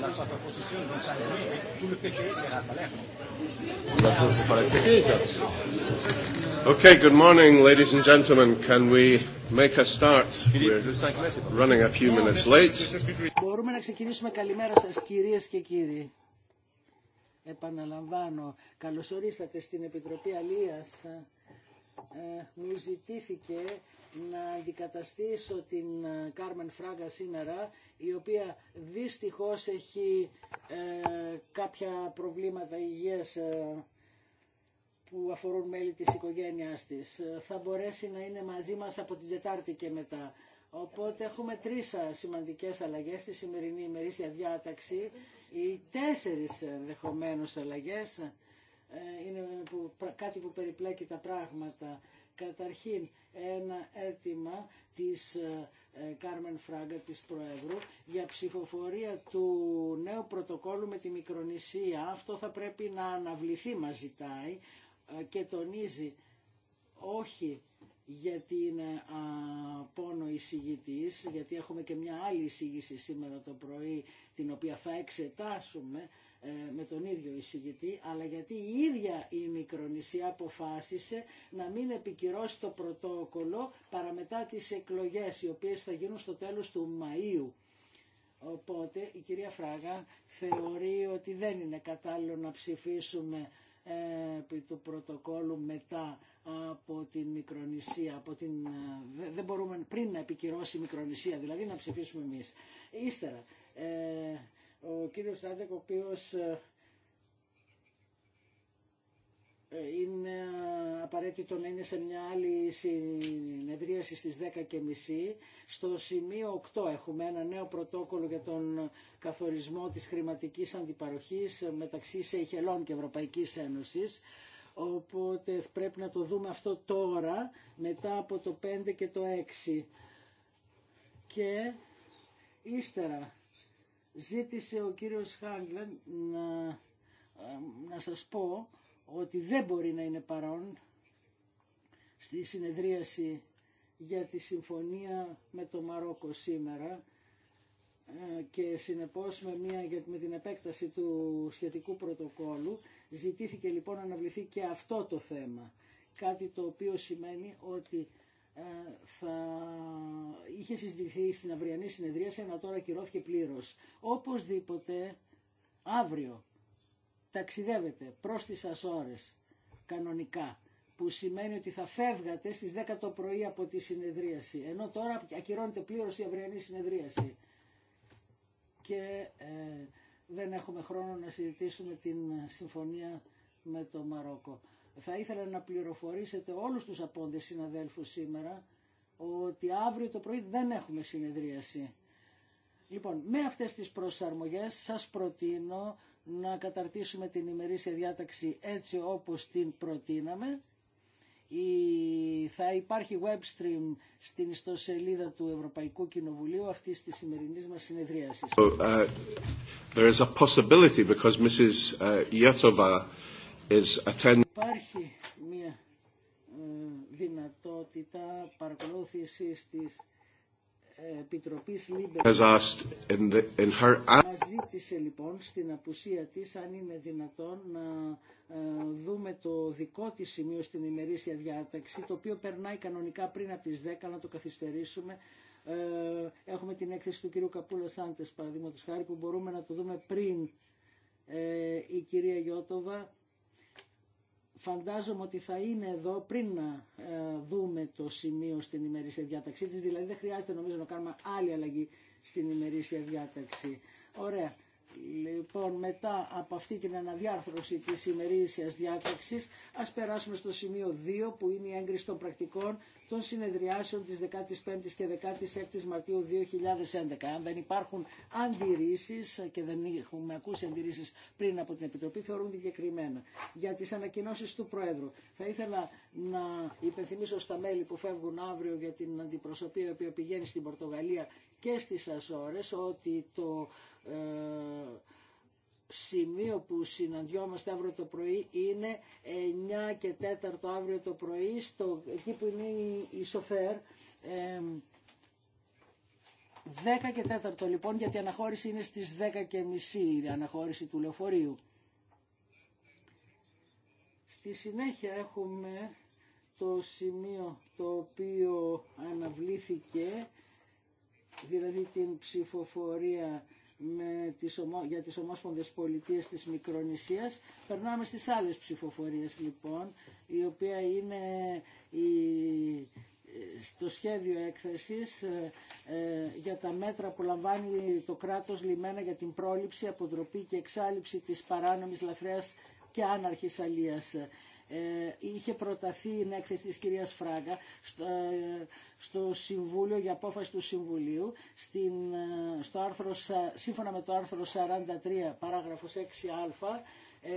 la sovrapposizione di un Sanremo, tutto il PPS era a Palermo. Okay, good morning, ladies and gentlemen. Can we make a start? We're running a few minutes late. Μπορούμε να ξεκινήσουμε καλημέρα σας κυρίες και κύριοι. Επαναλαμβάνω, ορίσατε στην Επιτροπή Αλίας. Ε, μου ζητήθηκε να αντικαταστήσω την ε, Κάρμεν Φράγκα σήμερα η οποία δυστυχώς έχει ε, κάποια προβλήματα υγείας ε, που αφορούν μέλη της οικογένειάς της. Ε, θα μπορέσει να είναι μαζί μας από την Τετάρτη και μετά. Οπότε έχουμε τρεις ε, σημαντικές αλλαγές στη σημερινή ημερήσια διάταξη Οι τέσσερις ενδεχομένω αλλαγές. Είναι που, κάτι που περιπλέκει τα πράγματα. Καταρχήν, ένα αίτημα της ε, ε, Κάρμεν Φράγκα της Προέδρου για ψηφοφορία του νέου πρωτοκόλου με τη Μικρονησία. Αυτό θα πρέπει να αναβληθεί μας ζητάει ε, και τονίζει όχι γιατί είναι πόνο εισηγητής, γιατί έχουμε και μια άλλη εισήγηση σήμερα το πρωί την οποία θα εξετάσουμε ε, με τον ίδιο εισηγητή, αλλά γιατί η ίδια η Μικρονησία αποφάσισε να μην επικυρώσει το πρωτόκολλο παραμετά τις εκλογές, οι οποίες θα γίνουν στο τέλος του Μαΐου. Οπότε η κυρία Φράγα θεωρεί ότι δεν είναι κατάλληλο να ψηφίσουμε το ε, του πρωτοκόλου μετά από την Μικρονησία, από την, ε, δεν μπορούμε πριν να επικυρώσει η Μικρονησία, δηλαδή να ψηφίσουμε εμείς. Ύστερα, ο κύριος Άντεκ ο οποίος ε, ε, είναι απαραίτητο να είναι σε μια άλλη συνεδρίαση στις 10.30. Στο σημείο 8 έχουμε ένα νέο πρωτόκολλο για τον καθορισμό της χρηματικής αντιπαροχής μεταξύ Σεϊχελών και Ευρωπαϊκής Ένωσης. Οπότε πρέπει να το δούμε αυτό τώρα, μετά από το 5 και το 6. Και ύστερα ζήτησε ο κύριος Χάγκλεν να, να σας πω ότι δεν μπορεί να είναι παρόν στη συνεδρίαση για τη συμφωνία με το Μαρόκο σήμερα ε, και συνεπώς με, μια, με την επέκταση του σχετικού πρωτοκόλου ζητήθηκε λοιπόν να αναβληθεί και αυτό το θέμα. Κάτι το οποίο σημαίνει ότι ε, θα είχε συζητηθεί στην αυριανή συνεδρίαση, αλλά τώρα ακυρώθηκε πλήρως. Οπωσδήποτε αύριο ταξιδεύετε προς τις Ασόρες κανονικά, που σημαίνει ότι θα φεύγατε στις 10 το πρωί από τη συνεδρίαση, ενώ τώρα ακυρώνεται πλήρως η αυριανή συνεδρίαση. Και ε, δεν έχουμε χρόνο να συζητήσουμε την συμφωνία με το Μαρόκο θα ήθελα να πληροφορήσετε όλους τους απόντες συναδέλφους σήμερα ότι αύριο το πρωί δεν έχουμε συνεδρίαση. Λοιπόν, με αυτές τις προσαρμογές σας προτείνω να καταρτήσουμε την ημερήσια διάταξη έτσι όπως την προτείναμε. Η... Θα υπάρχει web stream στην ιστοσελίδα του Ευρωπαϊκού Κοινοβουλίου αυτή της σημερινή μα συνεδρίαση. Υπάρχει μια ε, δυνατότητα παρακολούθησης της ε, Επιτροπής Λίμπερ. ζήτησε λοιπόν στην απουσία της αν είναι δυνατόν να ε, δούμε το δικό της σημείο στην ημερήσια διάταξη, το οποίο περνάει κανονικά πριν από τις 10, να το καθυστερήσουμε. Έχουμε την έκθεση του κυρίου Καπούλα Σάντες, παραδείγματος χάρη, που μπορούμε να το δούμε πριν η κυρία Γιώτοβα Φαντάζομαι ότι θα είναι εδώ πριν να ε, δούμε το σημείο στην ημερήσια διάταξή της, δηλαδή δεν χρειάζεται νομίζω να κάνουμε άλλη αλλαγή στην ημερήσια διάταξη. Ωραία. Λοιπόν, μετά από αυτή την αναδιάρθρωση της ημερήσιας διάταξης, ας περάσουμε στο σημείο 2 που είναι η έγκριση των πρακτικών των συνεδριάσεων της 15ης και 16ης Μαρτίου 2011. Αν δεν υπάρχουν αντιρρήσεις και δεν έχουμε ακούσει αντιρρήσεις πριν από την Επιτροπή, θεωρούν συγκεκριμένα. Για τις ανακοινώσεις του Πρόεδρου, θα ήθελα να υπενθυμίσω στα μέλη που φεύγουν αύριο για την αντιπροσωπεία η οποία πηγαίνει στην Πορτογαλία και στις Ασόρες ότι το ε, σημείο που συναντιόμαστε αύριο το πρωί είναι 9 και 4 αύριο το πρωί στο, εκεί που είναι η Σοφέρ 10 ε, και 4 λοιπόν γιατί η αναχώρηση είναι στις 10 και μισή η αναχώρηση του λεωφορείου στη συνέχεια έχουμε το σημείο το οποίο αναβλήθηκε δηλαδή την ψηφοφορία με τις για τις ομόσπονδες πολιτείες της Μικρονησίας. Περνάμε στις άλλες ψηφοφορίες λοιπόν, η οποία είναι στο σχέδιο έκθεσης ε, ε, για τα μέτρα που λαμβάνει το κράτος λιμένα για την πρόληψη, αποτροπή και εξάλληψη της παράνομης λαθρέας και άναρχης αλίας. Ε, είχε προταθεί η έκθεση της κυρίας Φράγκα στο, ε, στο Συμβούλιο για απόφαση του Συμβουλίου στην, ε, στο άρθρο, σύμφωνα με το άρθρο 43 παράγραφος 6α ε,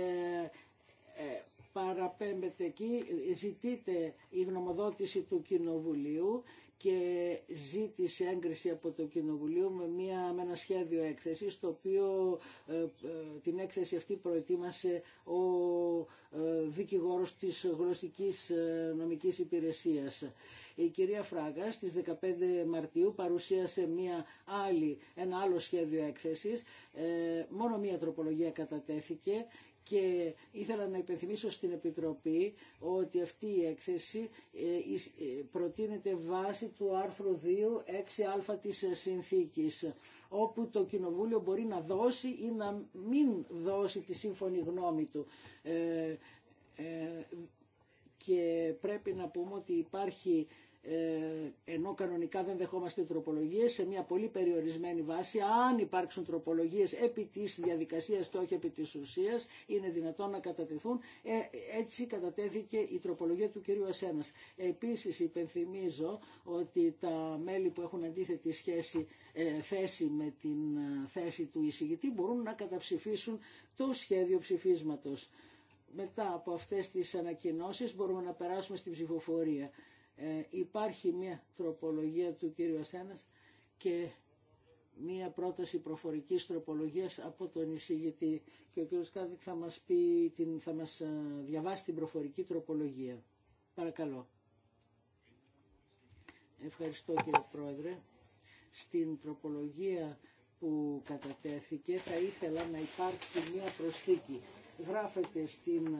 παραπέμπεται εκεί, ζητείται η γνωμοδότηση του Κοινοβουλίου και ζήτησε έγκριση από το Κοινοβουλίο με, μια, με ένα σχέδιο έκθεσης, το οποίο ε, ε, την έκθεση αυτή προετοίμασε ο ε, δικηγόρος της νομική ε, νομικής υπηρεσίας. Η κυρία Φράγκα στις 15 Μαρτίου παρουσίασε μια άλλη, ένα άλλο σχέδιο έκθεσης. μόνο μία τροπολογία κατατέθηκε και ήθελα να υπενθυμίσω στην Επιτροπή ότι αυτή η έκθεση ε, ε, προτείνεται βάσει του άρθρου 2, 6α της συνθήκης όπου το Κοινοβούλιο μπορεί να δώσει ή να μην δώσει τη σύμφωνη γνώμη του. Ε, και πρέπει να πούμε ότι υπάρχει ε, ενώ κανονικά δεν δεχόμαστε τροπολογίε σε μια πολύ περιορισμένη βάση αν υπάρξουν τροπολογίε επί τη διαδικασία και όχι επί τη ουσία, είναι δυνατόν να κατατεθούν ε, έτσι κατατέθηκε η τροπολογία του κυρίου Ασένα. Επίση, υπενθυμίζω ότι τα μέλη που έχουν αντίθετη σχέση, ε, θέση με την θέση του εισηγητή μπορούν να καταψηφίσουν το σχέδιο ψηφίσματο. μετά από αυτές τις ανακοινώσεις μπορούμε να περάσουμε στην ψηφοφορία ε, υπάρχει μια τροπολογία του κύριου Ασένας και μια πρόταση προφορικής τροπολογίας από τον εισηγητή και ο κύριος Κάδικ θα μας, πει, την, θα μας ε, διαβάσει την προφορική τροπολογία. Παρακαλώ. Ευχαριστώ κύριε Πρόεδρε. Στην τροπολογία που κατατέθηκε θα ήθελα να υπάρξει μια προσθήκη. Γράφεται στην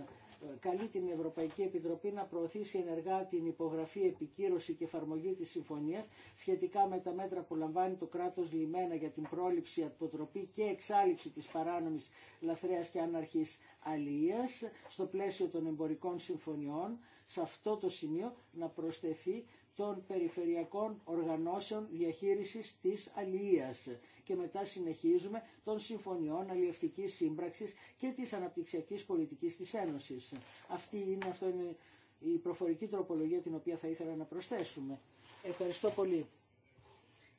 καλεί την Ευρωπαϊκή Επιτροπή να προωθήσει ενεργά την υπογραφή, επικύρωση και εφαρμογή της συμφωνίας σχετικά με τα μέτρα που λαμβάνει το κράτος λιμένα για την πρόληψη, αποτροπή και εξάλληψη της παράνομης λαθρέας και άναρχης αλίας στο πλαίσιο των εμπορικών συμφωνιών. Σε αυτό το σημείο να προσθεθεί των περιφερειακών οργανώσεων διαχείρισης της αλληλείας και μετά συνεχίζουμε των συμφωνιών αλληλευτικής σύμπραξης και της αναπτυξιακής πολιτικής της Ένωσης. Αυτή είναι, αυτό είναι η προφορική τροπολογία την οποία θα ήθελα να προσθέσουμε. Ευχαριστώ πολύ.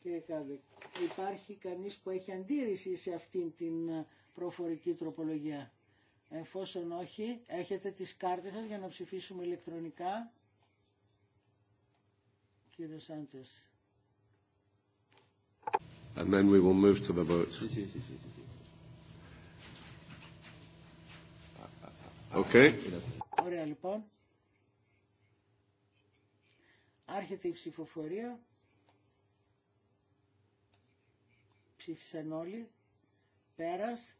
Κύριε Κάδεκ, υπάρχει κανείς που έχει αντίρρηση σε αυτήν την προφορική τροπολογία. Εφόσον όχι, έχετε τις κάρτες σας για να ψηφίσουμε ηλεκτρονικά. Κύριε Σάντες. And then we will move to the votes. Okay. Ωραία λοιπόν. Άρχεται η ψηφοφορία. Ψήφισαν όλοι. Πέρας.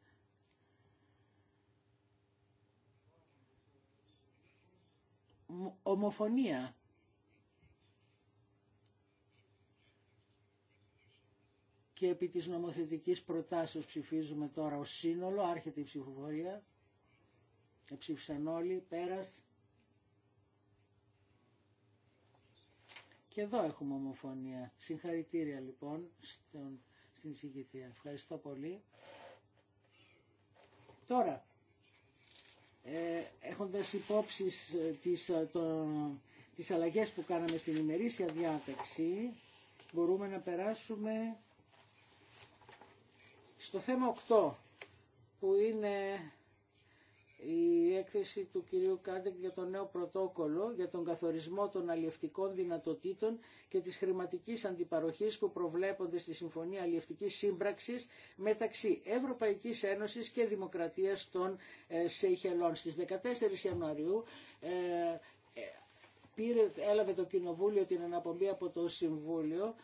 Ομοφωνία. και επί της νομοθετικής προτάσεως ψηφίζουμε τώρα ο σύνολο, άρχεται η ψηφοφορία, ψήφισαν όλοι, πέρας. Και εδώ έχουμε ομοφωνία. Συγχαρητήρια λοιπόν στον, στην συγκητία. Ευχαριστώ πολύ. Τώρα, ε, έχοντας υπόψη ε, τις, ε, το, τις αλλαγές που κάναμε στην ημερήσια διάταξη, μπορούμε να περάσουμε στο θέμα 8 που είναι η έκθεση του κυρίου Κάντεκ για το νέο πρωτόκολλο για τον καθορισμό των αλλιευτικών δυνατοτήτων και της χρηματικής αντιπαροχής που προβλέπονται στη Συμφωνία Αλλιευτικής Σύμπραξης μεταξύ Ευρωπαϊκής Ένωσης και Δημοκρατίας των ε, Σεϊχελών. Στις 14 Ιανουαρίου ε, ε, πήρε, έλαβε το Κοινοβούλιο την αναπομπή από το Συμβούλιο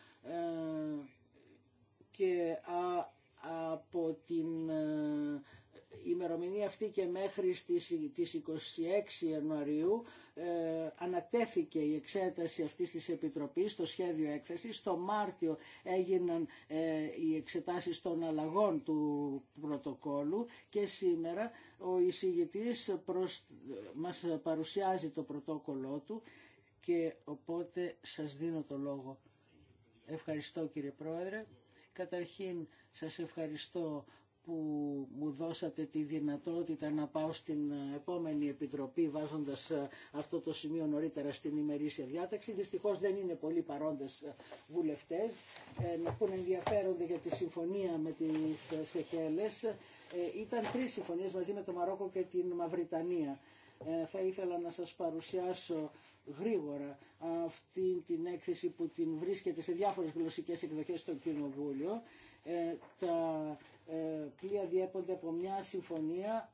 και από την ε, ημερομηνία αυτή και μέχρι τις 26 Ιανουαρίου ε, ανατέθηκε η εξέταση αυτής της Επιτροπής στο σχέδιο έκθεσης. Το Μάρτιο έγιναν ε, οι εξετάσεις των αλλαγών του πρωτοκόλου και σήμερα ο εισηγητής προς, μας παρουσιάζει το πρωτόκολλό του και οπότε σας δίνω το λόγο. Ευχαριστώ κύριε Πρόεδρε. Καταρχήν σας ευχαριστώ που μου δώσατε τη δυνατότητα να πάω στην επόμενη επιτροπή βάζοντας ε, αυτό το σημείο νωρίτερα στην ημερήσια διάταξη. Δυστυχώς δεν είναι πολλοί παρόντες ε, βουλευτές που ε, ενδιαφέρονται για τη συμφωνία με τις Σεχέλες. Ήταν τρεις συμφωνίες μαζί με το Μαρόκο και την Μαυριτανία ε, θα ήθελα να σας παρουσιάσω γρήγορα αυτή την έκθεση που την βρίσκεται σε διάφορες γλωσσικές εκδοχές στο Κοινοβούλιο ε, τα ε, πλοία διέπονται από μια συμφωνία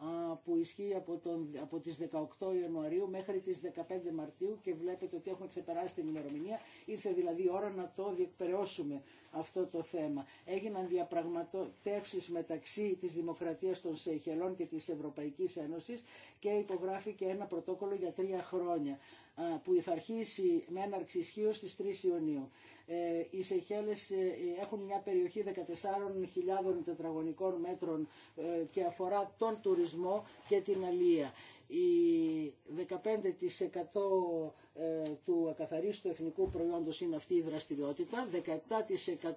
που ισχύει από, τον, από τις 18 Ιανουαρίου μέχρι τις 15 Μαρτίου και βλέπετε ότι έχουμε ξεπεράσει την ημερομηνία. Ήρθε δηλαδή η ώρα να το διεκπαιρεώσουμε αυτό το θέμα. Έγιναν διαπραγματεύσεις μεταξύ της Δημοκρατίας των Χελών και της Ευρωπαϊκής Ένωσης και υπογράφηκε ένα πρωτόκολλο για τρία χρόνια που θα αρχίσει με έναρξη ισχύω στις 3 Ιουνίου. Ε, οι Σεχέλες ε, έχουν μια περιοχή 14.000 τετραγωνικών μέτρων ε, και αφορά τον τουρισμό και την αλία οι 15% ε, του ακαθαρίστου εθνικού προϊόντος είναι αυτή η δραστηριότητα,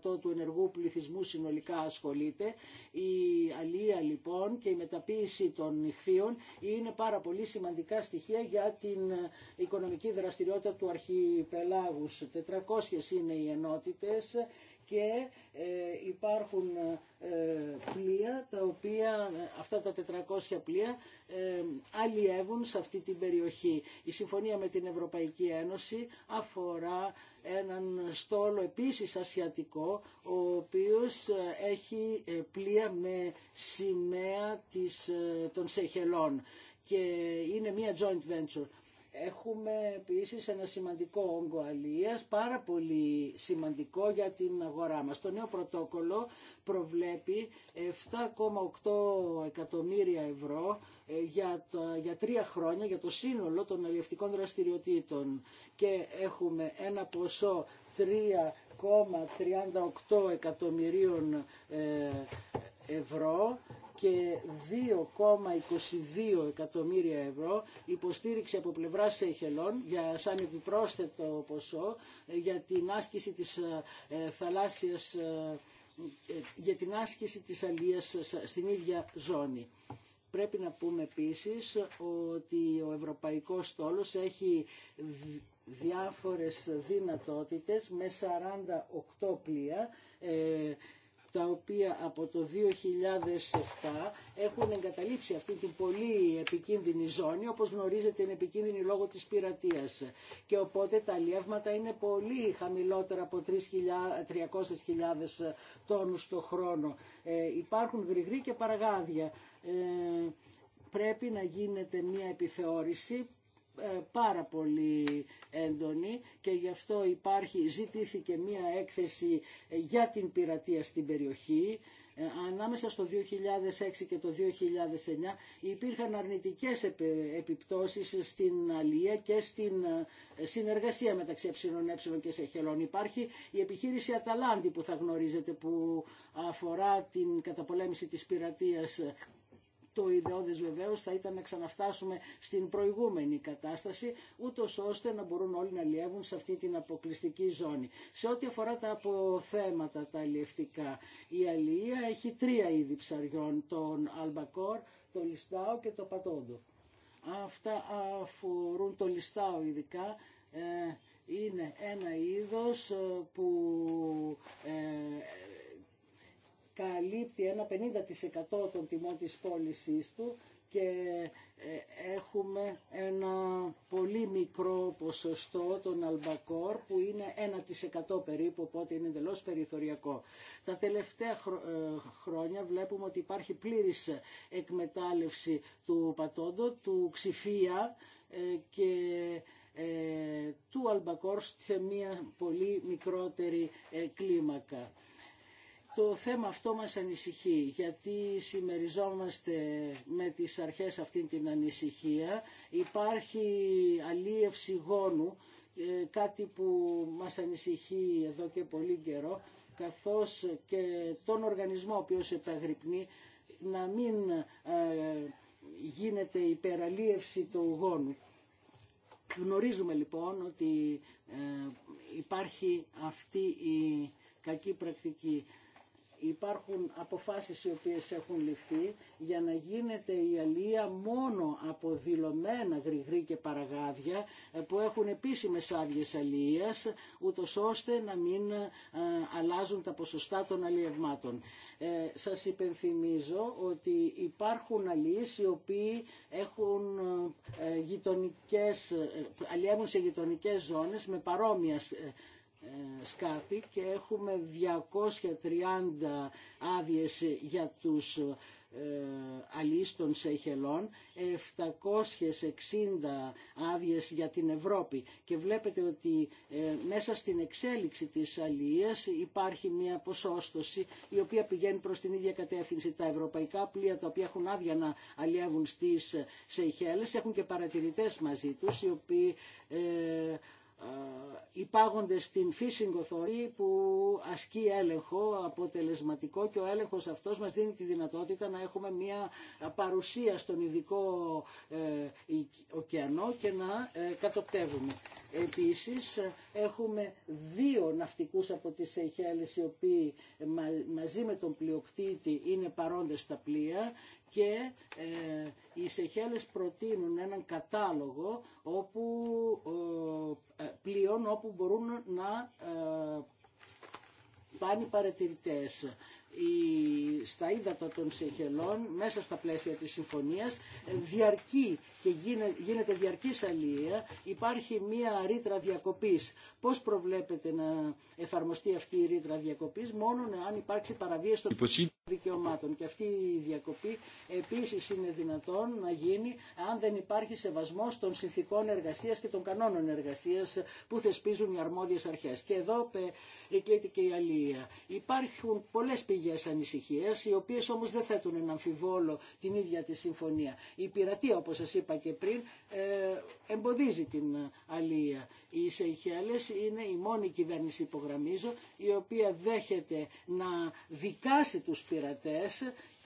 17% του ενεργού πληθυσμού συνολικά ασχολείται. Η αλία λοιπόν και η μεταποίηση των νυχθείων είναι πάρα πολύ σημαντικά στοιχεία για την οικονομική δραστηριότητα του αρχιπελάγους. 400 είναι οι ενότητες, και ε, υπάρχουν ε, πλοία τα οποία, ε, αυτά τα 400 πλοία αλλιεύουν σε αυτή την περιοχή. Η συμφωνία με την Ευρωπαϊκή Ένωση αφορά έναν στόλο επίσης ασιατικό ο οποίος έχει πλοία με σημαία της, των Σεχελών και είναι μια joint venture. Έχουμε επίσης ένα σημαντικό όγκο αλίας, πάρα πολύ σημαντικό για την αγορά μας. Το νέο πρωτόκολλο προβλέπει 7,8 εκατομμύρια ευρώ ε, για, για τρία χρόνια για το σύνολο των αλλιευτικών δραστηριοτήτων και έχουμε ένα ποσό 3,38 εκατομμυρίων ε, ευρώ και 2,22 εκατομμύρια ευρώ υποστήριξη από πλευρά Σέχελων για, σαν επιπρόσθετο ποσό ε, για την άσκηση της ε, ε, θαλάσσιας για την άσκηση της αλίας στην ίδια ζώνη. Πρέπει να πούμε επίσης ότι ο Ευρωπαϊκός Στόλος έχει διάφορες δυνατότητες με 48 πλοία τα οποία από το 2007 έχουν εγκαταλείψει αυτή την πολύ επικίνδυνη ζώνη, όπως γνωρίζετε είναι επικίνδυνη λόγω της πειρατείας. Και οπότε τα αλλιεύματα είναι πολύ χαμηλότερα από 300.000 τόνους το χρόνο. Ε, υπάρχουν γρηγροί και παραγάδια. Ε, πρέπει να γίνεται μια επιθεώρηση ε, πάρα πολύ έντονη και γι' αυτό υπάρχει, ζητήθηκε μία έκθεση ε, για την πειρατεία στην περιοχή. Ε, ανάμεσα στο 2006 και το 2009 υπήρχαν αρνητικές επιπτώσεις στην αλία και στην συνεργασία μεταξύ ΕΕ και Σεχελών. Υπάρχει η επιχείρηση Αταλάντη που θα γνωρίζετε που αφορά την καταπολέμηση της πειρατείας το ιδεώδες βεβαίως θα ήταν να ξαναφτάσουμε στην προηγούμενη κατάσταση, ούτω ώστε να μπορούν όλοι να λιεύουν σε αυτή την αποκλειστική ζώνη. Σε ό,τι αφορά τα αποθέματα τα αλλιευτικά, η αλληλεία έχει τρία είδη ψαριών, τον αλμπακόρ, το λιστάο και το πατόντο. Αυτά αφορούν το λιστάο ειδικά, ε, είναι ένα είδος ε, που ε, καλύπτει ένα 50% των τιμών της πώλησή του και ε, έχουμε ένα πολύ μικρό ποσοστό των αλμπακόρ που είναι 1% περίπου, οπότε είναι εντελώ περιθωριακό. Τα τελευταία ε, χρόνια βλέπουμε ότι υπάρχει πλήρης εκμετάλλευση του πατόντο, του ξηφία ε, και του αλμπακόρ σε μια πολύ μικρότερη κλίμακα το θέμα αυτό μας ανησυχεί γιατί συμμεριζόμαστε με τις αρχές αυτήν την ανησυχία. Υπάρχει αλίευση γόνου, ε, κάτι που μας ανησυχεί εδώ και πολύ καιρό, καθώς και τον οργανισμό ο οποίος επαγρυπνεί να μην ε, γίνεται υπεραλίευση του γόνου. Γνωρίζουμε λοιπόν ότι ε, υπάρχει αυτή η κακή πρακτική υπάρχουν αποφάσεις οι οποίες έχουν ληφθεί για να γίνεται η αλία μόνο από δηλωμένα γρηγρή και παραγάδια ε, που έχουν επίσημες άδειε αλίας ούτω ώστε να μην ε, αλλάζουν τα ποσοστά των αλιευμάτων. Ε, σας υπενθυμίζω ότι υπάρχουν αλίες οι οποίοι έχουν ε, γειτονικές, αλιεύουν σε γειτονικές ζώνες με παρόμοια ε, σκάφη και έχουμε 230 άδειες για τους ε, αλείς των Σεχελών, 760 άδειες για την Ευρώπη. Και βλέπετε ότι ε, μέσα στην εξέλιξη της αλίας υπάρχει μια ποσόστοση η οποία πηγαίνει προς την ίδια κατεύθυνση. Τα ευρωπαϊκά πλοία τα οποία έχουν άδεια να αλιεύουν στις Σεχέλες έχουν και παρατηρητές μαζί τους οι οποίοι υπάγονται στην φύση που ασκεί έλεγχο αποτελεσματικό και ο έλεγχος αυτός μας δίνει τη δυνατότητα να έχουμε μια παρουσία στον ειδικό ε, ωκεανό και να ε, κατοπτεύουμε. Επίσης έχουμε δύο ναυτικούς από τις Σεϊχέλες οι οποίοι μαζί με τον πλειοκτήτη είναι παρόντες στα πλοία και ε, οι Σεχέλες προτείνουν έναν κατάλογο όπου ε, ε, πλοίων όπου μπορούν να ε, πάνε οι παρατηρητές στα ύδατα των Σεχελών μέσα στα πλαίσια της συμφωνίας διαρκεί και γίνεται διαρκής αλληλεία υπάρχει μία ρήτρα διακοπής πώς προβλέπετε να εφαρμοστεί αυτή η ρήτρα διακοπής μόνο αν υπάρξει παραβίαση των δικαιωμάτων. Και αυτή η διακοπή επίσης είναι δυνατόν να γίνει αν δεν υπάρχει σεβασμός των συνθήκων εργασίας και των κανόνων εργασίας που θεσπίζουν οι αρμόδιες αρχές. Και εδώ περικλείται και η αλληλεία. Υπάρχουν πολλές πηγές ανησυχίας, οι οποίες όμως δεν θέτουν ένα αμφιβόλο την ίδια τη συμφωνία. Η πειρατεία, όπως σας είπα και πριν, ε, εμποδίζει την αλληλεία. Οι Σεϊχέλες είναι η μόνη κυβέρνηση, υπογραμμίζω, η οποία δέχεται να δικάσει τους πειρατέ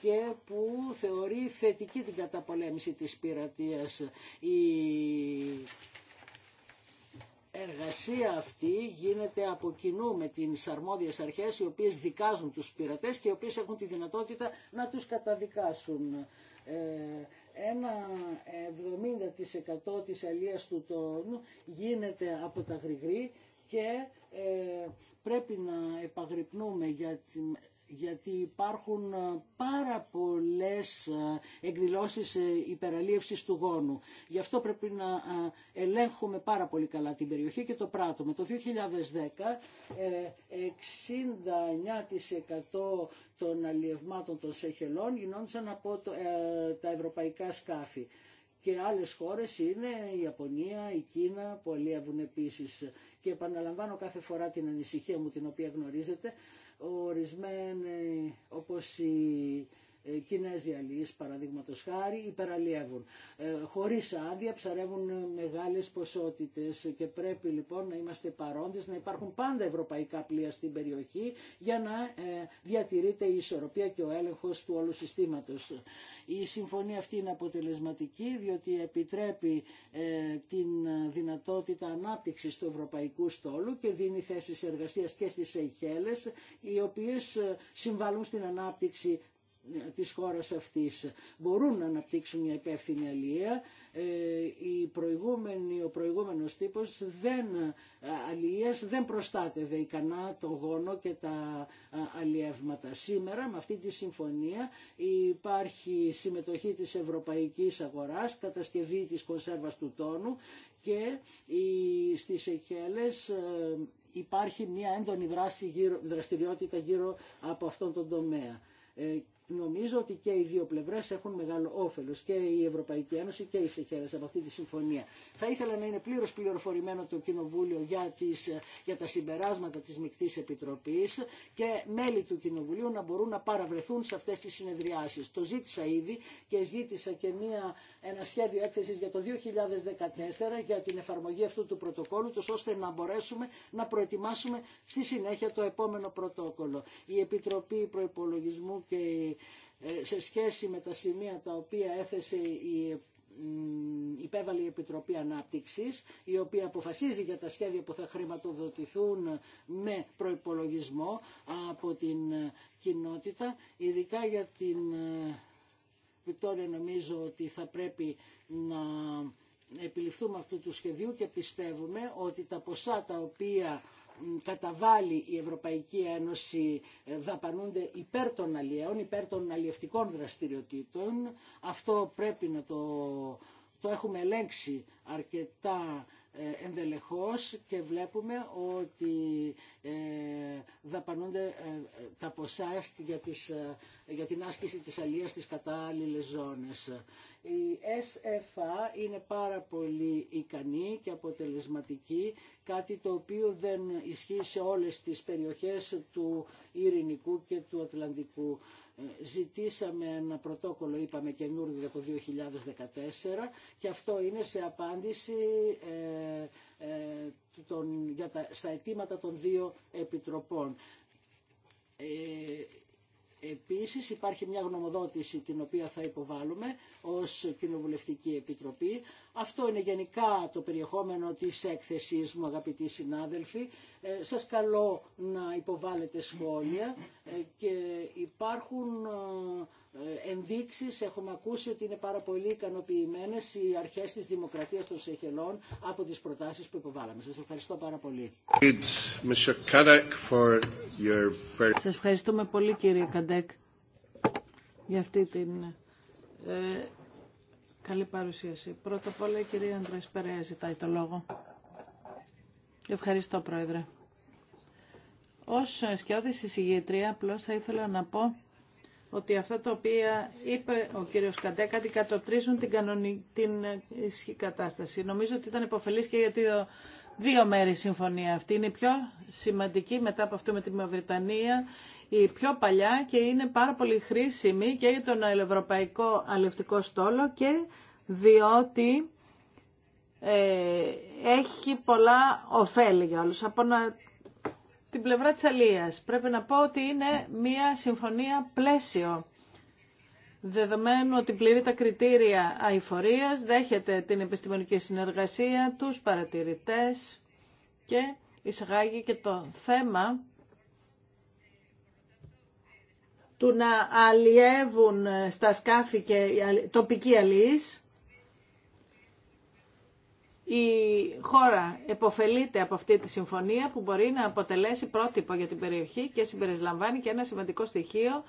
και που θεωρεί θετική την καταπολέμηση της πειρατείας. Η εργασία αυτή γίνεται από κοινού με τις αρμόδιες αρχές οι οποίες δικάζουν τους πειρατές και οι οποίες έχουν τη δυνατότητα να τους καταδικάσουν. Ε, ένα 70% της αλίας του τόνου γίνεται από τα γρηγρή και ε, πρέπει να επαγρυπνούμε για την γιατί υπάρχουν ε, πάρα πολλές ε, εκδηλώσεις ε, υπεραλίευσης του γόνου. Γι' αυτό πρέπει να ελέγχουμε πάρα πολύ καλά την περιοχή και το πράττουμε. Το 2010, 69% των αλλιευμάτων των Σεχελών γινόντουσαν από τα ευρωπαϊκά σκάφη. Και άλλες χώρες είναι η Ιαπωνία, η Κίνα που αλλιεύουν επίσης. Και επαναλαμβάνω κάθε φορά την ανησυχία μου την οποία γνωρίζετε ορισμένοι όπως η ε, Κινέζοι αλληλείς παραδείγματος χάρη υπεραλλιεύουν. Ε, χωρίς άδεια ψαρεύουν μεγάλες ποσότητες και πρέπει λοιπόν να είμαστε παρόντες, να υπάρχουν πάντα ευρωπαϊκά πλοία στην περιοχή για να ε, διατηρείται η ισορροπία και ο έλεγχος του όλου συστήματος. Η συμφωνία αυτή είναι αποτελεσματική διότι επιτρέπει την δυνατότητα ανάπτυξης του ευρωπαϊκού στόλου και δίνει θέσεις εργασίας και στις αιχέλες οι οποίες συμβαλούν στην ανάπτυξη ε, της χώρας αυτής μπορούν να αναπτύξουν μια υπεύθυνη αλληλεία. Ε, η προηγούμενη, ο προηγούμενος τύπος δεν, ε, αλληλείας δεν προστάτευε ικανά το γόνο και τα αλλιεύματα. Σήμερα με αυτή τη συμφωνία υπάρχει συμμετοχή της ευρωπαϊκής αγοράς, κατασκευή της κονσέρβας του τόνου και στις Εχέλες υπάρχει μια έντονη δράση, δραστηριότητα γύρω από αυτόν τον τομέα Νομίζω ότι και οι δύο πλευρέ έχουν μεγάλο όφελο, και η Ευρωπαϊκή Ένωση και οι Σεχέρε από αυτή τη συμφωνία. Θα ήθελα να είναι πλήρω πληροφορημένο το Κοινοβούλιο για, τις, για τα συμπεράσματα τη Μικτή Επιτροπή και μέλη του Κοινοβουλίου να μπορούν να παραβρεθούν σε αυτέ τι συνεδριάσει. Το ζήτησα ήδη και ζήτησα και μία, ένα σχέδιο έκθεση για το 2014 για την εφαρμογή αυτού του πρωτοκόλου, ώστε να μπορέσουμε να προετοιμάσουμε στη συνέχεια το επόμενο πρωτόκολλο. Η Επιτροπή Προπολογισμού και ε, σε σχέση με τα σημεία τα οποία έθεσε η ε, υπέβαλε Επιτροπή Ανάπτυξης η οποία αποφασίζει για τα σχέδια που θα χρηματοδοτηθούν με προϋπολογισμό από την ε, κοινότητα ειδικά για την Βικτόρια νομίζω ότι θα πρέπει να επιληφθούμε αυτού του σχεδίου και πιστεύουμε ότι τα ποσά τα οποία καταβάλει η Ευρωπαϊκή Ένωση ε, δαπανούνται υπέρ των αλλιέων, υπέρ των αλλιευτικών δραστηριοτήτων. Αυτό πρέπει να το, το έχουμε ελέγξει αρκετά ε, ενδελεχώς και βλέπουμε ότι ε, δαπανούνται ε, τα ποσά για την άσκηση της αλίας στις κατάλληλες ζώνες. Η SFA είναι πάρα πολύ ικανή και αποτελεσματική, κάτι το οποίο δεν ισχύει σε όλες τις περιοχές του Ειρηνικού και του Ατλαντικού. Ζητήσαμε ένα πρωτόκολλο, είπαμε, καινούργιο από 2014 και αυτό είναι σε απάντηση ε, ε για τα, στα αιτήματα των δύο επιτροπών. Ε, Επίσης υπάρχει μια γνωμοδότηση την οποία θα υποβάλουμε ως Κοινοβουλευτική Επιτροπή αυτό είναι γενικά το περιεχόμενο της έκθεσής μου αγαπητοί συνάδελφοι. Ε, σας καλώ να υποβάλλετε σχόλια ε, και υπάρχουν ε, ενδείξεις, έχουμε ακούσει ότι είναι πάρα πολύ ικανοποιημένε οι αρχές της δημοκρατίας των Σεχελών από τις προτάσεις που υποβάλαμε. Σας ευχαριστώ πάρα πολύ. Σας ευχαριστούμε πολύ κύριε Καντέκ για αυτή την ε, Καλή παρουσίαση. Πρώτα απ' όλα η κυρία Ανδρέας ζητάει το λόγο. Ευχαριστώ Πρόεδρε. Ως σκιώδης εισηγήτρια απλώς θα ήθελα να πω ότι αυτά τα οποία είπε ο κύριος Καντέκα αντικατοπτρίζουν την, κανονική, την ισχύ κατάσταση. Νομίζω ότι ήταν υποφελής και γιατί δύο μέρη συμφωνία αυτή. Είναι η πιο σημαντική μετά από αυτό με τη Μαυριτανία η πιο παλιά και είναι πάρα πολύ χρήσιμη και για τον ευρωπαϊκό αλευτικό στόλο και διότι ε, έχει πολλά ωφέλη για όλους. Από την πλευρά της αλίας πρέπει να πω ότι είναι μία συμφωνία πλαίσιο δεδομένου ότι πληρεί τα κριτήρια αηφορίας, δέχεται την επιστημονική συνεργασία, τους παρατηρητές και εισαγάγει και το θέμα του να αλλιεύουν στα σκάφη και τοπικοί αλλιείς. Η χώρα επωφελείται από αυτή τη συμφωνία που μπορεί να αποτελέσει πρότυπο για την περιοχή και συμπεριλαμβάνει και ένα σημαντικό στοιχείο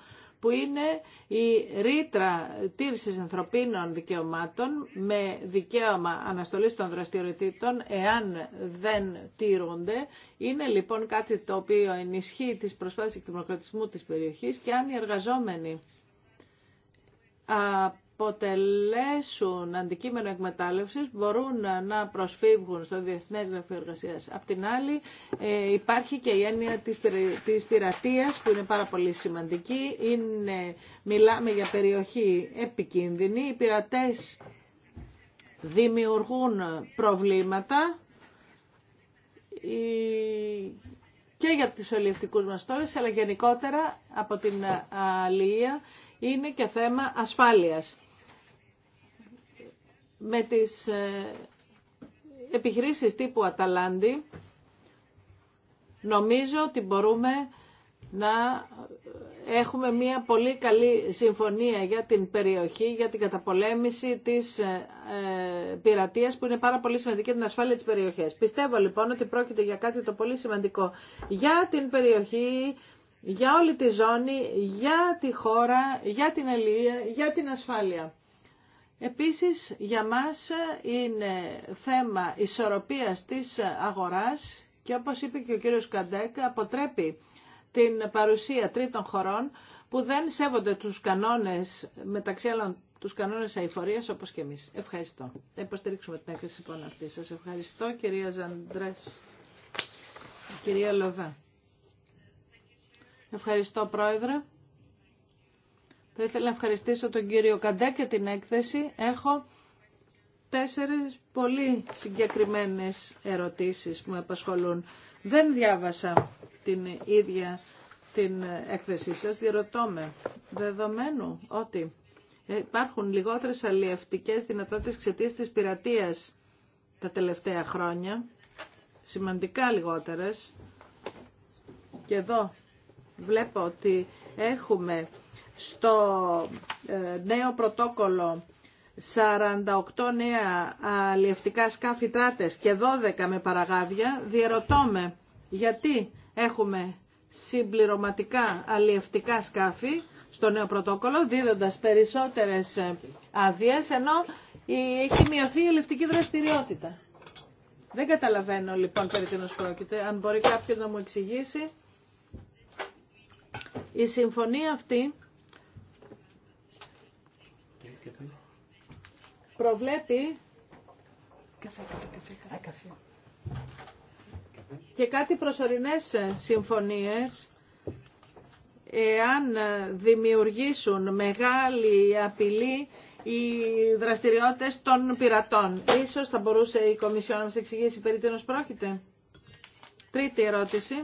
που είναι η ρήτρα τήρησης ανθρωπίνων δικαιωμάτων με δικαίωμα αναστολής των δραστηριοτήτων εάν δεν τήρονται. Είναι λοιπόν κάτι το οποίο ενισχύει τις προσπάθειες εκδημοκρατισμού της περιοχής και αν οι εργαζόμενοι αποτελέσουν αντικείμενο εκμετάλλευσης μπορούν να προσφύγουν στο Διεθνές Γραφείο Εργασίας. Απ' την άλλη ε, υπάρχει και η έννοια της πειρατείας που είναι πάρα πολύ σημαντική. Είναι, μιλάμε για περιοχή επικίνδυνη. Οι πειρατές δημιουργούν προβλήματα και για τους ολιευτικούς μας αλλά γενικότερα από την ε, αλληλεία είναι και θέμα ασφάλειας με τις ε, επιχειρήσεις τύπου Αταλάντη, νομίζω ότι μπορούμε να έχουμε μια πολύ καλή συμφωνία για την περιοχή, για την καταπολέμηση της ε, ε, πειρατείας που είναι πάρα πολύ σημαντική για την ασφάλεια της περιοχής. Πιστεύω λοιπόν ότι πρόκειται για κάτι το πολύ σημαντικό για την περιοχή, για όλη τη ζώνη, για τη χώρα, για την αλληλεία, για την ασφάλεια. Επίσης, για μας είναι θέμα ισορροπίας της αγοράς και όπως είπε και ο κύριος Καντέκ, αποτρέπει την παρουσία τρίτων χωρών που δεν σέβονται τους κανόνες, μεταξύ άλλων τους κανόνες αηφορίας όπως και εμείς. Ευχαριστώ. Θα υποστηρίξουμε την έκθεση λοιπόν αυτή. Σας ευχαριστώ κυρία Ζαντρές. Κυρία Λοβέ. Ευχαριστώ πρόεδρε. Θα ήθελα να ευχαριστήσω τον κύριο Καντέ και την έκθεση. Έχω τέσσερις πολύ συγκεκριμένες ερωτήσεις που με απασχολούν. Δεν διάβασα την ίδια την έκθεσή σας. Διερωτώ με, δεδομένου ότι υπάρχουν λιγότερες αλλιευτικές δυνατότητες εξαιτία της πειρατείας τα τελευταία χρόνια, σημαντικά λιγότερες, και εδώ βλέπω ότι έχουμε στο ε, νέο πρωτόκολλο 48 νέα αλλιευτικά σκάφη τράτες και 12 με παραγάδια, διερωτώ γιατί έχουμε συμπληρωματικά αλλιευτικά σκάφη στο νέο πρωτόκολλο, δίδοντας περισσότερες ε, άδειε ενώ έχει μειωθεί η αλλιευτική δραστηριότητα. Δεν καταλαβαίνω λοιπόν περί τίνος πρόκειται. Αν μπορεί κάποιος να μου εξηγήσει, η συμφωνία αυτή προβλέπει και κάτι προσωρινές συμφωνίες εάν δημιουργήσουν μεγάλη απειλή οι δραστηριότητες των πειρατών. Ίσως θα μπορούσε η Κομισιόν να μας εξηγήσει περί τίνος πρόκειται. Τρίτη ερώτηση.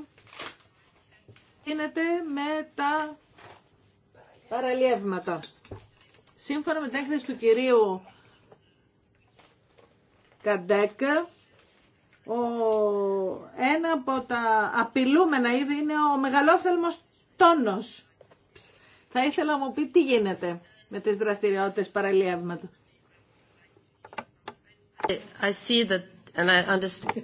Γίνεται με τα παραλιεύματα. Σύμφωνα με την έκθεση του κυρίου Καντέκ. Ο... Ένα από τα απειλούμενα είδη είναι ο μεγαλόθελμος τόνος. Θα ήθελα να μου πει τι γίνεται με τις δραστηριότητες παραλίευματο. I see that and I understand.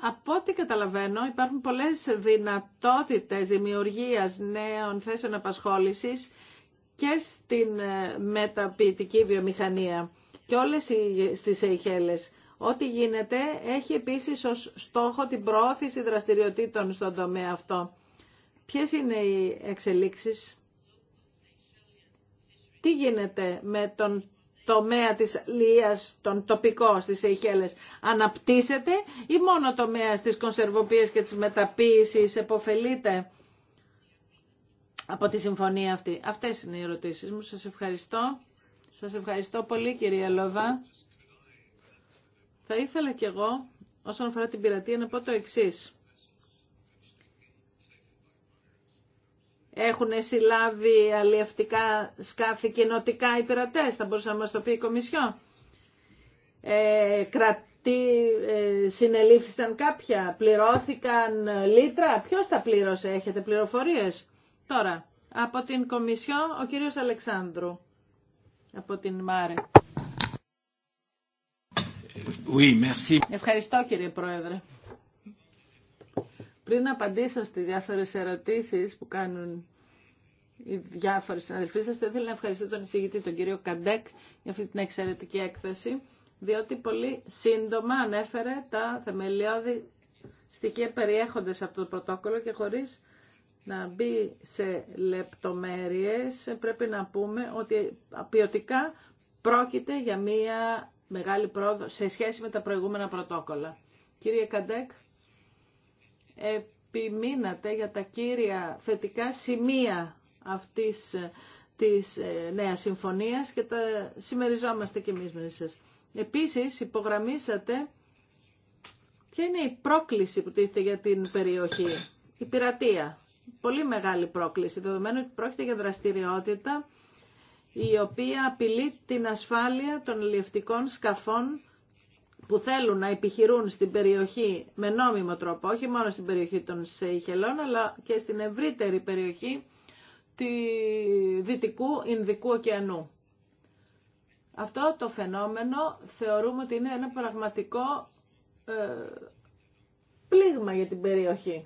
Από ό,τι καταλαβαίνω υπάρχουν πολλές δυνατότητες δημιουργίας νέων θέσεων απασχόλησης και στην ε, μεταποιητική βιομηχανία και όλες στις Σεϊχέλες. Ό,τι γίνεται έχει επίσης ως στόχο την προώθηση δραστηριοτήτων στον τομέα αυτό. Ποιες είναι οι εξελίξεις, τι γίνεται με τον τομέα της λίας, τον τοπικό στις Σεϊχέλες, αναπτύσσεται ή μόνο τομέα της κονσερβοποίησης και της μεταποίησης επωφελείται από τη συμφωνία αυτή. Αυτές είναι οι ερωτήσεις μου. Σας ευχαριστώ. Σας ευχαριστώ πολύ κυρία Λόβα. Θα ήθελα κι εγώ όσον αφορά την πειρατεία να πω το εξής. Έχουν συλλάβει αλλιευτικά σκάφη κοινοτικά οι πειρατές, θα μπορούσε να μας το πει η Κομισιό. Ε, κρατή, ε, συνελήφθησαν κάποια, πληρώθηκαν λίτρα, ποιος τα πλήρωσε, έχετε πληροφορίες. Τώρα, από την Κομισιό ο κύριος Αλεξάνδρου από την ΜΑΡΕ. Ευχαριστώ κύριε Πρόεδρε. Πριν απαντήσω στις διάφορες ερωτήσεις που κάνουν οι διάφοροι συναδελφοί σας, θα ήθελα να ευχαριστήσω τον εισηγητή, τον κύριο Καντέκ, για αυτή την εξαιρετική έκθεση, διότι πολύ σύντομα ανέφερε τα θεμελιώδη στοιχεία περιέχοντες από το πρωτόκολλο και χωρίς να μπει σε λεπτομέρειες, πρέπει να πούμε ότι ποιοτικά πρόκειται για μία μεγάλη πρόοδο σε σχέση με τα προηγούμενα πρωτόκολλα. Κύριε Καντέκ, επιμείνατε για τα κύρια θετικά σημεία αυτής της ε, νέας συμφωνίας και τα συμμεριζόμαστε και εμείς μαζί σας. Επίσης, υπογραμμίσατε ποια είναι η πρόκληση που τίθεται για την περιοχή, η πειρατεία πολύ μεγάλη πρόκληση, δεδομένου ότι πρόκειται για δραστηριότητα η οποία απειλεί την ασφάλεια των λιευτικών σκαφών που θέλουν να επιχειρούν στην περιοχή με νόμιμο τρόπο, όχι μόνο στην περιοχή των Σεϊχελών, αλλά και στην ευρύτερη περιοχή του Δυτικού Ινδικού ωκεανού. Αυτό το φαινόμενο θεωρούμε ότι είναι ένα πραγματικό ε, πλήγμα για την περιοχή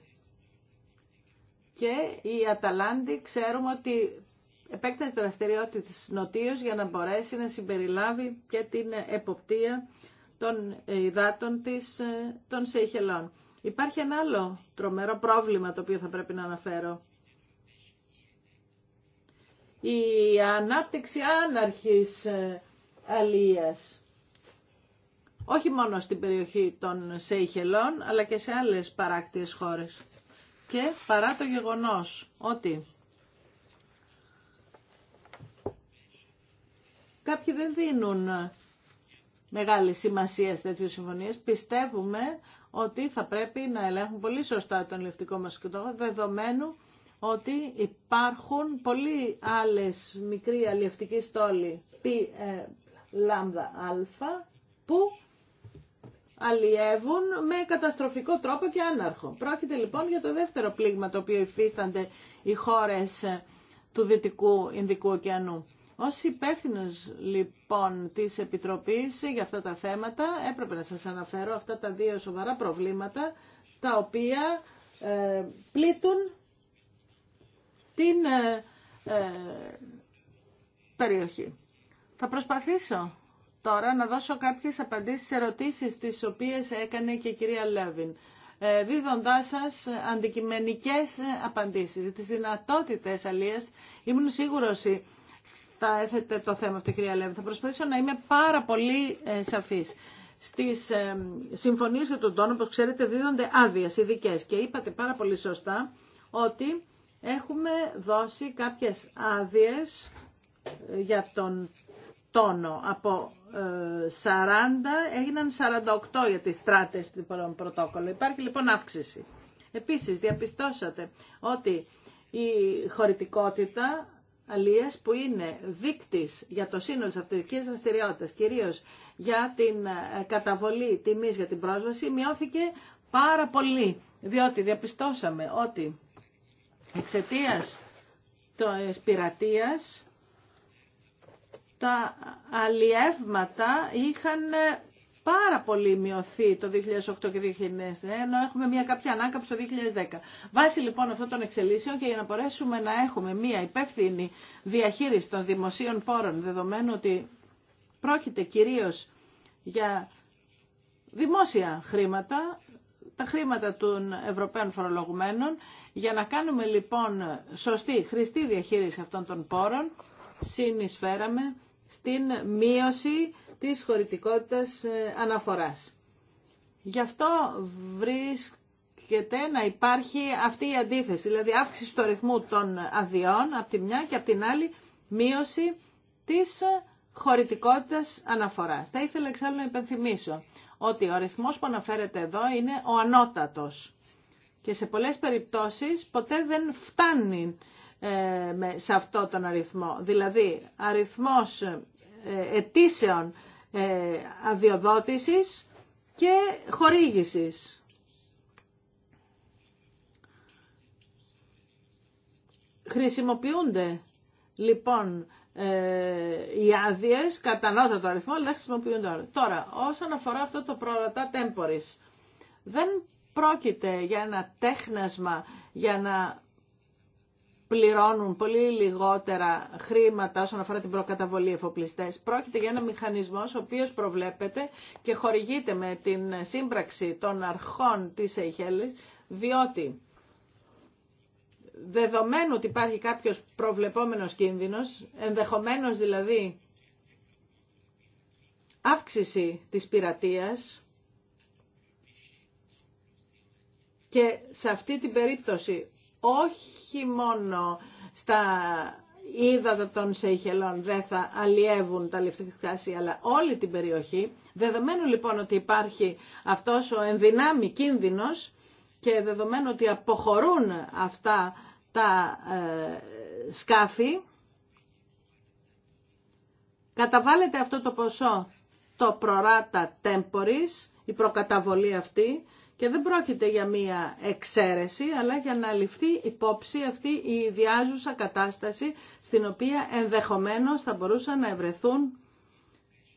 και η Αταλάντη ξέρουμε ότι επέκτασε δραστηριότητες νοτίως για να μπορέσει να συμπεριλάβει και την εποπτεία των υδάτων της, ε, των Σεϊχελών. Υπάρχει ένα άλλο τρομερό πρόβλημα το οποίο θα πρέπει να αναφέρω. Η ανάπτυξη άναρχης ε, αλίας. Όχι μόνο στην περιοχή των Σεϊχελών, αλλά και σε άλλες παράκτιες χώρες και παρά το γεγονός ότι κάποιοι δεν δίνουν μεγάλη σημασία σε τέτοιες συμφωνίες, πιστεύουμε ότι θα πρέπει να ελέγχουν πολύ σωστά τον λευτικό μας σκητό, δεδομένου ότι υπάρχουν πολλοί άλλες μικροί αλλιευτικοί στόλοι πι ε, λάμδα α που αλλιεύουν με καταστροφικό τρόπο και άναρχο. Πρόκειται λοιπόν για το δεύτερο πλήγμα το οποίο υφίστανται οι χώρες ε, του Δυτικού Ινδικού Ωκεανού. Ως υπεύθυνο λοιπόν της Επιτροπής για αυτά τα θέματα έπρεπε να σας αναφέρω αυτά τα δύο σοβαρά προβλήματα τα οποία ε, πλήττουν την ε, ε, περιοχή. Θα προσπαθήσω τώρα να δώσω κάποιες απαντήσεις σε ερωτήσεις τις οποίες έκανε και η κυρία Λέβιν ε, δίδοντάς σας αντικειμενικές απαντήσεις. Τις δυνατότητες αλίας ήμουν σίγουρος θα έθετε το θέμα αυτή κυρία Λέβη. Θα προσπαθήσω να είμαι πάρα πολύ ε, σαφής. Στις ε, συμφωνίες για τον τόνο, όπως ξέρετε, δίδονται άδειες ειδικέ και είπατε πάρα πολύ σωστά ότι έχουμε δώσει κάποιες άδειες ε, για τον τόνο. Από 40 ε, έγιναν 48 για τις στράτες του πρωτόκολλου. Υπάρχει λοιπόν αύξηση. Επίσης διαπιστώσατε ότι η χωρητικότητα αλίες που είναι δείκτης για το σύνολο της αυτοδικής δραστηριότητας, κυρίως για την ε, καταβολή τιμής για την πρόσβαση, μειώθηκε πάρα πολύ, διότι διαπιστώσαμε ότι εξαιτίας της πειρατείας τα αλλιεύματα είχαν πάρα πολύ μειωθεί το 2008 και 2009, ενώ έχουμε μια κάποια ανάκαμψη το 2010. Βάσει λοιπόν αυτών των εξελίσεων και για να μπορέσουμε να έχουμε μια υπεύθυνη διαχείριση των δημοσίων πόρων, δεδομένου ότι πρόκειται κυρίως για δημόσια χρήματα, τα χρήματα των Ευρωπαίων φορολογουμένων, για να κάνουμε λοιπόν σωστή, χρηστή διαχείριση αυτών των πόρων, συνεισφέραμε στην μείωση της χωρητικότητας ε, αναφοράς. Γι' αυτό βρίσκεται να υπάρχει αυτή η αντίθεση, δηλαδή αύξηση του αριθμού των αδειών από τη μια και από την άλλη μείωση της χωρητικότητας αναφοράς. Θα ήθελα εξάλλου να υπενθυμίσω ότι ο αριθμός που αναφέρεται εδώ είναι ο ανώτατος και σε πολλές περιπτώσεις ποτέ δεν φτάνει ε, σε αυτό τον αριθμό. Δηλαδή, αριθμός ετήσεων ε, αδειοδότησης και χορήγησης. Χρησιμοποιούνται λοιπόν ε, οι άδειε κατά το αριθμό, αλλά δεν χρησιμοποιούνται Τώρα, όσον αφορά αυτό το πρότατα temporis, δεν πρόκειται για ένα τέχνασμα για να πληρώνουν πολύ λιγότερα χρήματα όσον αφορά την προκαταβολή εφοπλιστές. Πρόκειται για ένα μηχανισμό ο οποίος προβλέπεται και χορηγείται με την σύμπραξη των αρχών της Αιχέλης, διότι δεδομένου ότι υπάρχει κάποιος προβλεπόμενος κίνδυνος, ενδεχομένως δηλαδή αύξηση της πειρατείας και σε αυτή την περίπτωση όχι μόνο στα ύδατα των Σεϊχελών δεν θα αλλιεύουν τα λεφτικά αλλά όλη την περιοχή. Δεδομένου λοιπόν ότι υπάρχει αυτός ο ενδυνάμει κίνδυνος και δεδομένου ότι αποχωρούν αυτά τα ε, σκάφη, καταβάλλεται αυτό το ποσό το προράτα τέμπορης, η προκαταβολή αυτή, και δεν πρόκειται για μία εξαίρεση, αλλά για να ληφθεί υπόψη αυτή η ιδιάζουσα κατάσταση στην οποία ενδεχομένως θα μπορούσαν να ευρεθούν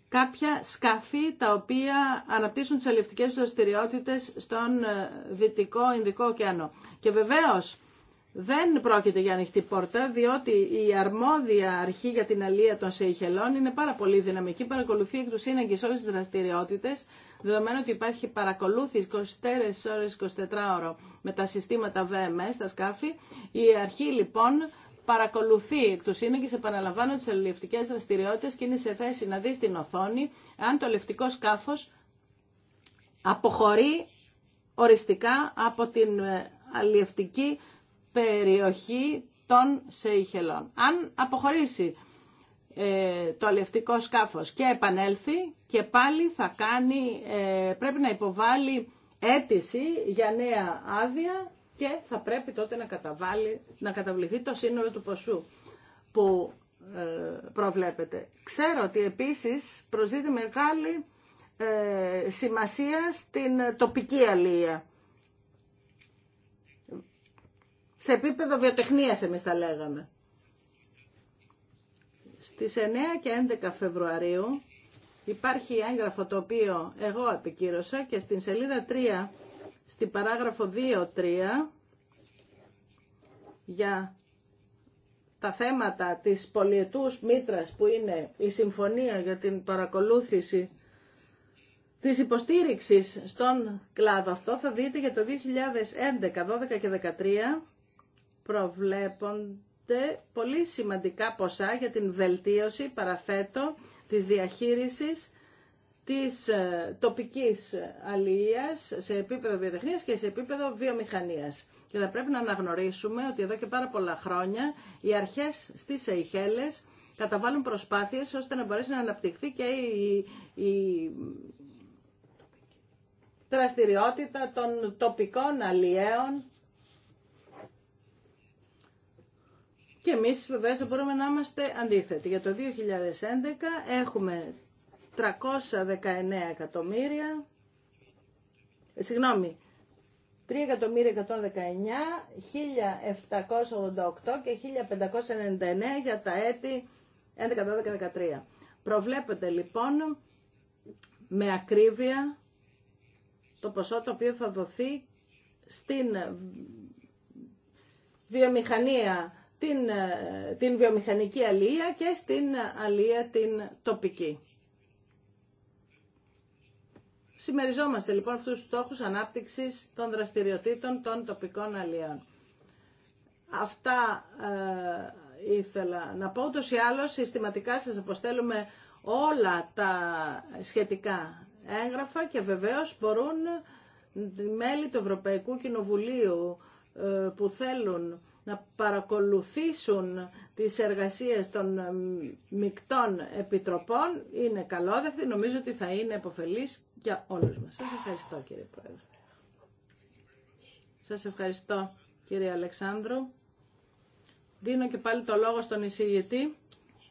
κάποια σκάφη τα οποία αναπτύσσουν τις αλληλευτικές δραστηριότητε στον ε, Δυτικό Ινδικό ωκεανό. Και βεβαίως δεν πρόκειται για ανοιχτή πόρτα, διότι η αρμόδια αρχή για την αλία των Σεϊχελών είναι πάρα πολύ δυναμική, παρακολουθεί εκ του σύναγκη όλε τι δραστηριότητε, δεδομένου ότι υπάρχει παρακολούθηση 24 ώρε 24 ώρο με τα συστήματα VMS, τα σκάφη. Η αρχή λοιπόν παρακολουθεί εκ του σύναγκη, επαναλαμβάνω τι αλληλευτικέ δραστηριότητε και είναι σε θέση να δει στην οθόνη αν το αλληλευτικό σκάφο αποχωρεί οριστικά από την ε, αλληλευτική περιοχή των Σεϊχελών. Αν αποχωρήσει ε, το αλευτικό σκάφος και επανέλθει και πάλι θα κάνει, ε, πρέπει να υποβάλει αίτηση για νέα άδεια και θα πρέπει τότε να, καταβάλει, να καταβληθεί το σύνολο του ποσού που ε, προβλέπεται. Ξέρω ότι επίσης προσδίδει μεγάλη σημασία στην τοπική αλληλεία σε επίπεδο βιοτεχνίας εμείς τα λέγαμε. Στις 9 και 11 Φεβρουαρίου υπάρχει έγγραφο το οποίο εγώ επικύρωσα και στην σελίδα 3, στην παράγραφο 2-3, για τα θέματα της πολιετούς μήτρας που είναι η συμφωνία για την παρακολούθηση της υποστήριξης στον κλάδο αυτό θα δείτε για το 2011, 12 και 13 προβλέπονται πολύ σημαντικά ποσά για την βελτίωση, παραθέτω, της διαχείρισης της ε, τοπικής αλληλείας σε επίπεδο βιοτεχνίας και σε επίπεδο βιομηχανίας. Και θα πρέπει να αναγνωρίσουμε ότι εδώ και πάρα πολλά χρόνια οι αρχές στις αιχέλες καταβάλουν προσπάθειες ώστε να μπορέσει να αναπτυχθεί και η, η δραστηριότητα των τοπικών αλλιέων Και εμείς βεβαίως δεν μπορούμε να είμαστε αντίθετοι. Για το 2011 έχουμε 319 εκατομμύρια, ε, συγγνώμη, 1788 και 1.599 για τα έτη 11, 13. Προβλέπετε λοιπόν με ακρίβεια το ποσό το οποίο θα δοθεί στην βιομηχανία την, ε, την βιομηχανική αλία και στην αλία την τοπική. Σημεριζόμαστε λοιπόν αυτούς τους στόχους ανάπτυξης των δραστηριοτήτων των τοπικών αλιών. Αυτά ε, ήθελα να πω. Ούτως ή άλλως συστηματικά σας αποστέλουμε όλα τα σχετικά έγγραφα και βεβαίως μπορούν μέλη του Ευρωπαϊκού Κοινοβουλίου ε, που θέλουν να παρακολουθήσουν τις εργασίες των ε, μικτών επιτροπών είναι καλόδευτη. Νομίζω ότι θα είναι επωφελής για όλους μας. Σας ευχαριστώ κύριε Πρόεδρε. Σας ευχαριστώ κύριε Αλεξάνδρου. Δίνω και πάλι το λόγο στον εισηγητή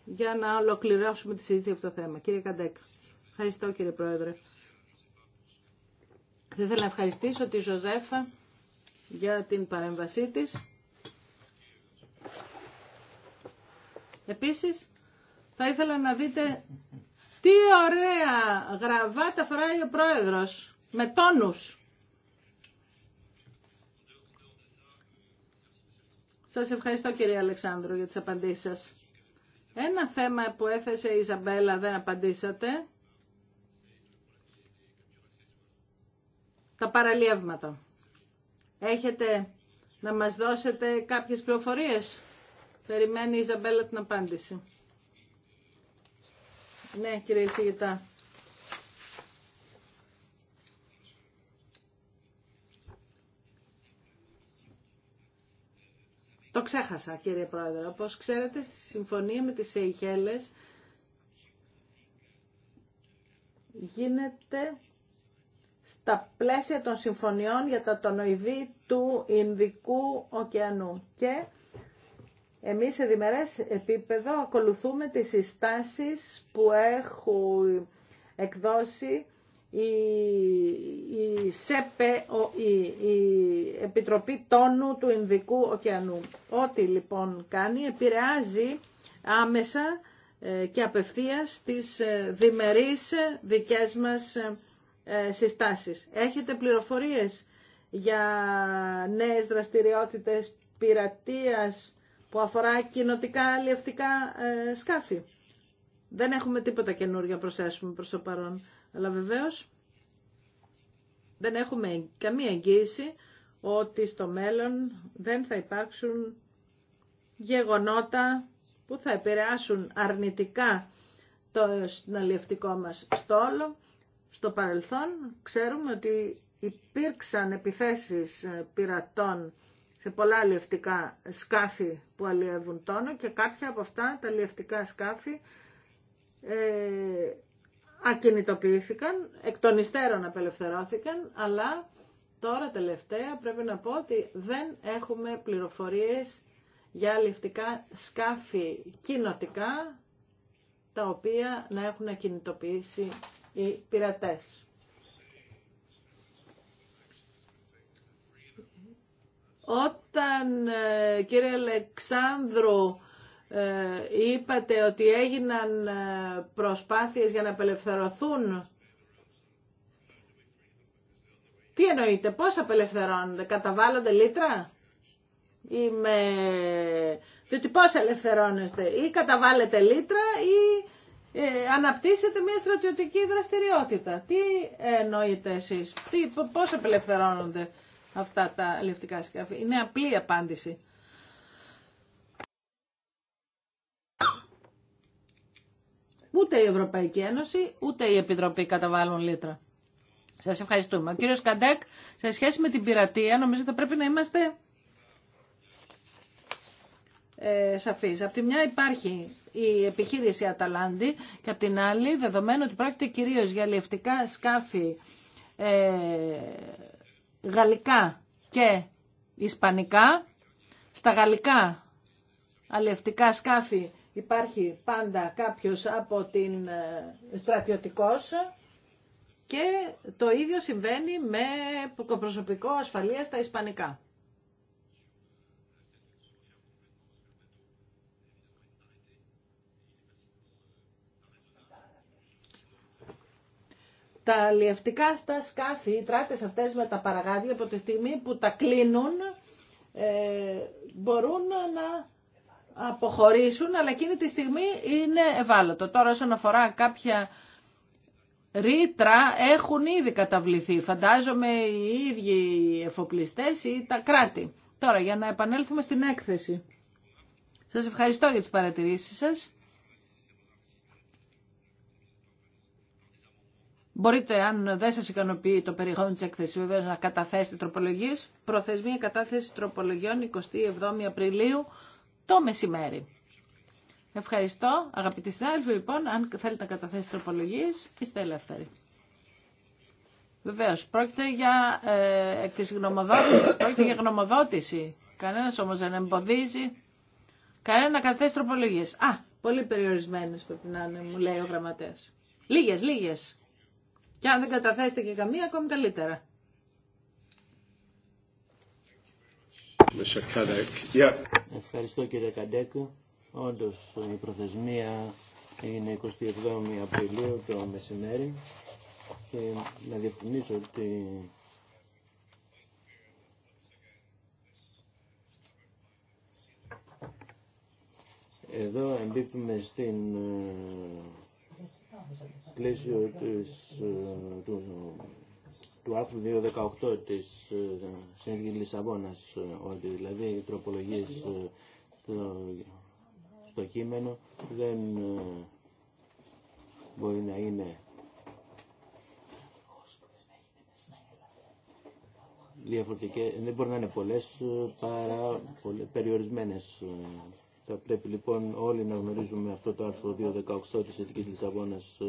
για να ολοκληρώσουμε τη συζήτηση αυτό το θέμα. Κύριε Καντέκ. Ευχαριστώ κύριε Πρόεδρε. Θα ήθελα να ευχαριστήσω τη Ζωζέφα για την παρέμβασή της. Επίσης, θα ήθελα να δείτε τι ωραία γραβάτα φοράει ο πρόεδρος, με τόνους. Σας ευχαριστώ κύριε Αλεξάνδρου για τις απαντήσεις σας. Ένα θέμα που έθεσε η Ιζαμπέλα δεν απαντήσατε. Τα παραλίευματα. Έχετε να μας δώσετε κάποιες πληροφορίες. Περιμένει η Ιζαμπέλα την απάντηση. Ναι, κύριε Ισηγητά. Το ξέχασα, κύριε Πρόεδρε. Όπως ξέρετε, στη συμφωνία με τις Σεϊχέλες γίνεται στα πλαίσια των συμφωνιών για τα τονοειδή του Ινδικού ωκεανού. Και εμείς σε διμερές επίπεδο ακολουθούμε τις συστάσεις που έχουν εκδώσει η, η ΣΕΠΕΟΗ, η Επιτροπή Τόνου του Ινδικού Ωκεανού. Ό,τι λοιπόν κάνει επηρεάζει άμεσα ε, και απευθείας τις ε, διμερείς δικές μας ε, συστάσεις. Έχετε πληροφορίες για νέες δραστηριότητες πειρατείας που αφορά κοινοτικά αλλιευτικά ε, σκάφη. Δεν έχουμε τίποτα καινούργια προσέσουμε προσθέσουμε προς το παρόν. Αλλά βεβαίως δεν έχουμε καμία εγγύηση ότι στο μέλλον δεν θα υπάρξουν γεγονότα που θα επηρεάσουν αρνητικά το αλλιευτικό μας στόλο. Στο παρελθόν ξέρουμε ότι υπήρξαν επιθέσεις ε, πειρατών σε πολλά αλλιευτικά σκάφη που αλλιεύουν τόνο και κάποια από αυτά τα αλλιευτικά σκάφη ε, ακινητοποιήθηκαν, εκ των υστέρων απελευθερώθηκαν, αλλά τώρα τελευταία πρέπει να πω ότι δεν έχουμε πληροφορίες για αλληλευτικά σκάφη κοινοτικά τα οποία να έχουν ακινητοποιήσει οι πειρατές. Όταν, ε, κύριε Αλεξάνδρου, ε, είπατε ότι έγιναν ε, προσπάθειες για να απελευθερωθούν τι εννοείτε, πώς απελευθερώνονται, καταβάλλονται λίτρα ή με... Διότι πώς ελευθερώνεστε, ή καταβάλλετε λίτρα ή ε, αναπτύσσετε μια στρατιωτική δραστηριότητα. Τι εννοείτε εσείς, τι, πώς απελευθερώνονται αυτά τα αλληλευτικά σκάφη. Είναι απλή απάντηση. Ούτε η Ευρωπαϊκή Ένωση, ούτε η Επιτροπή καταβάλουν λίτρα. Σας ευχαριστούμε. Ο κύριος Καντέκ, σε σχέση με την πειρατεία, νομίζω θα πρέπει να είμαστε ε, σαφής. Απ' τη μια υπάρχει η επιχείρηση Αταλάντη και απ' την άλλη, δεδομένου ότι πρόκειται κυρίως για λιευτικά σκάφη ε, γαλλικά και ισπανικά. Στα γαλλικά αλευτικά σκάφη υπάρχει πάντα κάποιος από την ε, στρατιωτικός και το ίδιο συμβαίνει με το προσωπικό ασφαλεία στα ισπανικά. τα λιευτικά αυτά σκάφη, οι τράτες αυτές με τα παραγάδια από τη στιγμή που τα κλείνουν ε, μπορούν να αποχωρήσουν, αλλά εκείνη τη στιγμή είναι ευάλωτο. Τώρα όσον αφορά κάποια ρήτρα έχουν ήδη καταβληθεί, φαντάζομαι οι ίδιοι εφοπλιστές ή τα κράτη. Τώρα για να επανέλθουμε στην έκθεση. Σας ευχαριστώ για τις παρατηρήσεις σας. Μπορείτε, αν δεν σας ικανοποιεί το περιεχόμενο της έκθεσης, βέβαια να καταθέσετε τροπολογίες. Προθεσμία κατάθεση τροπολογιών 27 Απριλίου το μεσημέρι. Ευχαριστώ. Αγαπητοί συνάδελφοι, λοιπόν, αν θέλετε να καταθέσετε τροπολογίες, είστε ελεύθεροι. Βεβαίω, πρόκειται για ε, γνωμοδότηση, πρόκειται για γνωμοδότηση. Κανένα όμω δεν εμποδίζει. Κανένα να καταθέσει τροπολογίε. Α, πολύ περιορισμένε πρέπει να είναι, μου λέει ο γραμματέα. Λίγε, λίγε. Και αν δεν καταθέσετε και καμία, ακόμη καλύτερα. Ευχαριστώ κύριε Καντέκ. Όντω η προθεσμία είναι 27 Απριλίου το μεσημέρι. Και να διευκρινίσω ότι εδώ εμπίπτουμε στην ε, πλαίσιο της, ε, του, του άρθρου 218 της ε, Σέγγιν Λισαβόνας, ε, ότι δηλαδή οι τροπολογίες στο, στο κείμενο δεν μπορεί να είναι διαφορετικές, δεν μπορεί να είναι πολλές παρά περιορισμένες θα πρέπει λοιπόν όλοι να γνωρίζουμε αυτό το άρθρο 2.18 της Εθνικής Λισαβόνας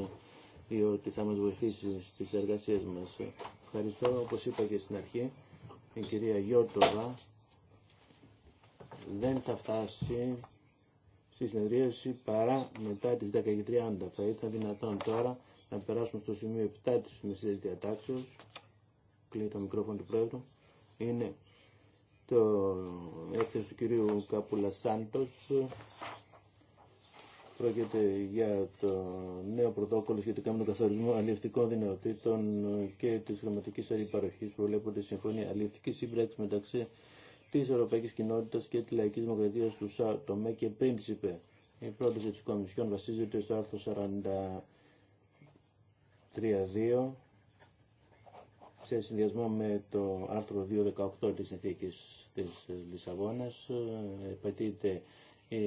ε, ότι θα μας βοηθήσει στις εργασίες μας. Ευχαριστώ, όπως είπα και στην αρχή, η κυρία Γιώτοβα δεν θα φτάσει στη συνεδρίαση παρά μετά τις 10.30. Θα ήταν δυνατόν τώρα να περάσουμε στο σημείο 7 της μεσαίας διατάξεως. Κλείνει το μικρόφωνο του Πρόεδρου. Είναι το έκθεση του κυρίου Κάπουλα Σάντο πρόκειται για το νέο πρωτόκολλο σχετικά με τον καθορισμό αλληλευτικών δυνατοτήτων και τη χρηματική αλληλεπαροχή που τη συμφωνία αλληλευτική σύμπραξη μεταξύ τη Ευρωπαϊκή Κοινότητα και τη Λαϊκή Δημοκρατία του ΣΑΤΟΜΕ και Πρίντσιπε. Η πρόταση τη Κομισιόν βασίζεται στο άρθρο 43.2 σε συνδυασμό με το άρθρο 218 της συνθήκης της Λισαβόνας ε, επαιτείται η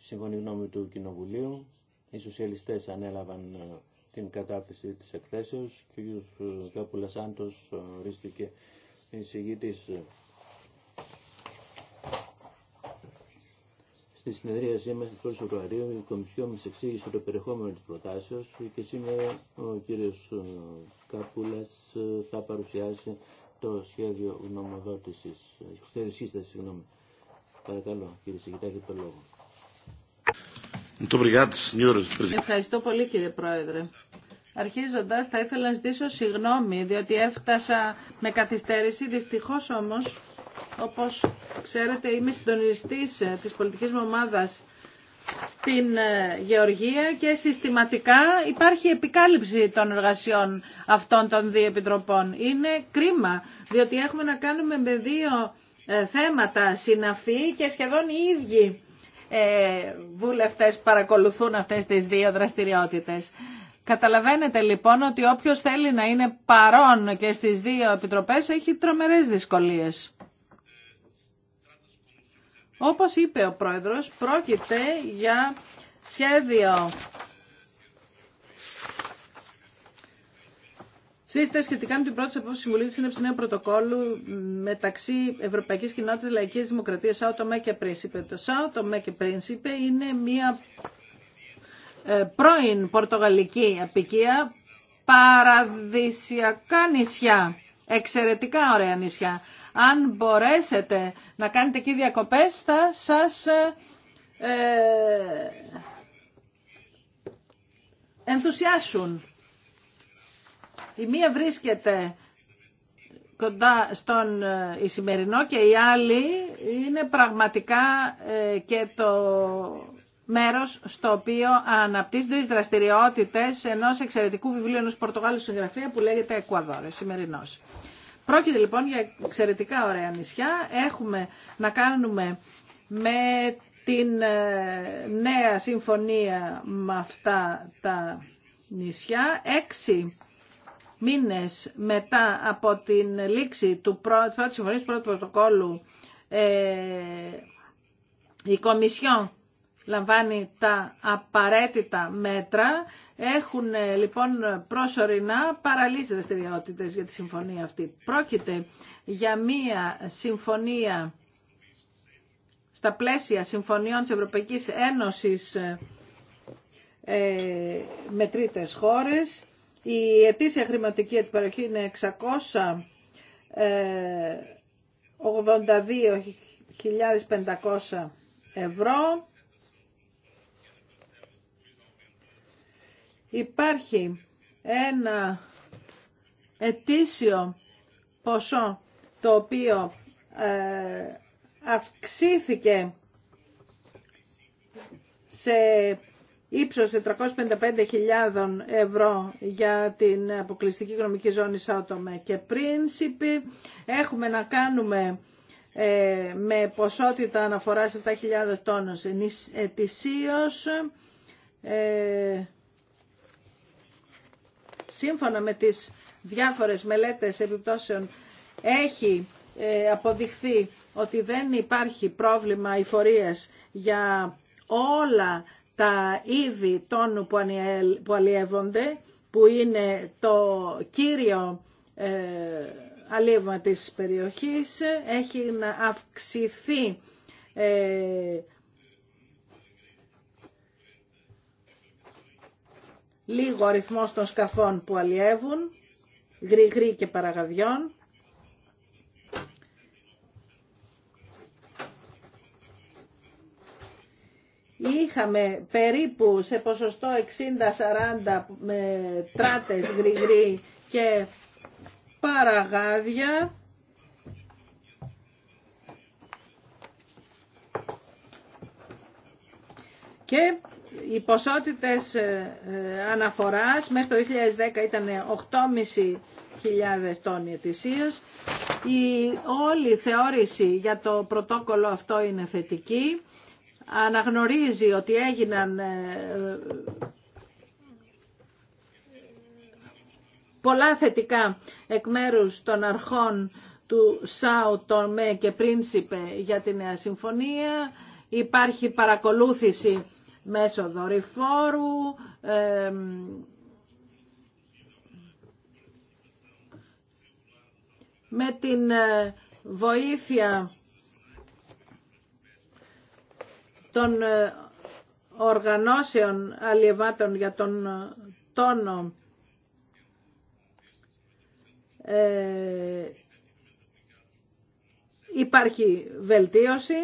σύμφωνη γνώμη του Κοινοβουλίου. Οι σοσιαλιστές ανέλαβαν ε, την κατάρτιση της εκθέσεως και ο κ. Κάπουλα ορίστηκε εισηγητής ε, Στη συνεδρίασή μα τη 1η Φεβρουαρίου η Κομισιόν μα εξήγησε το περιεχόμενο τη προτάσεω και σήμερα ο κύριο ε, Κάπουλα ε, θα παρουσιάσει το σχέδιο γνωμοδότηση. Σχέδιο ε, σύσταση, συγγνώμη. Παρακαλώ, κύριε Σιγητά, έχετε το λόγο. Ευχαριστώ πολύ κύριε Πρόεδρε. Αρχίζοντα θα ήθελα να ζητήσω συγγνώμη διότι έφτασα με καθυστέρηση. Δυστυχώ όμω. Όπως ξέρετε είμαι συντονιστής ε, της πολιτικής μου ομάδας στην ε, Γεωργία και συστηματικά υπάρχει επικάλυψη των εργασιών αυτών των δύο επιτροπών. Είναι κρίμα, διότι έχουμε να κάνουμε με δύο ε, θέματα συναφή και σχεδόν οι ίδιοι βουλευτές παρακολουθούν αυτές τις δύο δραστηριότητες. Καταλαβαίνετε λοιπόν ότι όποιος θέλει να είναι παρόν και στις δύο επιτροπές έχει τρομερές δυσκολίες. Όπως είπε ο Πρόεδρος, πρόκειται για σχέδιο Σύστα σχετικά με την πρώτη απόφαση συμβουλή τη Σύνεψη Νέου Πρωτοκόλλου μεταξύ Ευρωπαϊκή Κοινότητα Λαϊκή Δημοκρατία Σάουτο και Πρίνσιπε. Το Σάουτο και Πρίνσιπε είναι μια ε, πρώην πορτογαλική απικία, παραδεισιακά νησιά, εξαιρετικά ωραία νησιά. Αν μπορέσετε να κάνετε εκεί διακοπές θα σας ε, ε, ενθουσιάσουν. Η μία βρίσκεται κοντά στον Ισημερινό ε, και η άλλη είναι πραγματικά και το μέρος στο οποίο αναπτύσσονται οι δραστηριότητες ενός εξαιρετικού βιβλίου ενός Πορτογάλου συγγραφέα που λέγεται Εκουαδόρ, σημερινός. Πρόκειται λοιπόν για εξαιρετικά ωραία νησιά. Έχουμε να κάνουμε με την ε, νέα συμφωνία με αυτά τα νησιά. Έξι μήνες μετά από την λήξη του πρώτου, συμφωνίας του πρώτου πρωτοκόλου ε, η Κομισιόν λαμβάνει τα απαραίτητα μέτρα. Έχουν ε, λοιπόν προσωρινά παραλύσει δραστηριότητε για τη συμφωνία αυτή. Πρόκειται για μία συμφωνία στα πλαίσια συμφωνιών της Ευρωπαϊκής Ένωσης ε, με τρίτες χώρες. Η ετήσια χρηματική αντιπαροχή είναι 682.500 ε, ευρώ υπάρχει ένα ετήσιο ποσό το οποίο ε, αυξήθηκε σε ύψος 455.000 ευρώ για την αποκλειστική οικονομική ζώνη Σαοτομέ και Πρίνσιπη. Έχουμε να κάνουμε ε, με ποσότητα αναφορά 7.000 τόνους ετησίως. Ε, σύμφωνα με τις διάφορες μελέτες επιπτώσεων έχει ε, αποδειχθεί ότι δεν υπάρχει πρόβλημα υφορία για όλα τα είδη τόνου που αλλιεύονται, που είναι το κύριο ε, αλλιεύμα της περιοχής, έχει να αυξηθεί ε, λίγο αριθμό των σκαφών που αλλιεύουν, γρηγρή και παραγαδιών. Είχαμε περίπου σε ποσοστό 60-40 με τράτες γρηγρή και παραγάδια. Και οι ποσότητες ε, ε, αναφοράς μέχρι το 2010 ήταν 8.500 τόνοι ετησίως. Η όλη θεώρηση για το πρωτόκολλο αυτό είναι θετική. Αναγνωρίζει ότι έγιναν ε, πολλά θετικά εκ μέρους των αρχών του ΣΑΟ, των ΜΕ και Πρίνσιπε για τη Νέα Συμφωνία. Υπάρχει παρακολούθηση μέσω δορυφόρου, με την ε, βοήθεια των ε, οργανώσεων αλλιευάτων για τον ε, τόνο ε, υπάρχει βελτίωση.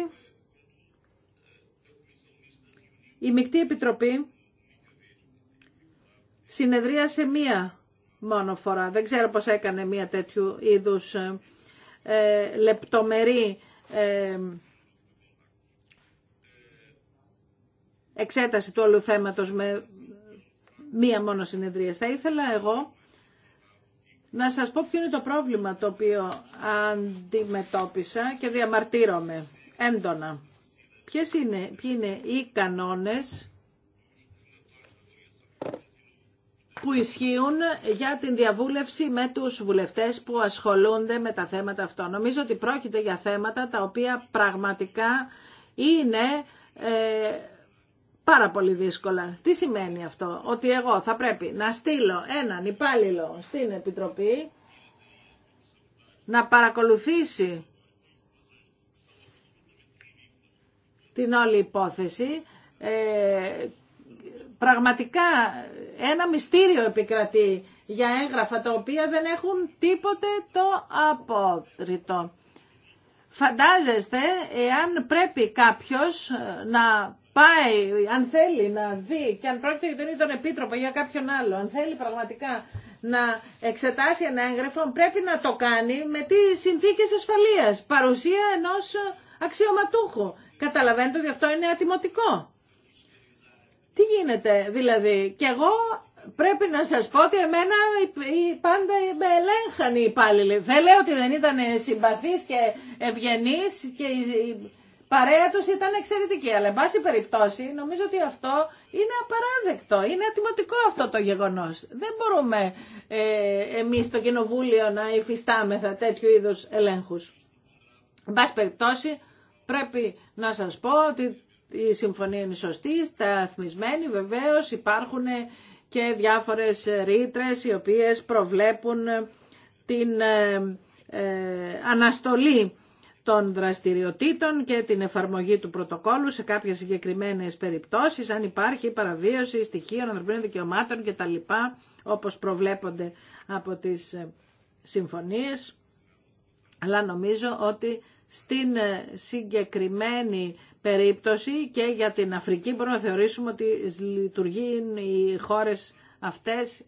Η Μικτή Επιτροπή συνεδρίασε μία μόνο φορά. Δεν ξέρω πώς έκανε μία τέτοιου είδους ε, ε λεπτομερή ε, εξέταση του όλου θέματος με μία μόνο συνεδρία. Θα ήθελα εγώ να σας πω ποιο είναι το πρόβλημα το οποίο αντιμετώπισα και διαμαρτύρομαι έντονα. Ποιες είναι, ποιοι είναι οι κανόνες που ισχύουν για την διαβούλευση με τους βουλευτές που ασχολούνται με τα θέματα αυτά. Νομίζω ότι πρόκειται για θέματα τα οποία πραγματικά είναι ε, πάρα πολύ δύσκολα. Τι σημαίνει αυτό, ότι εγώ θα πρέπει να στείλω έναν υπάλληλο στην Επιτροπή να παρακολουθήσει την όλη υπόθεση. Ε, πραγματικά ένα μυστήριο επικρατεί για έγγραφα τα οποία δεν έχουν τίποτε το απόρριτο. Φαντάζεστε εάν πρέπει κάποιος να πάει, αν θέλει να δει και αν πρόκειται για τον ίδιο τον επίτροπο για κάποιον άλλο, αν θέλει πραγματικά να εξετάσει ένα έγγραφο, πρέπει να το κάνει με τι συνθήκες ασφαλείας, παρουσία ενός αξιωματούχου. Καταλαβαίνετε ότι αυτό είναι ατιμωτικό. Τι γίνεται δηλαδή. Και εγώ πρέπει να σας πω ότι εμένα πάντα με ελέγχαν οι υπάλληλοι. Δεν λέω ότι δεν ήταν συμπαθείς και ευγενείς και η παρέα τους ήταν εξαιρετική. Αλλά εν πάση περιπτώσει νομίζω ότι αυτό είναι απαράδεκτο. Είναι ατιμωτικό αυτό το γεγονός. Δεν μπορούμε ε, εμείς στο κοινοβούλιο να υφιστάμεθα τέτοιου είδους ελέγχους. Εν πάση περιπτώσει Πρέπει να σας πω ότι η συμφωνία είναι σωστή, σταθμισμένη βεβαίως, υπάρχουν και διάφορες ρήτρε οι οποίες προβλέπουν την ε, ε, αναστολή των δραστηριοτήτων και την εφαρμογή του πρωτοκόλου σε κάποιες συγκεκριμένες περιπτώσεις, αν υπάρχει παραβίωση στοιχείων ανθρωπίνων δικαιωμάτων κτλ. όπως προβλέπονται από τις συμφωνίες. Αλλά νομίζω ότι στην ε, συγκεκριμένη περίπτωση και για την Αφρική μπορούμε να θεωρήσουμε ότι λειτουργούν οι χώρες αυτές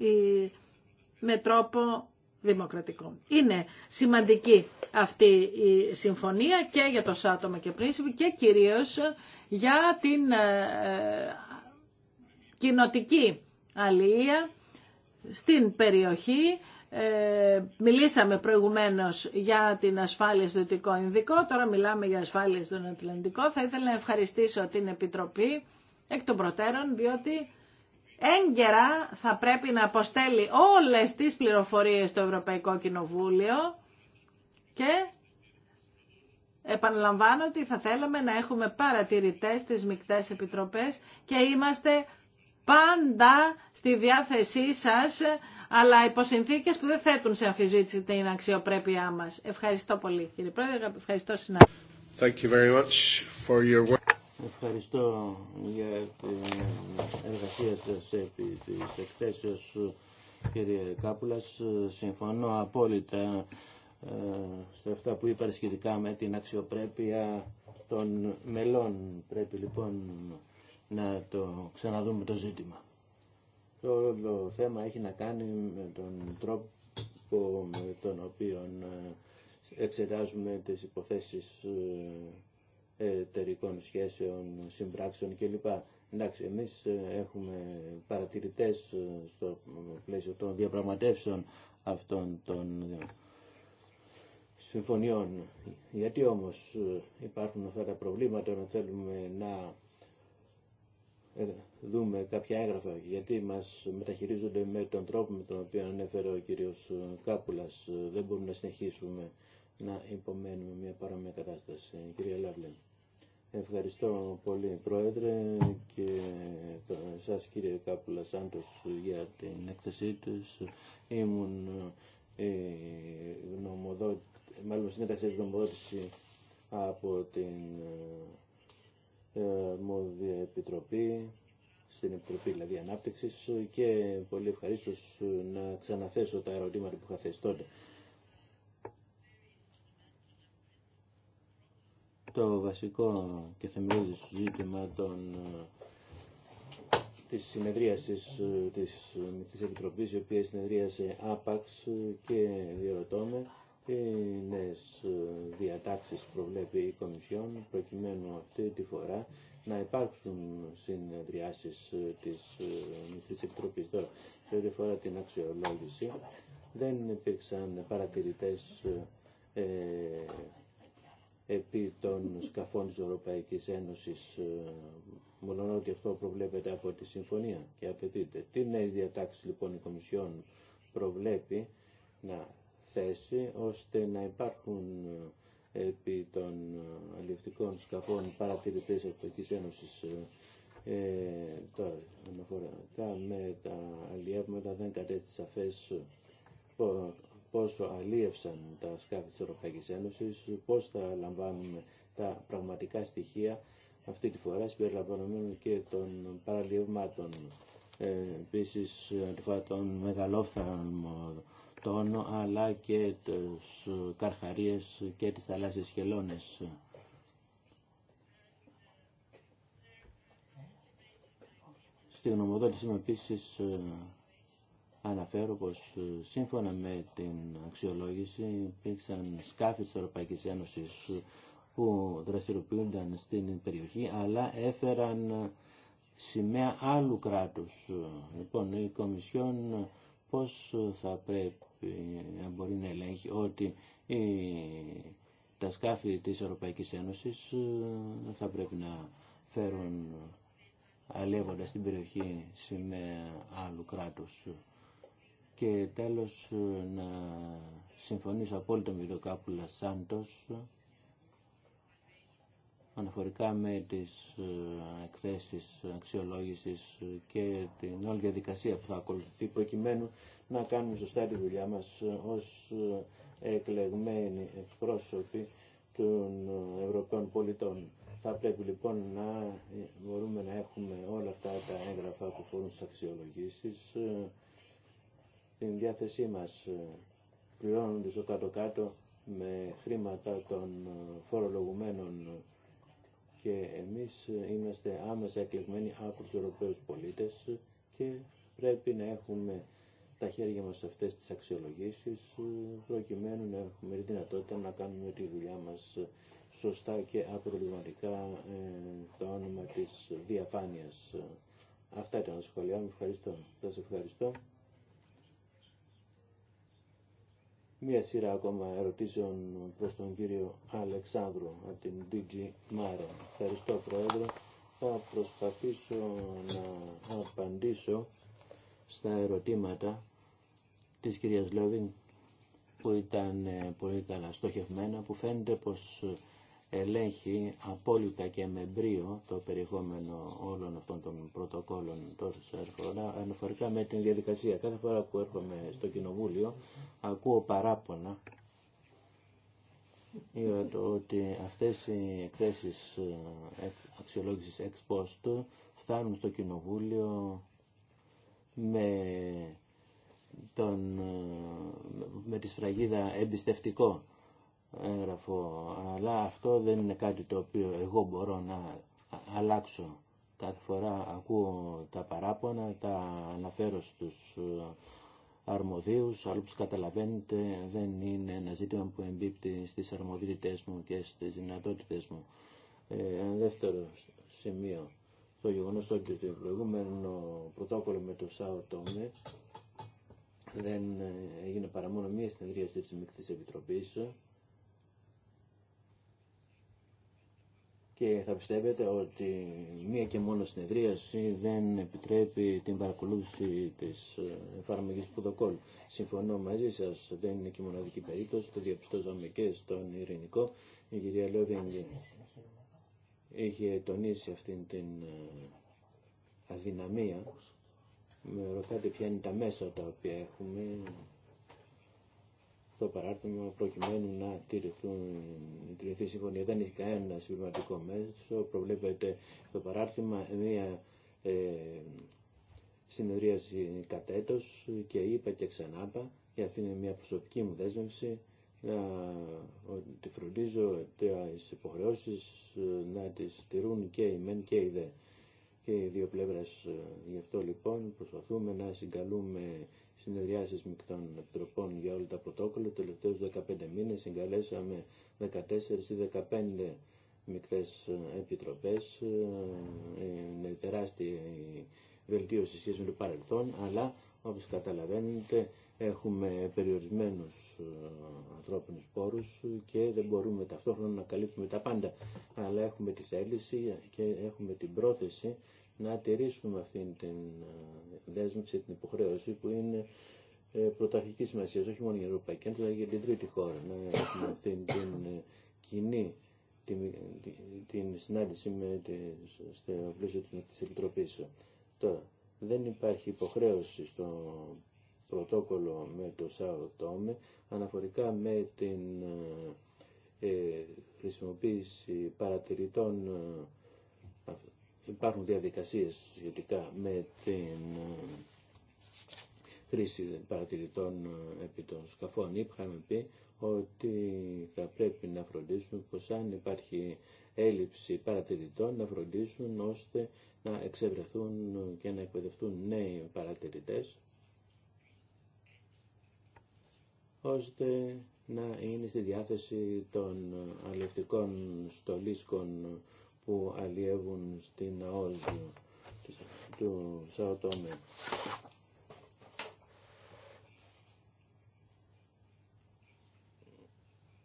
με τρόπο δημοκρατικό. Είναι σημαντική αυτή η συμφωνία και για το Σάτομα και Πρίσιπη και κυρίως για την ε, ε, κοινοτική αλληλεία στην περιοχή ε, μιλήσαμε προηγουμένως για την ασφάλεια στο Δυτικό Ινδικό, τώρα μιλάμε για ασφάλεια στον Ατλαντικό. Θα ήθελα να ευχαριστήσω την Επιτροπή εκ των προτέρων, διότι έγκαιρα θα πρέπει να αποστέλει όλες τις πληροφορίες στο Ευρωπαϊκό Κοινοβούλιο και επαναλαμβάνω ότι θα θέλαμε να έχουμε παρατηρητές στις μικτές επιτροπές και είμαστε πάντα στη διάθεσή σας αλλά υπό συνθήκε που δεν θέτουν σε αμφισβήτηση την αξιοπρέπειά μα. Ευχαριστώ πολύ, κύριε Πρόεδρε. Ευχαριστώ, συνάδελφοι. Ευχαριστώ για την εργασία σα επί τη εκθέσεω, κύριε Κάπουλας. Συμφωνώ απόλυτα ε, σε αυτά που είπα σχετικά με την αξιοπρέπεια των μελών. Πρέπει λοιπόν να το ξαναδούμε το ζήτημα. Το θέμα έχει να κάνει με τον τρόπο με τον οποίο ε, εξετάζουμε τις υποθέσεις ε, εταιρικών σχέσεων, συμπράξεων κλπ. Εντάξει, εμείς ε, έχουμε παρατηρητές στο πλαίσιο των διαπραγματεύσεων αυτών των συμφωνιών. Γιατί όμως υπάρχουν αυτά τα προβλήματα να θέλουμε να δούμε κάποια έγγραφα, γιατί μας μεταχειρίζονται με τον τρόπο με τον οποίο ανέφερε ο κύριος ε, Κάπουλας. Ε, δεν μπορούμε να συνεχίσουμε να υπομένουμε μια παρόμοια κατάσταση. Κυρία Λάβλεν. Ευχαριστώ πολύ Πρόεδρε και ε, σας κύριε Κάπουλα Σάντος για την έκθεσή τους. Ήμουν ε, γνωμοδότη, μάλλον συνέταξε γνωμοδότηση από την ε, αρμόδια επιτροπή, στην Επιτροπή δηλαδή Ανάπτυξης και πολύ ευχαρίστω να ξαναθέσω τα ερωτήματα που είχα θέσει τότε. Το βασικό και θεμελιώδης ζήτημα των, της συνεδρίασης ε, της, ε, της Επιτροπής, η οποία συνεδρίασε άπαξ και διερωτώ τι νέες ε, διατάξεις προβλέπει η Κομισιόν προκειμένου αυτή τη φορά να υπάρξουν συνεδριάσεις ε, της, ε, της Επιτροπής. Τώρα, ό,τι φορά την αξιολόγηση, δεν υπήρξαν παρατηρητές ε, επί των σκαφών της Ευρωπαϊκής Ένωσης, μόνο ότι αυτό προβλέπεται από τη Συμφωνία και απαιτείται. Τι νέες διατάξεις λοιπόν η Κομισιόν προβλέπει να θέση ώστε να υπάρχουν ε, επί των ε, αλληλευτικών σκαφών παρατηρητές Ευρωπαϊκής Ένωσης ε, ε τώρα με τα αλλιεύματα δεν κατέτει σαφές πόσο αλλίευσαν τα σκάφη της Ευρωπαϊκής Ένωσης, πώς θα λαμβάνουμε τα πραγματικά στοιχεία αυτή τη φορά συμπεριλαμβανομένου και των παραλλιευμάτων. Ε, Επίση, των τόνο αλλά και τους καρχαρίες και τις θαλάσσιες χελώνες. Στη γνωμοδότησή μου επίσης ε, αναφέρω πως ε, σύμφωνα με την αξιολόγηση υπήρξαν σκάφη της Ευρωπαϊκής Ένωσης που δραστηριοποιούνταν στην περιοχή αλλά έφεραν σημαία άλλου κράτους. Ε, λοιπόν, η Κομισιόν πώς θα πρέπει να ε, μπορεί να ελέγχει ότι τα σκάφη της Ευρωπαϊκής Ένωσης ε, θα πρέπει να φέρουν αλεύοντας στην περιοχή σημαία άλλου κράτους. Και τέλος ε, να συμφωνήσω απόλυτα με τον Κάπουλα Σάντος αναφορικά με τις εκθέσεις αξιολόγησης και την όλη διαδικασία που θα ακολουθεί προκειμένου να κάνουμε σωστά τη δουλειά μας ε, ως ε, εκλεγμένοι εκπρόσωποι των ε, Ευρωπαίων πολιτών. Θα πρέπει λοιπόν να μπορούμε να έχουμε όλα αυτά τα έγγραφα που φορούν στις αξιολογήσεις διάθεσή μας πληρώνονται στο κάτω-κάτω με χρήματα των φορολογουμένων και εμείς είμαστε άμεσα εκλεγμένοι από τους Ευρωπαίους πολίτες και πρέπει να έχουμε τα χέρια μας σε αυτές τις αξιολογήσεις ε, προκειμένου να έχουμε τη δυνατότητα να κάνουμε τη δουλειά μας σωστά και απροβληματικά ε, το όνομα της διαφάνειας. Ε, αυτά ήταν τα σχόλιά μου. Ευχαριστώ. Σας ευχαριστώ. Μία σειρά ακόμα ερωτήσεων προς τον κύριο Αλεξάνδρου από την DG μάρα Ευχαριστώ Πρόεδρε. Θα προσπαθήσω να απαντήσω στα ερωτήματα της κυρίας Λόβιν που ήταν ε, πολύ καλά στοχευμένα, που φαίνεται πως ε, ελέγχει απόλυτα και με μπρίο το περιεχόμενο όλων αυτών των πρωτοκόλων αναφορικά με την διαδικασία. Κάθε φορά που έρχομαι στο Κοινοβούλιο ακούω παράπονα για το ότι αυτές οι εκθέσεις ε, αξιολόγησης ex post φτάνουν στο Κοινοβούλιο με, τον, με τη σφραγίδα εμπιστευτικό έγραφο, αλλά αυτό δεν είναι κάτι το οποίο εγώ μπορώ να αλλάξω. Κάθε φορά ακούω τα παράπονα, τα αναφέρω στους αρμοδίους, αλλά όπως καταλαβαίνετε δεν είναι ένα ζήτημα που εμπίπτει στις αρμοδιότητες μου και στις δυνατότητες μου. Ε, δεύτερο σημείο το γεγονό ότι το προηγούμενο πρωτόκολλο με το ΣΑΟ Τόμε δεν ε, έγινε παρά μόνο μία συνεδρία της Μικτής Επιτροπής και θα πιστεύετε ότι μία και μόνο συνεδρίαση δεν επιτρέπει την παρακολούθηση της ε, εφαρμογής του πρωτοκόλλου. Συμφωνώ μαζί σας, δεν είναι και μοναδική περίπτωση, το διαπιστώσαμε και στον Ειρηνικό, η κυρία είχε τονίσει αυτήν την ε, αδυναμία. Με ρωτάτε ποια είναι τα μέσα τα οποία έχουμε στο παράρτημα προκειμένου να τηρηθεί η συμφωνία. Δεν έχει κανένα συμπληρωματικό μέσο. Προβλέπεται το παράρτημα μια ε, συνεδρίαση κατέτος και είπα και ξανάπα, γιατί είναι μια προσωπική μου δέσμευση, ότι φροντίζω τι υποχρεώσει ε, να τις στηρούν και οι μεν και οι δε και οι δύο πλευρές. Ε, γι' αυτό λοιπόν προσπαθούμε να συγκαλούμε συνεδριάσεις μικτών επιτροπών για όλα τα πρωτόκολλα. Τελευταίου 15 μήνες συγκαλέσαμε 14 ή 15 μικρές ε, επιτροπές. Είναι τεράστια η 15 μεικτε επιτροπε ειναι σχέση με το παρελθόν, αλλά όπως καταλαβαίνετε έχουμε περιορισμένους ε, ανθρώπινους πόρους και δεν μπορούμε ταυτόχρονα να καλύπτουμε τα πάντα. Αλλά έχουμε τη θέληση και έχουμε την πρόθεση να τηρήσουμε αυτήν την ε, δέσμευση, την υποχρέωση που είναι ε, πρωταρχική σημασία, όχι μόνο για την Ευρωπαϊκή Ένωση, αλλά και για την τρίτη χώρα. Να έχουμε αυτήν την κοινή την, την συνάντηση με στο πλαίσιο της Επιτροπή. Τώρα, δεν υπάρχει υποχρέωση στο πρωτόκολλο με το ΣΑΟ ΤΟΜΕ αναφορικά με την ε, ε χρησιμοποίηση παρατηρητών. Ε, υπάρχουν διαδικασίες σχετικά με την ε, χρήση παρατηρητών επί των σκαφών. Είχαμε πει ότι θα πρέπει να φροντίσουν πως αν υπάρχει έλλειψη παρατηρητών να φροντίσουν ώστε να εξευρεθούν και να εκπαιδευτούν νέοι παρατηρητές ώστε να είναι στη διάθεση των αλληλευτικών στολίσκων που αλλιεύουν στην ΑΟΖ του Σαοτόμε.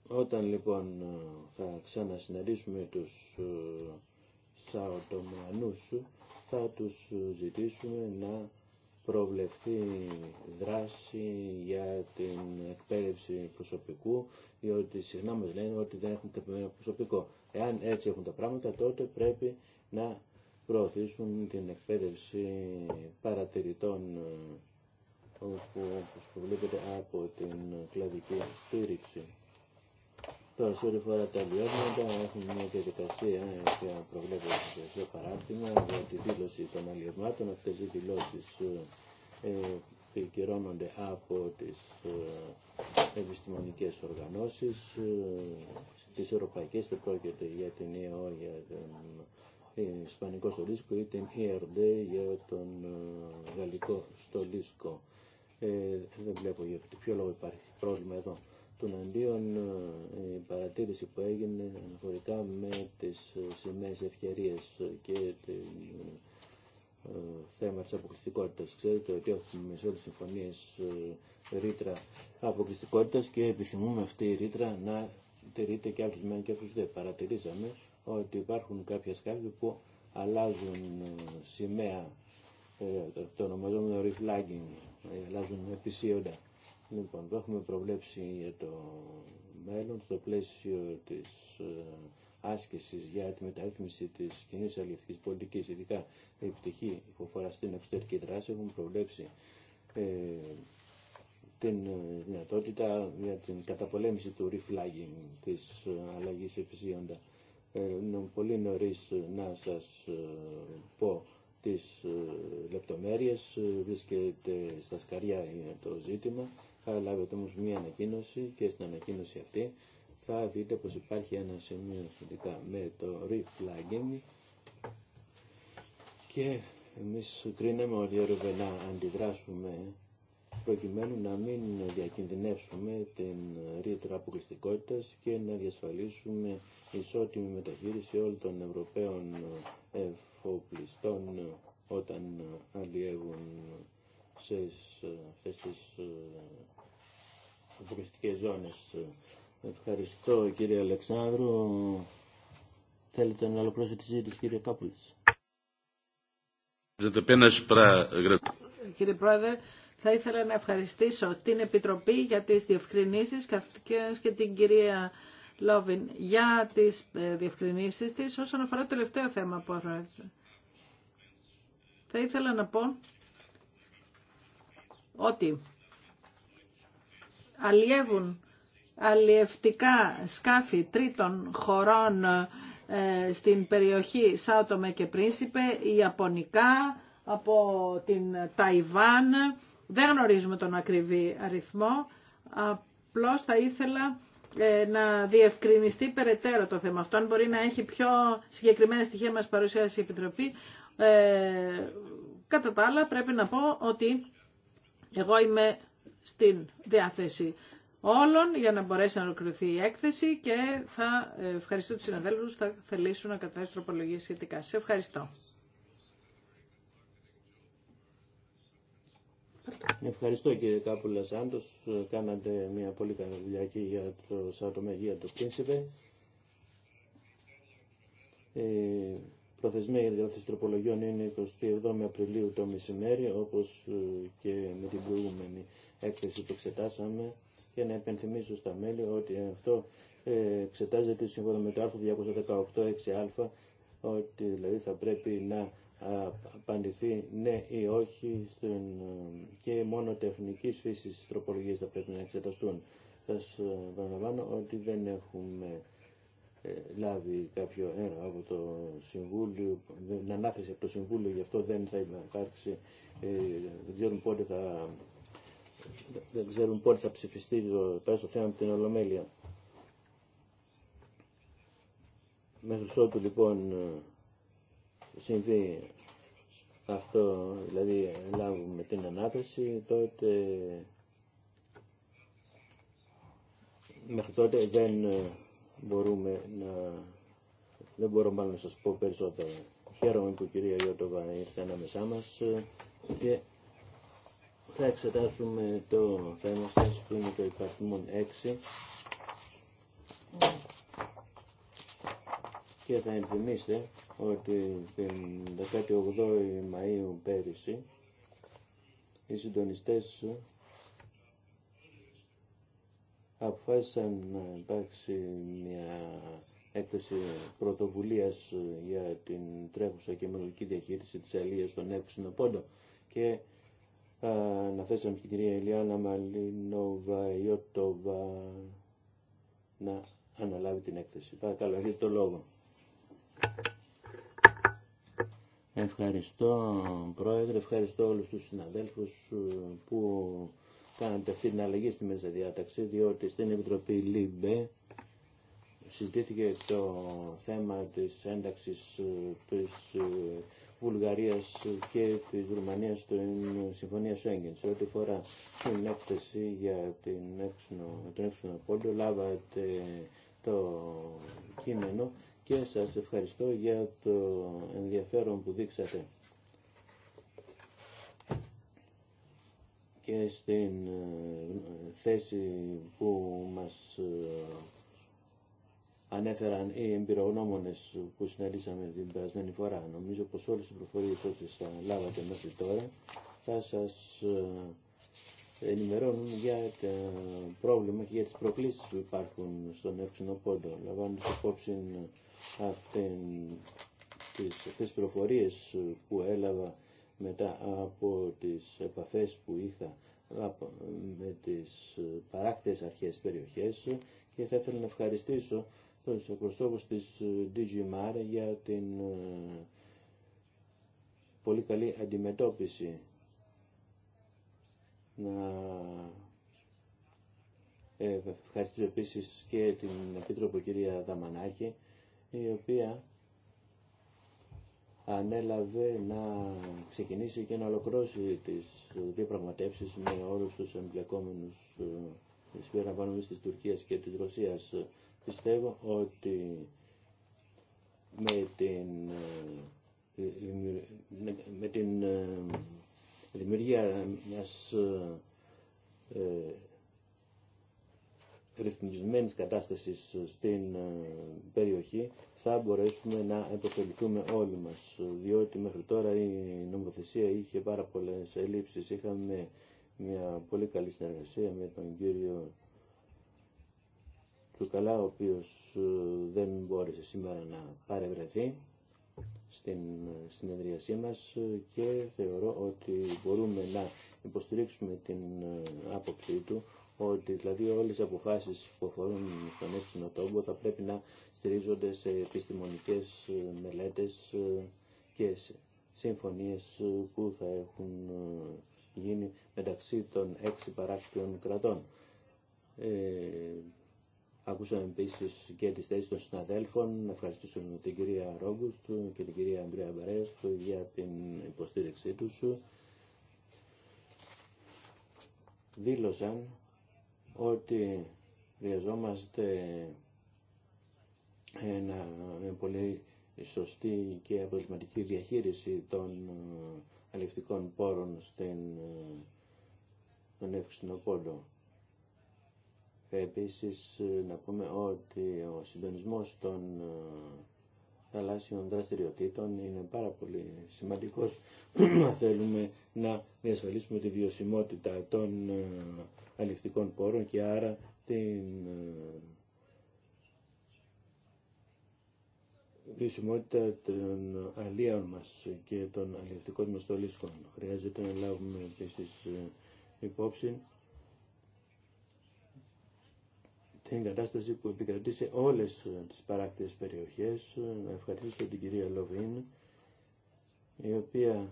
Όταν λοιπόν ε, θα ξανασυναντήσουμε τους ε, Σαοτομανούς θα τους ζητήσουμε να προβλεφθεί δράση για την εκπαίδευση προσωπικού, διότι συχνά μας λένε ότι δεν έχουν τεπιμένο προσωπικό. Εάν έτσι έχουν τα πράγματα, τότε πρέπει να προωθήσουν την εκπαίδευση παρατηρητών ε, όπου προβλέπετε, από την κλαδική στήριξη. Τώρα σε φορά τα αλλιεύματα έχουμε μια διαδικασία που ε, προβλέπεται στο παράρτημα για τη δήλωση των αλλιευμάτων. Αυτές οι δηλώσεις ε, ε, επικυρώνονται από τις επιστημονικές οργανώσεις τις ευρωπαϊκές, δεν πρόκειται για την ΕΟ, για τον Ισπανικό στολίσκο ή την ERD για τον Γαλλικό στολίσκο. Ε, δεν βλέπω για ποιο λόγο υπάρχει πρόβλημα εδώ των αντίον ε, η παρατήρηση που έγινε αναφορικά με τις ε, σημαίες ευκαιρίες και το ε, θέμα της αποκλειστικότητας. Ξέρετε ότι έχουμε σε όλες τις συμφωνίες ρήτρα αποκλειστικότητας και επιθυμούμε αυτή η ρήτρα να τηρείται και από τους και από δε. Παρατηρήσαμε ότι υπάρχουν κάποια σκάφη που αλλάζουν σημαία, το ονομαζόμενο reflagging, αλλάζουν επισύοντα. Λοιπόν, το έχουμε προβλέψει για το μέλλον στο πλαίσιο της ε, άσκησης για τη μεταρρύθμιση της κοινή αλληλευτικής πολιτικής, ειδικά η επιτυχή που αφορά στην εξωτερική δράση, έχουμε προβλέψει ε, την ε, δυνατότητα για την καταπολέμηση του reflagging της αλλαγής επισύοντα. είναι πολύ νωρίς να σας πω τις λεπτομέρειες, βρίσκεται στα σκαριά το ζήτημα θα λάβετε όμως μία ανακοίνωση και στην ανακοίνωση αυτή θα δείτε πως υπάρχει ένα σημείο σχετικά με το reflagging και εμείς κρίναμε ότι έρευε να αντιδράσουμε προκειμένου να μην διακινδυνεύσουμε την ρήτρα αποκλειστικότητα και να διασφαλίσουμε ισότιμη μεταχείριση όλων των Ευρωπαίων εφοπλιστών όταν αλλιεύουν σε αυτές τις ε, αποκριστικές ζώνες. Ευχαριστώ κύριε Αλεξάνδρου. Θέλετε να ολοκλώσετε τη συζήτηση κύριε Κάπουλης. Κύριε Πρόεδρε, θα ήθελα να ευχαριστήσω την Επιτροπή για τις διευκρινήσεις και την κυρία Λόβιν για τις ε, διευκρινήσεις της όσον αφορά το τελευταίο θέμα που αφορά. Θα ήθελα να πω ότι αλλιεύουν αλλιευτικά σκάφη τρίτων χωρών ε, στην περιοχή σάτομε και Πρίνσιπε, Ιαπωνικά, από την Ταϊβάν. Δεν γνωρίζουμε τον ακριβή αριθμό. Απλώς θα ήθελα ε, να διευκρινιστεί περαιτέρω το θέμα αυτό. Αν μπορεί να έχει πιο συγκεκριμένα στοιχεία μας παρουσιάσει η Επιτροπή. Ε, κατά τα άλλα πρέπει να πω ότι εγώ είμαι στην διάθεση όλων για να μπορέσει να ολοκληρωθεί η έκθεση και θα ευχαριστώ τους συναδέλφους που θα θελήσουν να καταθέσουν τροπολογίες σχετικά. Σε ευχαριστώ. Ευχαριστώ κύριε Κάπουλα Σάντος. Κάνατε μια πολύ καλή δουλειά και για το Σαρωτομεγία του Ε, Προθεσμία για τη διάθεση τροπολογιών είναι 27 Απριλίου το μεσημέρι, όπως ε, και με την προηγούμενη έκθεση που εξετάσαμε. Και να επενθυμίσω στα μέλη ότι αυτό ε, εξετάζεται σύμφωνα με το άρθρο 218 6α, ότι δηλαδή θα πρέπει να απαντηθεί ναι ή όχι στην, ε, και μόνο τεχνικής φύσης τροπολογίες θα πρέπει να εξεταστούν. Σας παραλαμβάνω ότι δεν έχουμε ε, λάβει κάποιο έργο από το Συμβούλιο, την ανάθεση από το Συμβούλιο, γι' αυτό δεν θα υπάρξει, ε, δεν ξέρουν πότε θα, δεν ξέρουν πότε θα ψηφιστεί το, το θέμα από την Ολομέλεια. Μέχρι ότου λοιπόν ε, συμβεί αυτό, δηλαδή λάβουμε την ανάθεση, τότε μέχρι τότε δεν μπορούμε να... Δεν μπορώ μάλλον να σας πω περισσότερο. Χαίρομαι που η κυρία Ιώτοβα ήρθε ανάμεσά μας ε, και θα εξετάσουμε το θέμα σας που είναι το υπαρθμόν 6 και θα ενθυμίσετε ότι την 18η Μαΐου πέρυσι οι συντονιστές αποφάσισαν να υπάρξει μια έκθεση πρωτοβουλία για την τρέχουσα και μελλοντική διαχείριση της αλίας στον Εύξηνο Πόντο και να θέσω στην κυρία Ελιάνα Μαλίνοβα να αναλάβει την έκθεση. Παρακαλώ, έχετε το λόγο. Ευχαριστώ Πρόεδρε, ευχαριστώ όλους τους συναδέλφους που κάνετε αυτή την αλλαγή στη μέσα διάταξη, διότι στην Επιτροπή ΛΥΜΠΕ συζητήθηκε το θέμα της ένταξης ε, της ε, Βουλγαρίας και της Ρουμανίας στην Συμφωνία Σέγγεν. Σε ό,τι φορά την έκθεση για την τον έξινο πόντο, λάβατε το κείμενο και σας ευχαριστώ για το ενδιαφέρον που δείξατε. και στην ε, θέση που μας ε, ανέφεραν οι εμπειρογνώμονες που συναντήσαμε την περασμένη φορά. Νομίζω πως όλες οι προφορίες όσες θα λάβατε μέχρι τώρα θα σας ε, ενημερώνουν για το πρόβλημα και για τις προκλήσεις που υπάρχουν στον έξινο πόντο. Λαμβάνοντας υπόψη αυτές τις προφορίες που έλαβα μετά από τις επαφές που είχα με τις παράκτες αρχές περιοχές και θα ήθελα να ευχαριστήσω τον εκπροσώπους της DGMAR για την ε, πολύ καλή αντιμετώπιση να ευχαριστήσω επίσης και την Επίτροπο κυρία Δαμανάκη η οποία ανέλαβε να ξεκινήσει και να ολοκληρώσει τις διαπραγματεύσεις με όλους τους εμπλεκόμενους ε, της πυραβάνομης της Τουρκίας και της Ρωσίας. Πιστεύω ότι με την, ε, με την ε, δημιουργία μιας ρυθμισμένης κατάστασης ε, στην ε, περιοχή θα μπορέσουμε να επωφεληθούμε όλοι μας ε, διότι μέχρι τώρα η νομοθεσία είχε πάρα πολλές ελλείψεις είχαμε μια πολύ καλή συνεργασία με τον κύριο Τσουκαλά ο οποίος δεν μπόρεσε σήμερα να παρευρεθεί στην συνεδρίασή μας και θεωρώ ότι μπορούμε να υποστηρίξουμε την άποψή του ότι δηλαδή όλες οι αποφάσεις που αφορούν τον έξινο τόμπο θα πρέπει να στηρίζονται σε επιστημονικές ε, μελέτες ε, και συμφωνίες ε, που θα έχουν γίνει μεταξύ των έξι παράκτιων κρατών. Ε, ακούσαμε επίση και τις θέσεις των συναδέλφων. Να ευχαριστήσουμε την κυρία Ρόγκουστ και την κυρία Αντρέα Μπαρέφ για την υποστήριξή τους. Δήλωσαν ότι χρειαζόμαστε ένα, πολύ σωστή και αποτελεσματική διαχείριση των ε, αλευτικών πόρων στην, στον ε, εύξηνο πόλο. Επίσης ε, να πούμε ότι ο συντονισμός των θαλάσσιων δραστηριοτήτων είναι πάρα πολύ σημαντικός. Θέλουμε να διασφαλίσουμε τη βιωσιμότητα των αλληλευτικών πόρων και άρα την ε, χρησιμότητα των αλλίων μας και των αλληλευτικών μας τολίσκων. Χρειάζεται να λάβουμε επίσης ε, υπόψη την κατάσταση που επικρατεί σε όλες τις παράκτητες περιοχές. Να ευχαριστήσω την κυρία Λοβίν, η οποία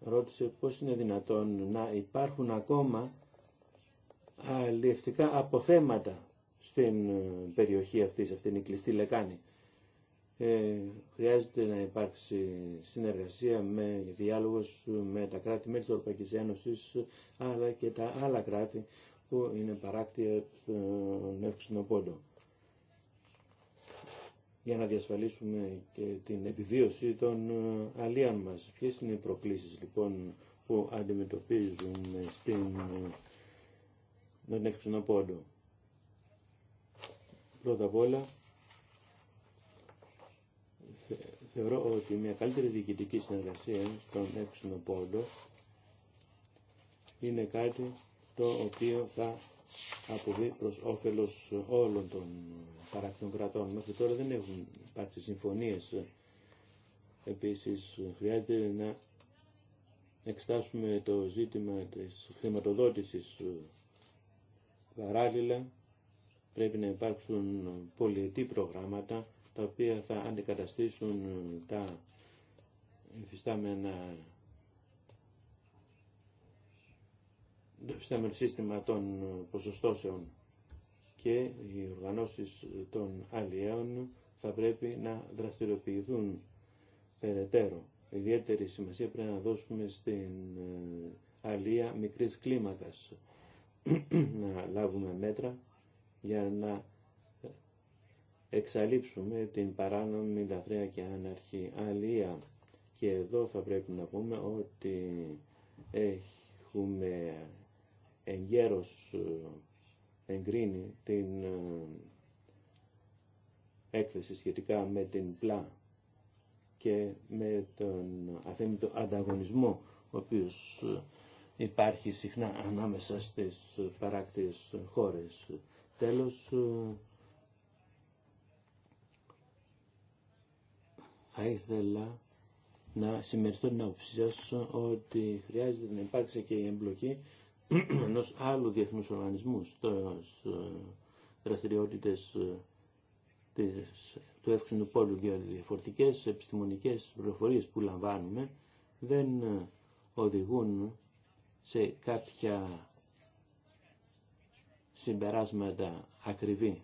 ρώτησε πώς είναι δυνατόν να υπάρχουν ακόμα αλληλευτικά αποθέματα στην ε, περιοχή αυτή, σε αυτήν την κλειστή λεκάνη. Ε, χρειάζεται να υπάρξει συνεργασία με διάλογος με τα κράτη μέλη της Ευρωπαϊκής Ένωσης αλλά και τα άλλα κράτη που είναι παράκτια στον εύξηνο πόντο για να διασφαλίσουμε και την επιβίωση των ε, αλληλών μας. Ποιες είναι οι προκλήσεις λοιπόν που αντιμετωπίζουν στην ε, με την πόντο. Πρώτα απ' όλα, θεωρώ ότι μια καλύτερη διοικητική συνεργασία στον έξινο πόντο είναι κάτι το οποίο θα αποβεί προς όφελος όλων των παρακτών κρατών. Μέχρι τώρα δεν έχουν υπάρξει συμφωνίες. Επίσης χρειάζεται να εξτάσουμε το ζήτημα της χρηματοδότησης Παράλληλα, πρέπει να υπάρξουν πολιετή προγράμματα τα οποία θα αντικαταστήσουν ε, τα υφιστάμενα το υφιστάμενο σύστημα των ποσοστώσεων και οι οργανώσεις των αλλιέων θα πρέπει να δραστηριοποιηθούν περαιτέρω. Ιδιαίτερη σημασία πρέπει να δώσουμε στην ε, αλλία μικρής κλίμακας να λάβουμε μέτρα για να εξαλείψουμε την παράνομη λαθρέα και αναρχή αλία. Και εδώ θα πρέπει να πούμε ότι έχουμε εγκαίρως εγκρίνει την ε, έκθεση σχετικά με την πλά και με τον αθέμητο ανταγωνισμό ο οποίος ε, υπάρχει συχνά ανάμεσα στις παράκτιες χώρες. Τέλος, θα ήθελα να συμμεριστώ την άποψή ότι χρειάζεται να υπάρξει και η εμπλοκή ενό άλλου διεθνού οργανισμού στι δραστηριότητε του εύξηνου πόλου, διότι διαφορετικέ επιστημονικέ πληροφορίε που λαμβάνουμε δεν οδηγούν σε κάποια συμπεράσματα ακριβή.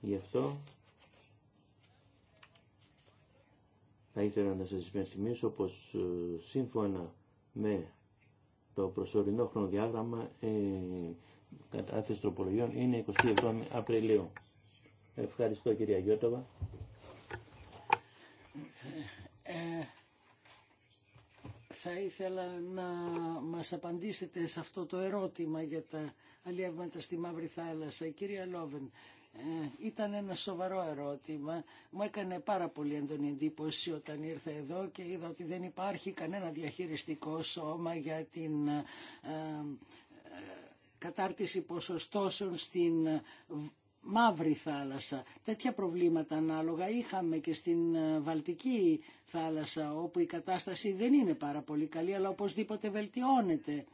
Γι' αυτό θα ήθελα να σας υπενθυμίσω πως ε, σύμφωνα με το προσωρινό χρονοδιάγραμμα η ε, κατάθεση τροπολογιών είναι 27 Απριλίου. Ευχαριστώ κυρία Γιώτοβα. Ε, θα ήθελα να μας απαντήσετε σε αυτό το ερώτημα για τα αλλιεύματα στη Μαύρη Θάλασσα. Κυρία Λόβεν, ε, ήταν ένα σοβαρό ερώτημα. Μου έκανε πάρα πολύ έντονη εντύπωση όταν ήρθα εδώ και είδα ότι δεν υπάρχει κανένα διαχειριστικό σώμα για την ε, ε, κατάρτιση ποσοστώσεων στην Μαύρη θάλασσα. Τέτοια προβλήματα ανάλογα είχαμε και στην ε, Βαλτική θάλασσα όπου η κατάσταση δεν είναι πάρα πολύ καλή αλλά οπωσδήποτε βελτιώνεται.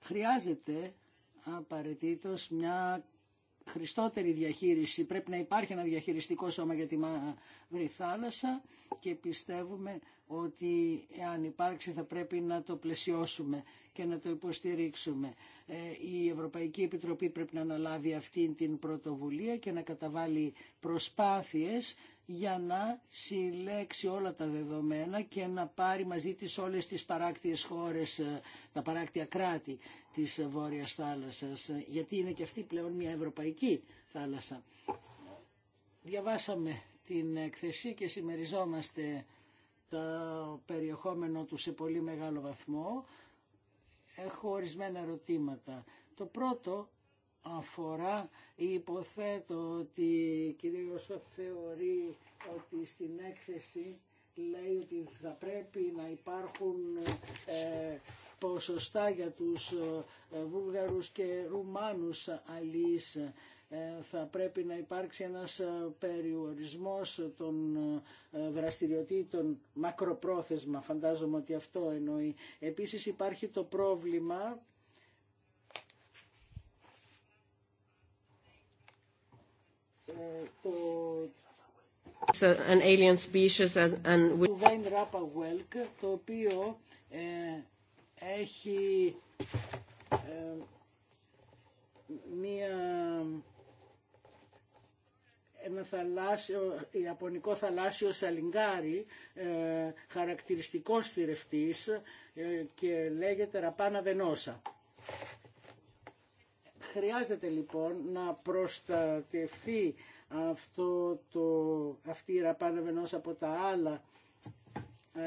Χρειάζεται απαραίτητο μια χρηστότερη διαχείριση. Πρέπει να υπάρχει ένα διαχειριστικό σώμα για τη Μαύρη θάλασσα και πιστεύουμε ότι αν υπάρξει θα πρέπει να το πλαισιώσουμε και να το υποστηρίξουμε. Ε, η Ευρωπαϊκή Επιτροπή πρέπει να αναλάβει αυτή την πρωτοβουλία και να καταβάλει προσπάθειες για να συλλέξει όλα τα δεδομένα και να πάρει μαζί της όλες τις παράκτιες χώρες, ε, τα παράκτια κράτη της Βόρειας Θάλασσας, ε, γιατί είναι και αυτή πλέον μια ευρωπαϊκή θάλασσα. Διαβάσαμε την εκθεσή και συμμεριζόμαστε το περιεχόμενο του σε πολύ μεγάλο βαθμό. Έχω ορισμένα ερωτήματα. Το πρώτο αφορά, υποθέτω ότι η κυρία θεωρεί ότι στην έκθεση λέει ότι θα πρέπει να υπάρχουν ε, ποσοστά για τους ε, Βούλγαρους και Ρουμάνους αλλής, ε, θα πρέπει να υπάρξει ένας ε, περιορισμός των ε, δραστηριοτήτων μακροπρόθεσμα, φαντάζομαι ότι αυτό εννοεί. Επίσης υπάρχει το πρόβλημα το An alien species and... του Βέιν το οποίο έχει μία ένα θαλάσσιο, ιαπωνικό θαλάσσιο σαλιγκάρι ε, χαρακτηριστικός θηρευτής ε, και λέγεται ραπάνα βενόσα. Χρειάζεται λοιπόν να προστατευθεί αυτό το, αυτή η ραπάνα βενόσα από τα άλλα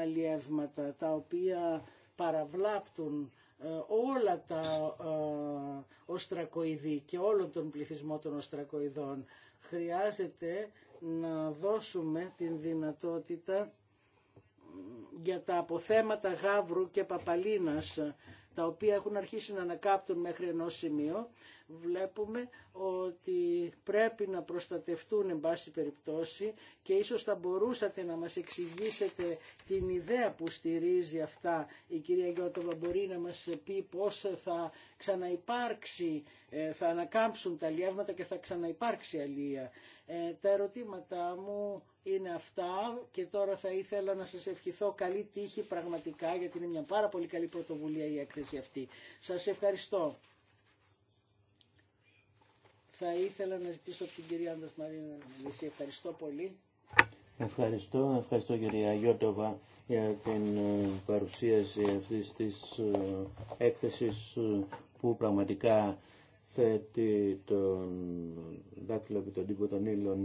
αλλιεύματα τα οποία παραβλάπτουν ε, όλα τα ε, οστρακοειδή και όλον τον πληθυσμό των οστρακοειδών χρειάζεται να δώσουμε την δυνατότητα για τα αποθέματα γάβρου και παπαλίνας τα οποία έχουν αρχίσει να ανακάπτουν μέχρι ενό σημείο, βλέπουμε ότι πρέπει να προστατευτούν εν πάση περιπτώσει και ίσως θα μπορούσατε να μας εξηγήσετε την ιδέα που στηρίζει αυτά η κυρία Γιώτοβα μπορεί να μας πει πώς θα ξαναυπάρξει, ε, θα ανακάμψουν τα λιεύματα και θα ξαναυπάρξει αλία. Ε, τα ερωτήματά μου είναι αυτά και τώρα θα ήθελα να σας ευχηθώ καλή τύχη πραγματικά γιατί είναι μια πάρα πολύ καλή πρωτοβουλία η έκθεση αυτή. Σας ευχαριστώ. Θα ήθελα να ζητήσω από την κυρία Άντας Μαρίνα Ευχαριστώ πολύ. Ευχαριστώ, ευχαριστώ κυρία Γιώτοβα για την ε, παρουσίαση αυτής της ε, έκθεσης ε, που πραγματικά θέτει τον δάκτυλο από τον τύπο των ήλων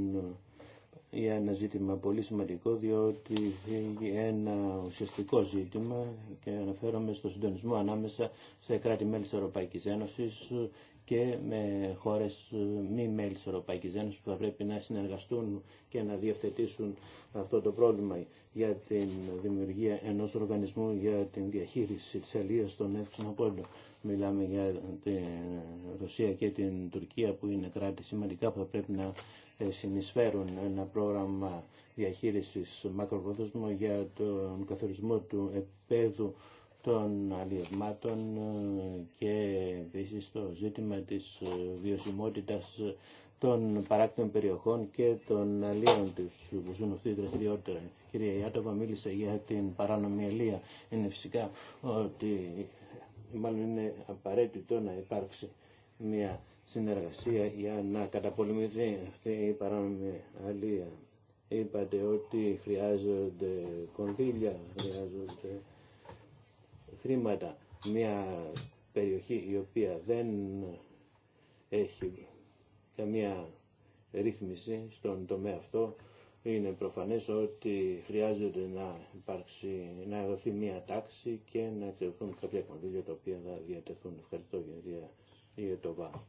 για ένα ζήτημα πολύ σημαντικό διότι είναι ένα ουσιαστικό ζήτημα και αναφέρομαι στο συντονισμό ανάμεσα σε κράτη-μέλη της Ευρωπαϊκής Ένωσης και με χώρες ε, μη μέλη τη Ευρωπαϊκής Ένωσης που θα πρέπει να συνεργαστούν και να διευθετήσουν αυτό το πρόβλημα για την δημιουργία ενός οργανισμού για την διαχείριση της αλίας των έξων απόλυτων. Μιλάμε για την Ρωσία και την Τουρκία που είναι κράτη σημαντικά που θα πρέπει να ε, συνεισφέρουν ένα πρόγραμμα διαχείρισης μακροπρόθεσμο για τον καθορισμό του επέδου των αλλιευμάτων ε, και επίσης το ζήτημα της ε, βιωσιμότητας των παράκτων περιοχών και των αλλιών τους που ζουν αυτή τη δραστηριότητα. Κυρία Ιάτοβα μίλησε για την παράνομη αλλία. Είναι φυσικά ότι μάλλον είναι απαραίτητο να υπάρξει μια συνεργασία για να καταπολεμηθεί αυτή η παράνομη αλλία. Είπατε ότι χρειάζονται κονδύλια, χρειάζονται χρήματα μια περιοχή η οποία δεν έχει καμία ρύθμιση στον τομέα αυτό, είναι προφανές ότι χρειάζεται να υπάρξει, να δοθεί μια τάξη και να εξελιχθούν κάποια κονδύλια τα οποία θα διατεθούν. Ευχαριστώ κυρία Ιετοβά.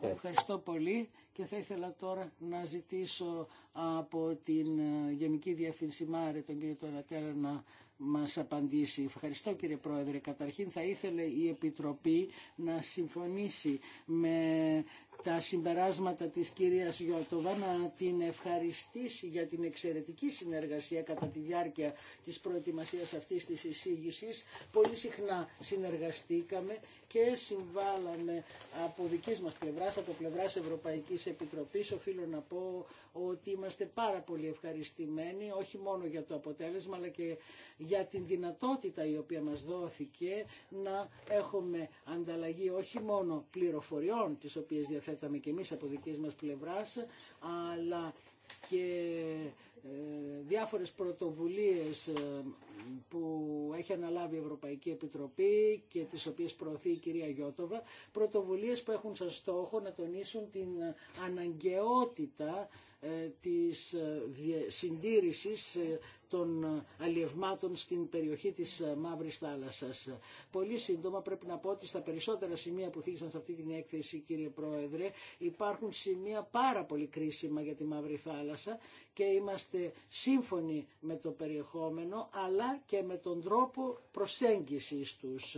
Ευχαριστώ πολύ και θα ήθελα τώρα να ζητήσω από την ε, Γενική Διευθυνσή Μάρε, τον κύριο Τωρατέρα, να μας απαντήσει. Ευχαριστώ κύριε Πρόεδρε. Καταρχήν θα ήθελε η Επιτροπή να συμφωνήσει με τα συμπεράσματα της κυρίας Γιώτοβα να την ευχαριστήσει για την εξαιρετική συνεργασία κατά τη διάρκεια της προετοιμασίας αυτής της εισήγησης. Πολύ συχνά συνεργαστήκαμε και συμβάλαμε από δικής μας πλευράς, από πλευράς Ευρωπαϊκής Επιτροπής. Οφείλω να πω ότι είμαστε πάρα πολύ ευχαριστημένοι, όχι μόνο για το αποτέλεσμα, αλλά και για την δυνατότητα η οποία μας δόθηκε να έχουμε ανταλλαγή όχι μόνο πληροφοριών, τις οποίες διαθέταμε και εμείς από δικής μας πλευράς, αλλά και ε, διάφορες πρωτοβουλίες ε, που έχει αναλάβει η Ευρωπαϊκή Επιτροπή και τις οποίες προωθεί η κυρία Γιώτοβα, πρωτοβουλίες που έχουν σαν στόχο να τονίσουν την αναγκαιότητα ε, της ε, συντήρησης ε, των αλλιευμάτων στην περιοχή της Μαύρης Θάλασσας. Πολύ σύντομα πρέπει να πω ότι στα περισσότερα σημεία που θίγησαν σε αυτή την έκθεση κύριε Πρόεδρε υπάρχουν σημεία πάρα πολύ κρίσιμα για τη Μαύρη Θάλασσα και είμαστε σύμφωνοι με το περιεχόμενο αλλά και με τον τρόπο προσέγγισης τους.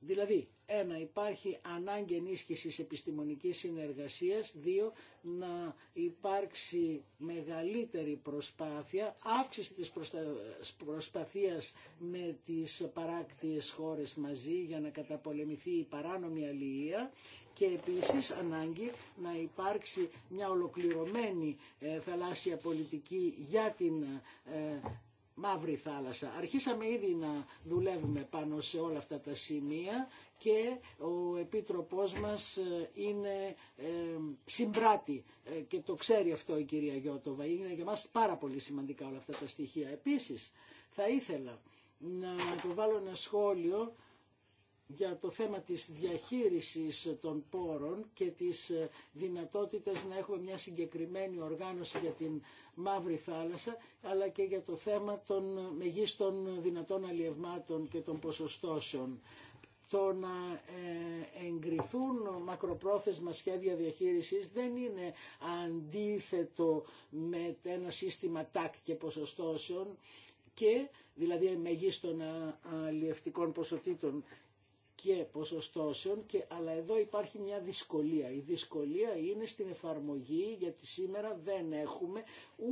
Δηλαδή ένα, υπάρχει ανάγκη ενίσχυσης επιστημονικής συνεργασίας. Δύο, να υπάρξει μεγαλύτερη προσπάθεια, αύξηση της προσπαθίας με τις παράκτιες χώρες μαζί για να καταπολεμηθεί η παράνομη αλληλεία και επίσης ανάγκη να υπάρξει μια ολοκληρωμένη ε, θαλάσσια πολιτική για την ε, Μαύρη Θάλασσα. Αρχίσαμε ήδη να δουλεύουμε πάνω σε όλα αυτά τα σημεία και ο Επίτροπός μας ε, είναι ε, συμπράτη ε, και το ξέρει αυτό η κυρία Γιώτοβα. Είναι για μας πάρα πολύ σημαντικά όλα αυτά τα στοιχεία. Επίσης θα ήθελα να το βάλω ένα σχόλιο για το θέμα της διαχείρισης των πόρων και της ε, δυνατότητας να έχουμε μια συγκεκριμένη οργάνωση για την Μαύρη Θάλασσα, αλλά και για το θέμα των μεγίστων δυνατών αλλιευμάτων και των ποσοστώσεων. Το να ε, εγκριθούν μακροπρόθεσμα σχέδια διαχείρισης δεν είναι αντίθετο με ένα σύστημα τάκ και ποσοστώσεων και δηλαδή μεγίστων αλλιευτικών ποσοτήτων και ποσοστώσεων, και, αλλά εδώ υπάρχει μια δυσκολία. Η δυσκολία είναι στην εφαρμογή γιατί σήμερα δεν έχουμε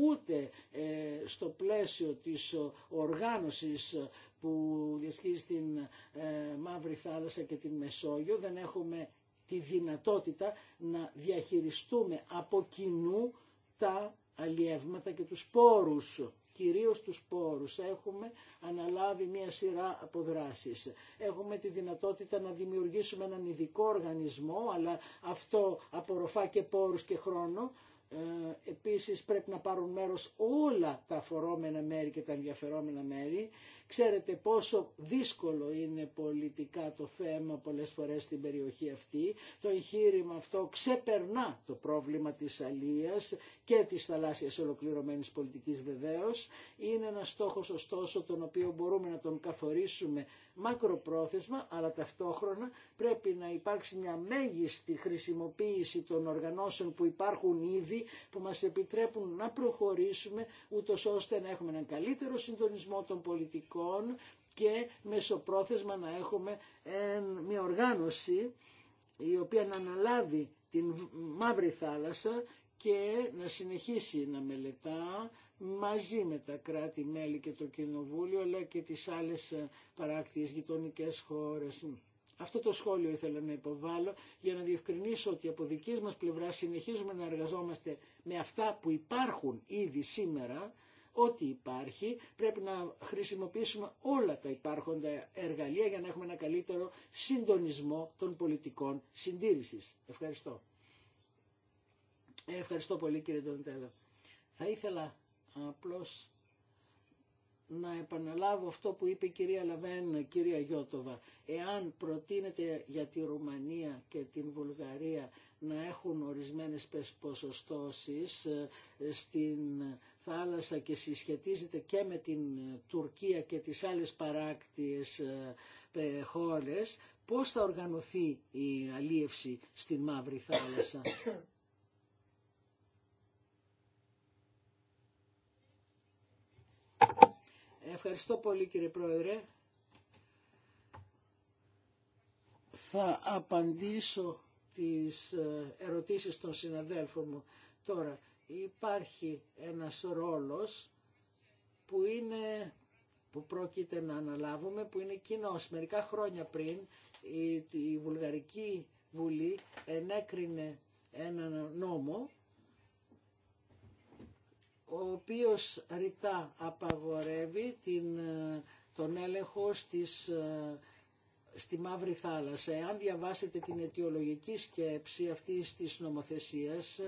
ούτε ε, στο πλαίσιο της οργάνωσης που διασχίζει την ε, Μαύρη Θάλασσα και την Μεσόγειο, δεν έχουμε τη δυνατότητα να διαχειριστούμε από κοινού τα αλλιεύματα και τους πόρους κυρίως τους πόρους έχουμε αναλάβει μια σειρά αποδράσεις. Έχουμε τη δυνατότητα να δημιουργήσουμε έναν ειδικό οργανισμό, αλλά αυτό απορροφά και πόρους και χρόνο. Ε, επίσης πρέπει να πάρουν μέρος όλα τα φορόμενα μέρη και τα ενδιαφερόμενα μέρη. Ξέρετε πόσο δύσκολο είναι πολιτικά το θέμα πολλές φορές στην περιοχή αυτή. Το εγχείρημα αυτό ξεπερνά το πρόβλημα της αλίας και της θαλάσσιας ολοκληρωμένης πολιτικής βεβαίως. Είναι ένα στόχος ωστόσο τον οποίο μπορούμε να τον καθορίσουμε μακροπρόθεσμα, αλλά ταυτόχρονα πρέπει να υπάρξει μια μέγιστη χρησιμοποίηση των οργανώσεων που υπάρχουν ήδη, που μας επιτρέπουν να προχωρήσουμε, ούτως ώστε να έχουμε έναν καλύτερο συντονισμό των πολιτικών και μεσοπρόθεσμα να έχουμε μια οργάνωση η οποία να αναλάβει την Μαύρη Θάλασσα και να συνεχίσει να μελετά μαζί με τα κράτη-μέλη και το Κοινοβούλιο αλλά και τις άλλες ε, παράκτιες γειτονικές χώρες. Αυτό το σχόλιο ήθελα να υποβάλω για να διευκρινίσω ότι από δική μας πλευρά συνεχίζουμε να εργαζόμαστε με αυτά που υπάρχουν ήδη σήμερα ό,τι υπάρχει. Πρέπει να χρησιμοποιήσουμε όλα τα υπάρχοντα εργαλεία για να έχουμε ένα καλύτερο συντονισμό των πολιτικών συντήρησης. Ευχαριστώ. Ε, ευχαριστώ πολύ κύριε Ντοντέλα. Θα ήθελα απλώς να επαναλάβω αυτό που είπε η κυρία Λαβέν, κυρία Γιώτοβα. Εάν προτείνεται για τη Ρουμανία και την Βουλγαρία να έχουν ορισμένες ποσοστώσεις ε, στην θάλασσα και συσχετίζεται και με την Τουρκία και τις άλλες παράκτιες ε, χώρες, πώς θα οργανωθεί η αλίευση στην Μαύρη Θάλασσα. Ευχαριστώ πολύ κύριε Πρόεδρε. Θα απαντήσω τις ε, ερωτήσεις των συναδέλφων μου τώρα. Υπάρχει ένας ρόλος που είναι που πρόκειται να αναλάβουμε, που είναι κοινό. Μερικά χρόνια πριν η, η Βουλγαρική Βουλή ενέκρινε ένα νόμο ο οποίος ρητά απαγορεύει την, ε, τον έλεγχο στις, ε, στη Μαύρη Θάλασσα. Αν διαβάσετε την αιτιολογική σκέψη αυτής της νομοθεσίας,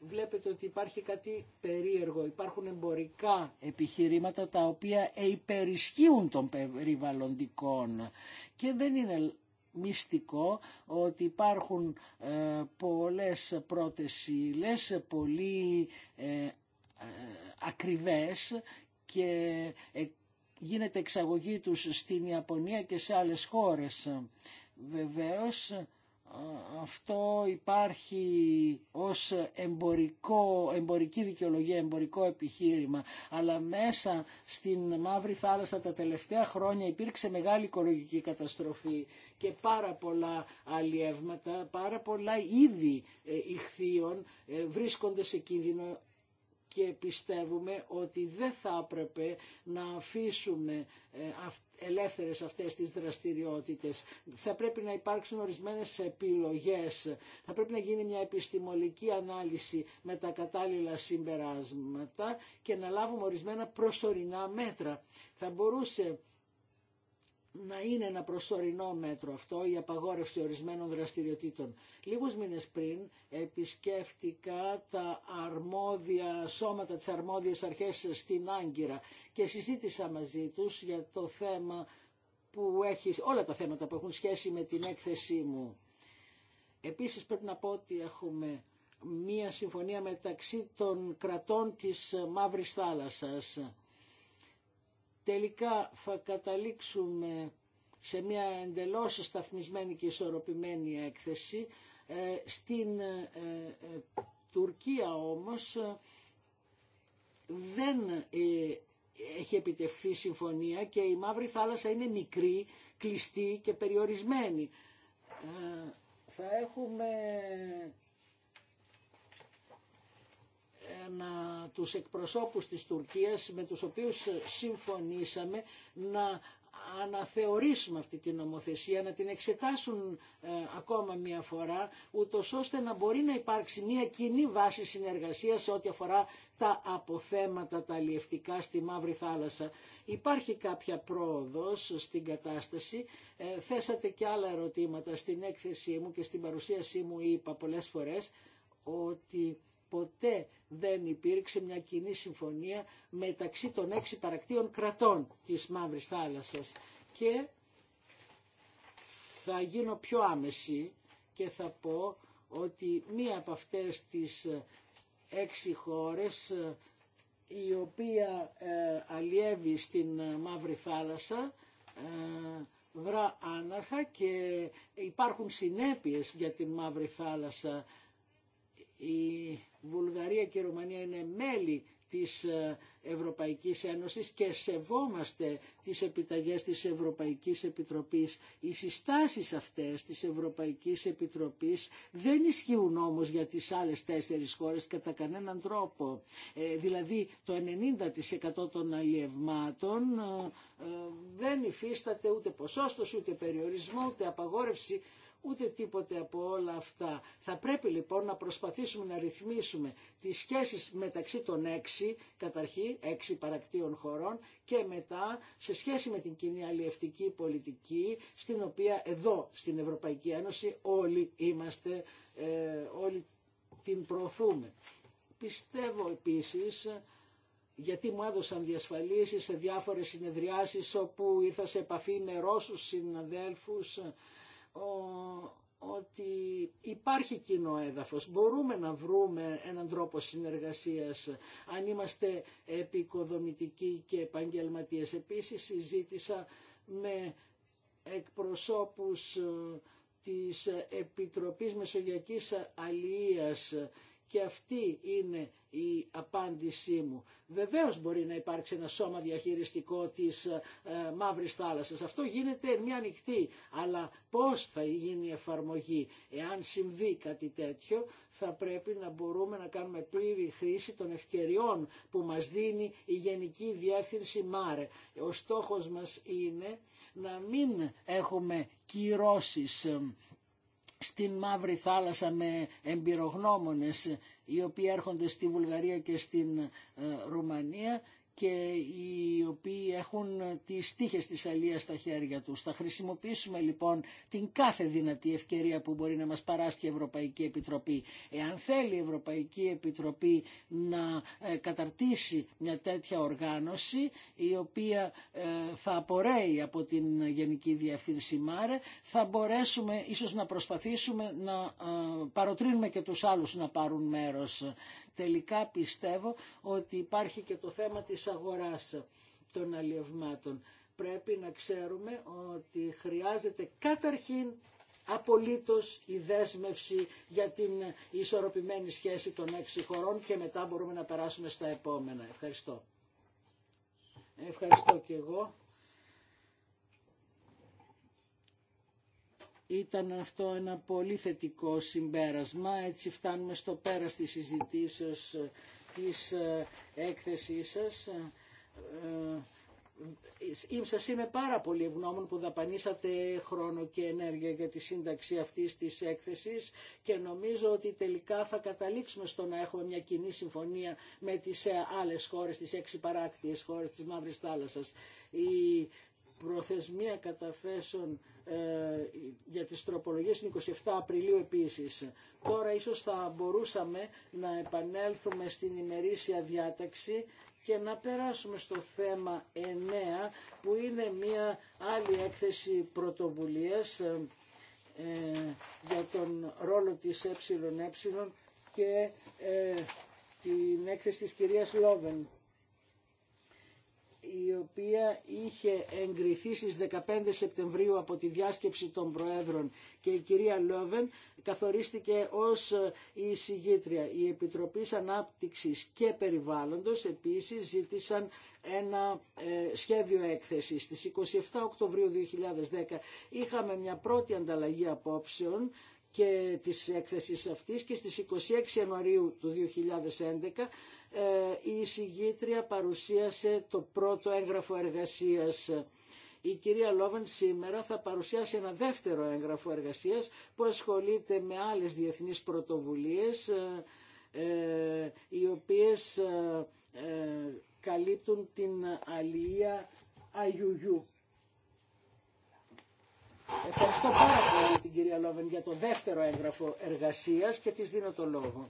βλέπετε ότι υπάρχει κάτι περίεργο. Υπάρχουν εμπορικά επιχειρήματα τα οποία υπερισχύουν των περιβαλλοντικών και δεν είναι μυστικό ότι υπάρχουν ε, πολλές πρώτες ύλες, ε, ε, ακριβές και ε, γίνεται εξαγωγή τους στην Ιαπωνία και σε άλλες χώρες. Βεβαίως ε, αυτό υπάρχει ως εμπορικό, εμπορική δικαιολογία, εμπορικό επιχείρημα. Αλλά μέσα στην Μαύρη Θάλασσα τα τελευταία χρόνια υπήρξε μεγάλη οικολογική καταστροφή και πάρα πολλά αλλιεύματα, πάρα πολλά είδη ηχθείων βρίσκονται σε κίνδυνο και πιστεύουμε ότι δεν θα έπρεπε να αφήσουμε ε, ελεύθερες αυτές τις δραστηριότητες. Θα πρέπει να υπάρξουν ορισμένες επιλογές. Θα πρέπει να γίνει μια επιστημολική ανάλυση με τα κατάλληλα συμπεράσματα και να λάβουμε ορισμένα προσωρινά μέτρα. Θα μπορούσε να είναι ένα προσωρινό μέτρο αυτό, η απαγόρευση ορισμένων δραστηριοτήτων. Λίγους μήνες πριν επισκέφτηκα τα αρμόδια σώματα, της αρμόδιες αρχές στην Άγκυρα και συζήτησα μαζί τους για το θέμα που έχει, όλα τα θέματα που έχουν σχέση με την έκθεσή μου. Επίσης πρέπει να πω ότι έχουμε μία συμφωνία μεταξύ των κρατών της Μαύρης Θάλασσας τελικά θα καταλήξουμε σε μια εντελώς σταθμισμένη και ισορροπημένη έκθεση. Ε, στην ε, ε, Τουρκία όμως δεν έχει επιτευχθεί συμφωνία και η Μαύρη Θάλασσα είναι μικρή, κλειστή και περιορισμένη. Θα έχουμε να τους εκπροσώπους της Τουρκίας με τους οποίους συμφωνήσαμε να αναθεωρήσουμε αυτή την νομοθεσία, να την εξετάσουν ε, ακόμα μία φορά, ούτω ώστε να μπορεί να υπάρξει μία κοινή βάση συνεργασίας σε ό,τι αφορά τα αποθέματα, τα αλλιευτικά στη Μαύρη Θάλασσα. Υπάρχει κάποια πρόοδος στην κατάσταση. Ε, θέσατε και άλλα ερωτήματα στην έκθεσή μου και στην παρουσίασή μου είπα πολλές φορές ότι ποτέ δεν υπήρξε μια κοινή συμφωνία μεταξύ των έξι παρακτήων κρατών της Μαύρης Θάλασσας. Και θα γίνω πιο άμεση και θα πω ότι μία από αυτές τις ε, έξι χώρες ε, η οποία ε, αλλιεύει στην ε, Μαύρη Θάλασσα βρά άναρχα και υπάρχουν συνέπειες για την Μαύρη Θάλασσα. Βουλγαρία και Ρουμανία είναι μέλη της ε, Ευρωπαϊκής Ένωσης και σεβόμαστε τις επιταγές της Ευρωπαϊκής Επιτροπής. Οι συστάσεις αυτές της Ευρωπαϊκής Επιτροπής δεν ισχύουν όμως για τις άλλες τέσσερις χώρες κατά κανέναν τρόπο. Ε, δηλαδή το 90% των αλλιευμάτων ε, δεν υφίσταται ούτε ποσόστος, ούτε περιορισμό, ούτε απαγόρευση ούτε τίποτε από όλα αυτά. Θα πρέπει λοιπόν να προσπαθήσουμε να ρυθμίσουμε τις σχέσεις μεταξύ των έξι, καταρχήν έξι παρακτήων χωρών και μετά σε σχέση με την κοινή αλλιευτική πολιτική στην οποία εδώ στην Ευρωπαϊκή Ένωση όλοι είμαστε, ε, όλοι την προωθούμε. Πιστεύω επίσης γιατί μου έδωσαν διασφαλίσεις σε διάφορες συνεδριάσεις όπου ήρθα σε επαφή με Ρώσους συναδέλφους ότι υπάρχει κοινό έδαφος. Μπορούμε να βρούμε έναν τρόπο συνεργασίας αν είμαστε επικοδομητικοί και επαγγελματίες. Επίσης συζήτησα με εκπροσώπους ε, της Επιτροπής Μεσογειακής Αλίας και αυτή είναι η απάντησή μου. Βεβαίως μπορεί να υπάρξει ένα σώμα διαχειριστικό της ε, Μαύρης Θάλασσας. Αυτό γίνεται μια νυχτή. Αλλά πώς θα γίνει η εφαρμογή. Εάν συμβεί κάτι τέτοιο θα πρέπει να μπορούμε να κάνουμε πλήρη χρήση των ευκαιριών που μας δίνει η Γενική Διεύθυνση ΜΑΡΕ. Ο στόχος μας είναι να μην έχουμε κυρώσεις ε, στην Μαύρη Θάλασσα με εμπειρογνώμονες οι οποίοι έρχονται στη Βουλγαρία και στην ε, Ρουμανία και οι οποίοι έχουν τις τύχες της αλίας στα χέρια τους. Θα χρησιμοποιήσουμε λοιπόν την κάθε δυνατή ευκαιρία που μπορεί να μας παράσχει η Ευρωπαϊκή Επιτροπή. Εάν θέλει η Ευρωπαϊκή Επιτροπή να ε, καταρτήσει μια τέτοια οργάνωση η οποία ε, θα απορρέει από την Γενική Διευθύνση ΜΑΡΕ θα μπορέσουμε ίσως να προσπαθήσουμε να ε, παροτρύνουμε και τους άλλους να πάρουν μέρος Τελικά πιστεύω ότι υπάρχει και το θέμα της αγοράς των αλλιευμάτων. Πρέπει να ξέρουμε ότι χρειάζεται καταρχήν απολύτως η δέσμευση για την ισορροπημένη σχέση των έξι χωρών και μετά μπορούμε να περάσουμε στα επόμενα. Ευχαριστώ. Ευχαριστώ και εγώ. Ήταν αυτό ένα πολύ θετικό συμπέρασμα. Έτσι φτάνουμε στο πέρας της συζητήσεως ε, της ε, έκθεσής σας. Ε, σας είμαι πάρα πολύ ευγνώμων που δαπανίσατε χρόνο και ενέργεια για τη σύνταξη αυτής της έκθεσης και νομίζω ότι τελικά θα καταλήξουμε στο να έχουμε μια κοινή συμφωνία με τις άλλες χώρες, τις έξι παράκτιες χώρες της Μαύρης Θάλασσας. Η προθεσμία καταθέσεων ε, για τις τροπολογίες την 27 Απριλίου επίσης. Τώρα ίσως θα μπορούσαμε να επανέλθουμε στην ημερήσια διάταξη και να περάσουμε στο θέμα 9 που είναι μια άλλη έκθεση πρωτοβουλίας ε, ε, για τον ρόλο της ΕΕ και την έκθεση της κυρίας Λόβεν η οποία είχε εγκριθεί στις 15 Σεπτεμβρίου από τη διάσκεψη των Προέδρων και η κυρία Λόβεν καθορίστηκε ως ε, η συγγήτρια. Η Επιτροπή Ανάπτυξης και Περιβάλλοντος επίσης ζήτησαν ένα ε, σχέδιο έκθεση. Στις 27 Οκτωβρίου 2010 είχαμε μια πρώτη ανταλλαγή απόψεων και της έκθεσης αυτής και στις 26 Ιανουαρίου του 2011 ε, η εισηγήτρια παρουσίασε το πρώτο έγγραφο εργασίας. Η κυρία Λόβεν σήμερα θα παρουσιάσει ένα δεύτερο έγγραφο εργασίας που ασχολείται με άλλες διεθνείς πρωτοβουλίες ε, ε, οι οποίες καλύπτουν την αλληλεία Αγιουγιού. Ευχαριστώ πάρα πολύ την κυρία Λόβεν για το δεύτερο έγγραφο εργασίας και της δίνω το λόγο.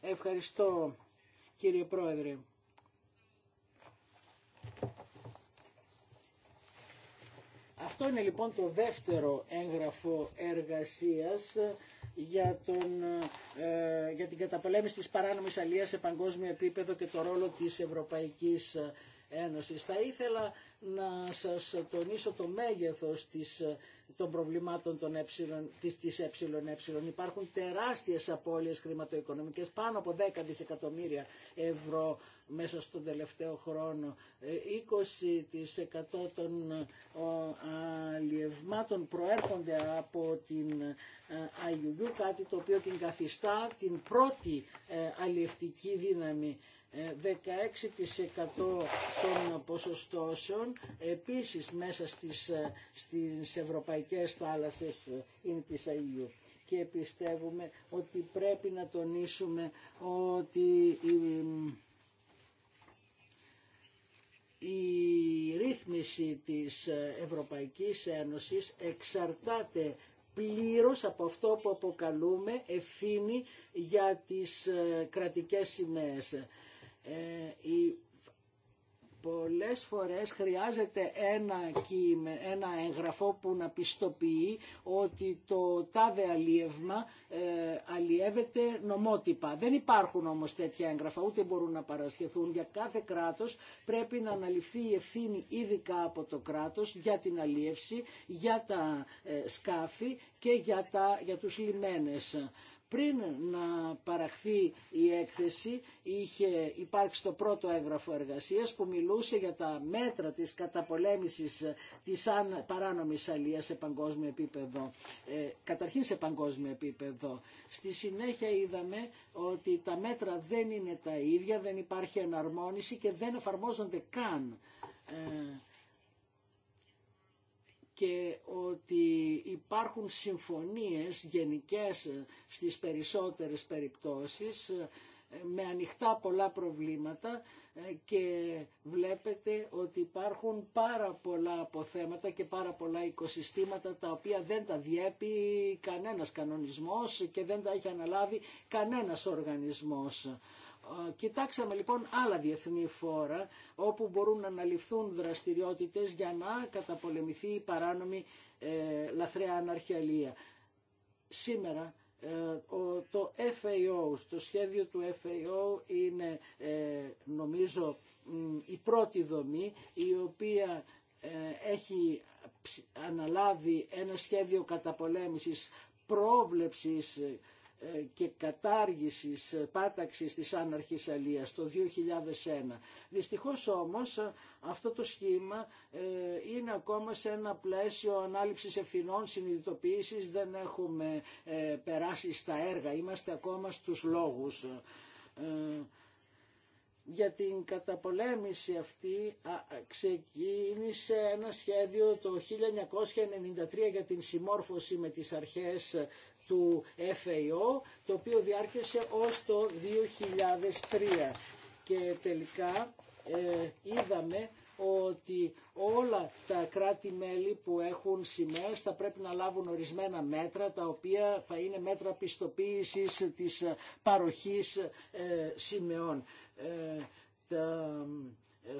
Ευχαριστώ κύριε Πρόεδρε. Αυτό είναι λοιπόν το δεύτερο έγγραφο εργασίας για, τον, ε, για την καταπολέμηση της παράνομης αλίας σε παγκόσμιο επίπεδο και το ρόλο της Ευρωπαϊκής Ένωσης. Θα ήθελα να σας τονίσω το μέγεθος της, των προβλημάτων των ε, της, της ΕΕ. Υπάρχουν τεράστιες απώλειες χρηματοοικονομικές, πάνω από 10 δισεκατομμύρια ευρώ μέσα στον τελευταίο χρόνο. 20% ε, των ε, αλλιευμάτων προέρχονται από την Αγιουγιού, κάτι το οποίο την καθιστά την πρώτη αλλιευτική δύναμη 16% των ποσοστώσεων επίσης μέσα στις, ε, στις ευρωπαϊκές θάλασσες ε, είναι της Αγίου και πιστεύουμε ότι πρέπει να τονίσουμε ότι η, η ρύθμιση της Ευρωπαϊκής Ένωσης εξαρτάται πλήρως από αυτό που αποκαλούμε ευθύνη για τις ε, κρατικές σημαίες. Ε, η πολλές φορές χρειάζεται ένα, κείμε, ένα εγγραφό που να πιστοποιεί ότι το τάδε αλίευμα ε, αλλιεύεται νομότυπα. Δεν υπάρχουν όμως τέτοια έγγραφα, ούτε μπορούν να παρασχεθούν. Για κάθε κράτος πρέπει να αναλυφθεί η ευθύνη ειδικά από το κράτος για την αλίευση, για τα ε, σκάφη και για, τα, για τους λιμένες. Πριν να παραχθεί η έκθεση είχε υπάρξει το πρώτο έγγραφο εργασίας που μιλούσε για τα μέτρα της καταπολέμησης της παράνομης αλίας σε παγκόσμιο επίπεδο. Ε, καταρχήν σε παγκόσμιο επίπεδο. Στη συνέχεια είδαμε ότι τα μέτρα δεν είναι τα ίδια, δεν υπάρχει εναρμόνιση και δεν εφαρμόζονται καν. Ε, και ότι υπάρχουν συμφωνίες γενικές στις περισσότερες περιπτώσεις ε, με ανοιχτά πολλά προβλήματα ε, και βλέπετε ότι υπάρχουν πάρα πολλά αποθέματα και πάρα πολλά οικοσυστήματα τα οποία δεν τα διέπει κανένας κανονισμός και δεν τα έχει αναλάβει κανένας οργανισμός. Κοιτάξαμε λοιπόν άλλα διεθνή φόρα όπου μπορούν να αναλυφθούν δραστηριότητες για να καταπολεμηθεί η παράνομη ε, λαθρέα αναρχιαλία. Σήμερα ε, το FAO, το σχέδιο του FAO είναι ε, νομίζω η πρώτη δομή η οποία ε, έχει αναλάβει ένα σχέδιο καταπολέμησης πρόβλεψης ε, και κατάργησης, ε, πάταξης της άναρχης αλίας το 2001. Δυστυχώς όμως ε, αυτό το σχήμα είναι ακόμα σε ένα πλαίσιο ανάληψης ευθυνών, συνειδητοποίησης, δεν έχουμε περάσει στα έργα, είμαστε ακόμα στους λόγους. Για την καταπολέμηση αυτή ξεκίνησε ένα σχέδιο το 1993 για την συμμόρφωση με τις αρχές του FAO, το οποίο διάρκεσε ως το 2003. Και τελικά ε, είδαμε ότι όλα τα κράτη-μέλη που έχουν σημαίες θα πρέπει να λάβουν ορισμένα μέτρα τα οποία θα είναι μέτρα πιστοποίησης της παροχής ε, σημαίων. Ε, ε,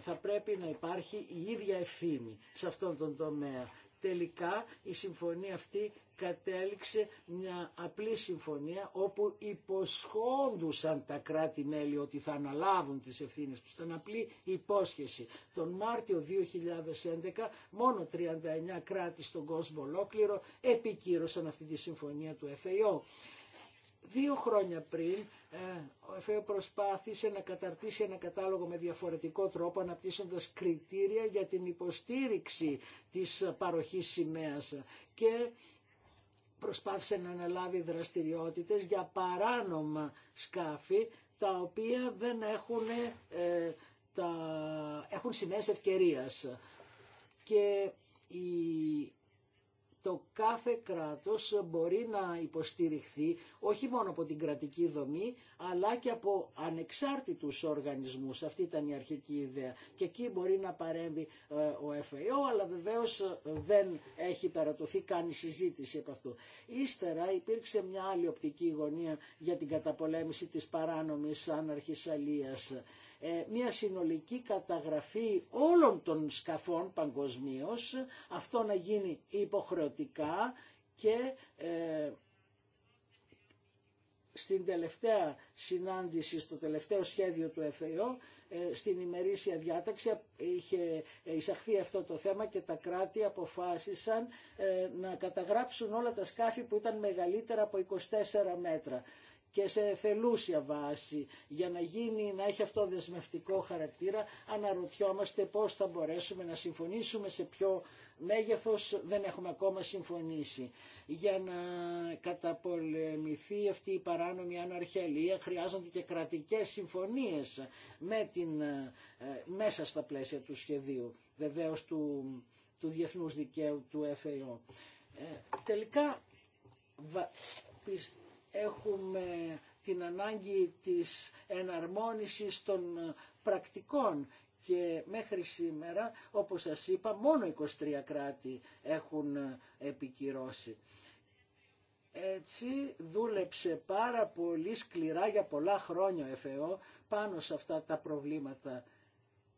θα πρέπει να υπάρχει η ίδια ευθύνη σε αυτόν τον τομέα τελικά η συμφωνία αυτή κατέληξε μια απλή συμφωνία όπου υποσχόντουσαν τα κράτη-μέλη ότι θα αναλάβουν τις ευθύνες τους. Ήταν απλή υπόσχεση. Τον Μάρτιο 2011 μόνο 39 κράτη στον κόσμο ολόκληρο επικύρωσαν αυτή τη συμφωνία του FAO. Δύο χρόνια πριν ε, ο ΕΦΕΟ προσπάθησε να καταρτήσει ένα κατάλογο με διαφορετικό τρόπο αναπτύσσοντας κριτήρια για την υποστήριξη της παροχής σημαίας και προσπάθησε να αναλάβει δραστηριότητες για παράνομα σκάφη τα οποία δεν έχουν, ε, τα, έχουν σημαίες ευκαιρίας. Και η το κάθε κράτος μπορεί να υποστηριχθεί όχι μόνο από την κρατική δομή αλλά και από ανεξάρτητους οργανισμούς. Αυτή ήταν η αρχική ιδέα και εκεί μπορεί να παρέμβει ε, ο ΕΦΕΟ αλλά βεβαίως ε, δεν έχει περατωθεί καν η συζήτηση από αυτό. Ύστερα υπήρξε μια άλλη οπτική γωνία για την καταπολέμηση της παράνομης άναρχης ε, μια συνολική καταγραφή όλων των σκαφών παγκοσμίως, αυτό να γίνει υποχρεωτικά και ε, στην τελευταία συνάντηση, στο τελευταίο σχέδιο του ΕΦΕΟ, στην ημερήσια διάταξη είχε εισαχθεί αυτό το θέμα και τα κράτη αποφάσισαν ε, να καταγράψουν όλα τα σκάφη που ήταν μεγαλύτερα από 24 μέτρα και σε θελούσια βάση για να γίνει να έχει αυτό δεσμευτικό χαρακτήρα αναρωτιόμαστε πώς θα μπορέσουμε να συμφωνήσουμε σε ποιο μέγεθος δεν έχουμε ακόμα συμφωνήσει. Για να καταπολεμηθεί αυτή η παράνομη αναρχελία χρειάζονται και κρατικές συμφωνίες με την, ε, μέσα στα πλαίσια του σχεδίου βεβαίως του, του διεθνούς δικαίου του ΕΦΕΟ. τελικά έχουμε την ανάγκη της εναρμόνισης των πρακτικών και μέχρι σήμερα, όπως σας είπα, μόνο 23 κράτη έχουν επικυρώσει. Έτσι δούλεψε πάρα πολύ σκληρά για πολλά χρόνια ο ΕΦΕΟ πάνω σε αυτά τα προβλήματα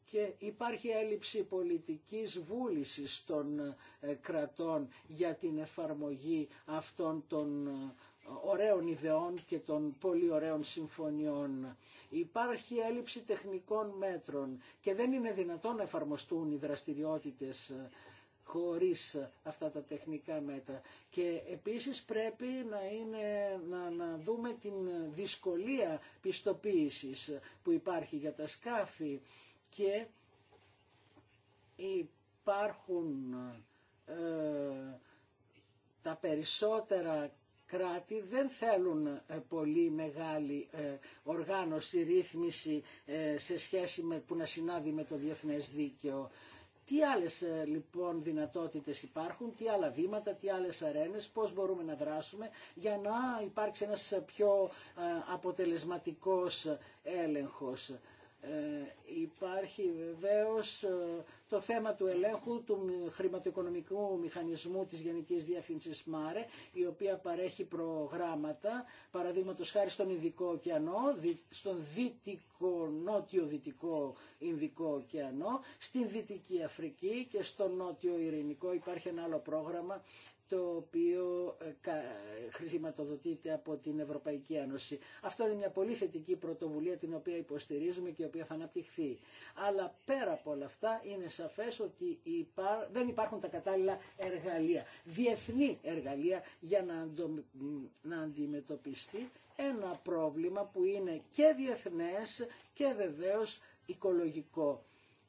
και υπάρχει έλλειψη πολιτικής βούλησης των ε, κρατών για την εφαρμογή αυτών των ε, ωραίων ιδεών και των πολύ ωραίων συμφωνιών. Υπάρχει έλλειψη τεχνικών μέτρων και δεν είναι δυνατόν να εφαρμοστούν οι δραστηριότητες ε, χωρίς αυτά τα τεχνικά μέτρα. Και επίσης πρέπει να, είναι, να, δούμε την δυσκολία πιστοποίησης που υπάρχει για τα σκάφη και υπάρχουν ε, τα περισσότερα κράτη δεν θέλουν ε, πολύ μεγάλη ε, οργάνωση, ρύθμιση ε, σε σχέση με, που να συνάδει με το διεθνές δίκαιο. Τι άλλες λοιπόν δυνατότητες υπάρχουν, τι άλλα βήματα, τι άλλες αρένες, πώς μπορούμε να δράσουμε για να υπάρξει ένας πιο αποτελεσματικός έλεγχος. Ε, υπάρχει βεβαίως ε, το θέμα του ελέγχου του χρηματοοικονομικού μηχανισμού της Γενικής Διεύθυνσης ΜΑΡΕ, η οποία παρέχει προγράμματα, παραδείγματος χάρη στον Ινδικό ωκεανό, στον Δυτικό, Νότιο-Δυτικό Ινδικό ωκεανό, στην Δυτική Αφρική και στο Νότιο Ειρηνικό υπάρχει ένα άλλο πρόγραμμα το οποίο ε, χρηματοδοτείται από την Ευρωπαϊκή Ένωση. Αυτό είναι μια πολύ θετική πρωτοβουλία την οποία υποστηρίζουμε και η οποία θα αναπτυχθεί. Αλλά πέρα από όλα αυτά είναι σαφές ότι δεν υπάρχουν τα κατάλληλα εργαλεία, διεθνή εργαλεία για να, να αντιμετωπιστεί ένα πρόβλημα που είναι και διεθνές και βεβαίως οικολογικό.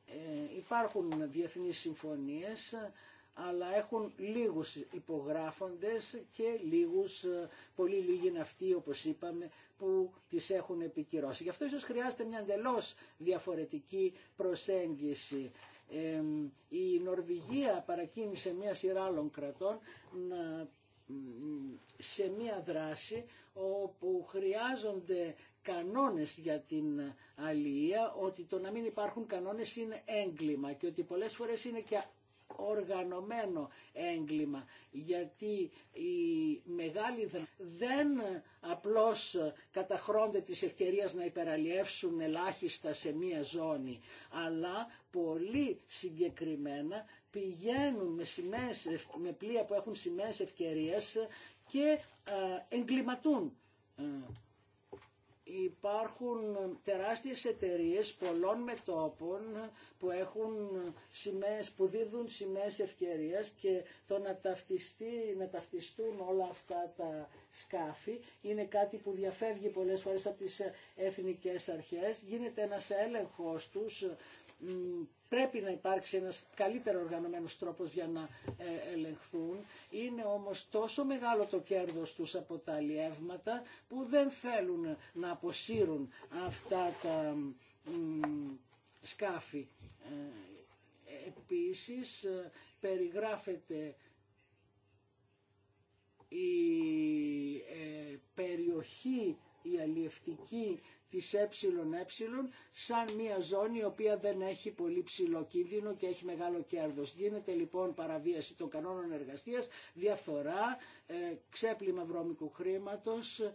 Ε, υπάρχουν διεθνείς συμφωνίες αλλά έχουν λίγους υπογράφοντες και λίγους, ε, πολύ λίγοι είναι αυτοί όπως είπαμε που τις έχουν επικυρώσει. Γι' αυτό ίσως χρειάζεται μια εντελώ διαφορετική προσέγγιση. η Νορβηγία παρακίνησε μια σειρά άλλων κρατών σε μία δράση όπου χρειάζονται κανόνες για την αλληλεία, ότι το να μην υπάρχουν κανόνες είναι έγκλημα και ότι πολλές φορές είναι και οργανωμένο έγκλημα γιατί οι μεγάλη δεν απλώς καταχρώνται τις ευκαιρίες να υπεραλλιεύσουν ελάχιστα σε μία ζώνη αλλά πολύ συγκεκριμένα πηγαίνουν με, σημαίες, με πλοία που έχουν σημαίες ευκαιρίες και ε, εγκληματούν. Ε, υπάρχουν τεράστιες εταιρείες πολλών μετόπων που, έχουν σημαίες, που δίδουν σημαίες ευκαιρία και το να, ταυτιστεί, να ταυτιστούν όλα αυτά τα σκάφη είναι κάτι που διαφεύγει πολλές φορές από τις εθνικές αρχές. Γίνεται ένας έλεγχος τους πρέπει να υπάρξει ένας καλύτερο οργανωμένος τρόπος για να ε, ελεγχθούν. Είναι όμως τόσο μεγάλο το κέρδος τους από τα αλλιεύματα που δεν θέλουν να αποσύρουν αυτά τα σκάφη. Ε, επίσης ε, περιγράφεται η περιοχή η αλλιευτική της ΕΕ σαν μια ζώνη η οποία δεν έχει πολύ ψηλό κίνδυνο και έχει μεγάλο κέρδος. Γίνεται λοιπόν παραβίαση των κανόνων εργασίας, διαφθορά, ε, ξέπλυμα βρώμικου χρήματος, ε,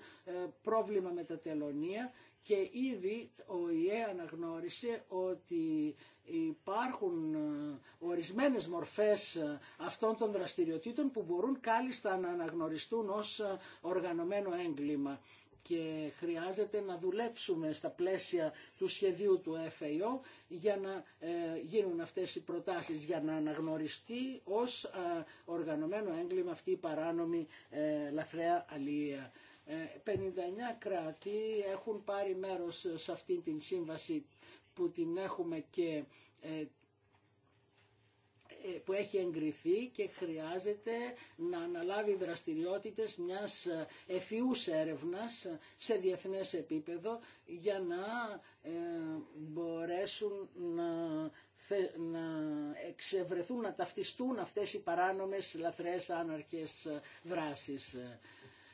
πρόβλημα με τα τελωνία και ήδη ο ΙΕ αναγνώρισε ότι υπάρχουν ε, ορισμένες μορφές ε, αυτών των δραστηριοτήτων που μπορούν κάλλιστα να αναγνωριστούν ως οργανωμένο έγκλημα και χρειάζεται να δουλέψουμε στα πλαίσια του σχεδίου του FAO για να ε, γίνουν αυτές οι προτάσεις, για να αναγνωριστεί ως οργανωμένο έγκλημα αυτή η παράνομη ε, λαθρέα αλληλεία. 59 ε, κράτη έχουν πάρει μέρος σε αυτή την σύμβαση που την έχουμε και ε, που έχει εγκριθεί και χρειάζεται να αναλάβει δραστηριότητες μιας ε, εφιούς έρευνας σε διεθνές επίπεδο για να ε, μπορέσουν να, να εξευρεθούν, να ταυτιστούν αυτές οι παράνομες λαθρές άναρχες δράσεις.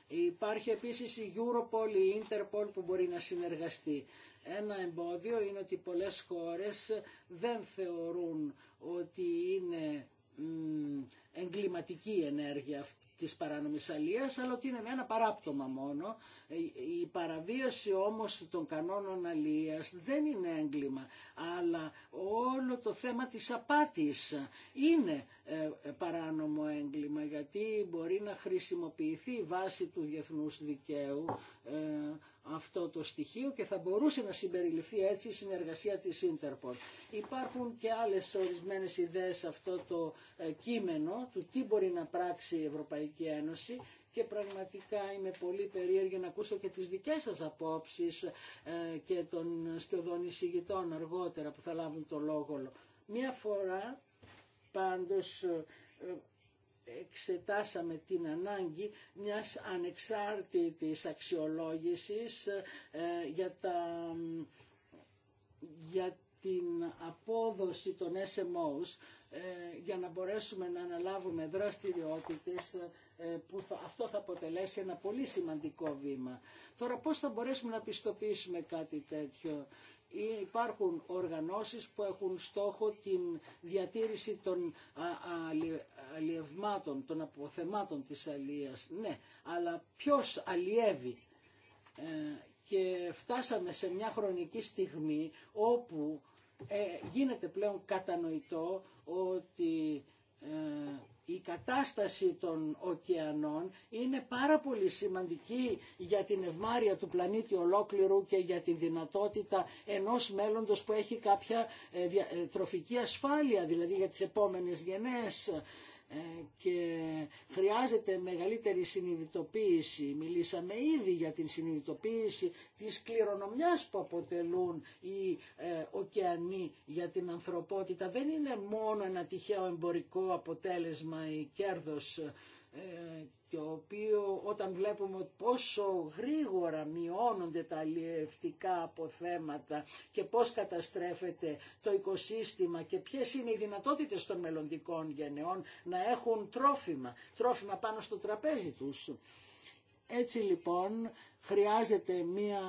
Υπάρχει επίσης η Europol, η Interpol που μπορεί να συνεργαστεί. Ένα εμπόδιο είναι ότι πολλές χώρες δεν θεωρούν ότι είναι εγκληματική ενέργεια της παράνομης αλίας, αλλά ότι είναι ένα παράπτωμα μόνο. Ε, η παραβίαση όμως των κανόνων αλίας δεν είναι έγκλημα, αλλά όλο το θέμα της απάτης είναι ε, παράνομο έγκλημα, γιατί μπορεί να χρησιμοποιηθεί βάση του διεθνούς δικαίου ε, αυτό το στοιχείο και θα μπορούσε να συμπεριληφθεί έτσι η συνεργασία της Interpol. Υπάρχουν και άλλες ορισμένες ιδέες σε αυτό το κείμενο του τι μπορεί να πράξει η Ευρωπαϊκή Ένωση και πραγματικά είμαι πολύ περίεργη να ακούσω και τις δικές σας απόψεις ε, και των σκιωδών εισηγητών αργότερα που θα λάβουν το λόγο. Μία φορά πάντως ε, εξετάσαμε την ανάγκη μιας ανεξάρτητης αξιολόγησης ε, για, τα, για την απόδοση των SMOs ε, για να μπορέσουμε να αναλάβουμε δραστηριότητες ε, που αυτό θα αποτελέσει ένα πολύ σημαντικό βήμα. Τώρα πώς θα μπορέσουμε να πιστοποιήσουμε κάτι τέτοιο. Υπάρχουν οργανώσεις που έχουν στόχο την διατήρηση των αλλιευμάτων, των αποθεμάτων της αλίας. Ναι, αλλά ποιος αλλιεύει. Ε, και φτάσαμε σε μια χρονική στιγμή όπου ε, γίνεται πλέον κατανοητό ότι ε, η κατάσταση των ωκεανών είναι πάρα πολύ σημαντική για την ευμάρεια του πλανήτη ολόκληρου και για τη δυνατότητα ενός μέλλοντος που έχει κάποια ε, τροφική ασφάλεια, δηλαδή για τις επόμενες γενναίες. Ε, και χρειάζεται μεγαλύτερη συνειδητοποίηση. Μιλήσαμε ήδη για την συνειδητοποίηση της κληρονομιάς που αποτελούν οι ε, ωκεανοί για την ανθρωπότητα. Δεν είναι μόνο ένα τυχαίο εμπορικό αποτέλεσμα ή κέρδος το ε, οποίο όταν βλέπουμε πόσο γρήγορα μειώνονται τα αλλιευτικά αποθέματα και πώς καταστρέφεται το οικοσύστημα και ποιες είναι οι δυνατότητες των μελλοντικών γενεών να έχουν τρόφιμα, τρόφιμα πάνω στο τραπέζι τους. Έτσι λοιπόν χρειάζεται μία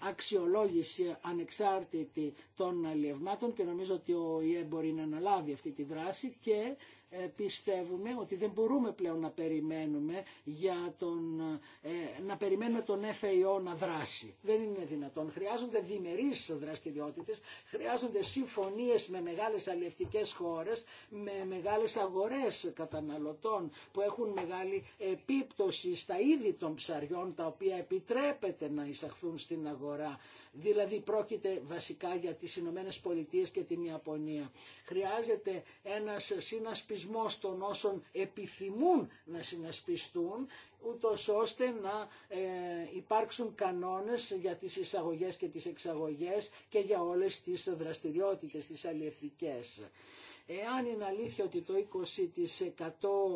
αξιολόγηση ανεξάρτητη των αλλιευμάτων και νομίζω ότι ο ΙΕ μπορεί να αναλάβει αυτή τη δράση και ε, πιστεύουμε ότι δεν μπορούμε πλέον να περιμένουμε για τον, ε, να περιμένουμε τον FAO να δράσει. Δεν είναι δυνατόν. Χρειάζονται διμερείς δραστηριότητες, χρειάζονται συμφωνίες με μεγάλες αλληλευτικές χώρες, με μεγάλες αγορές καταναλωτών που έχουν μεγάλη επίπτωση στα είδη των ψαριών τα οποία επιτρέπεται να εισαχθούν στην αγορά. Δηλαδή πρόκειται βασικά για τις Ηνωμένε Πολιτείες και την Ιαπωνία. Χρειάζεται ένας συνασπισμός των όσων επιθυμούν να συνασπιστούν ούτως ώστε να ε, υπάρξουν κανόνες για τις εισαγωγές και τις εξαγωγές και για όλες τις δραστηριότητες, τις αλληλευτικές. Εάν είναι αλήθεια ότι το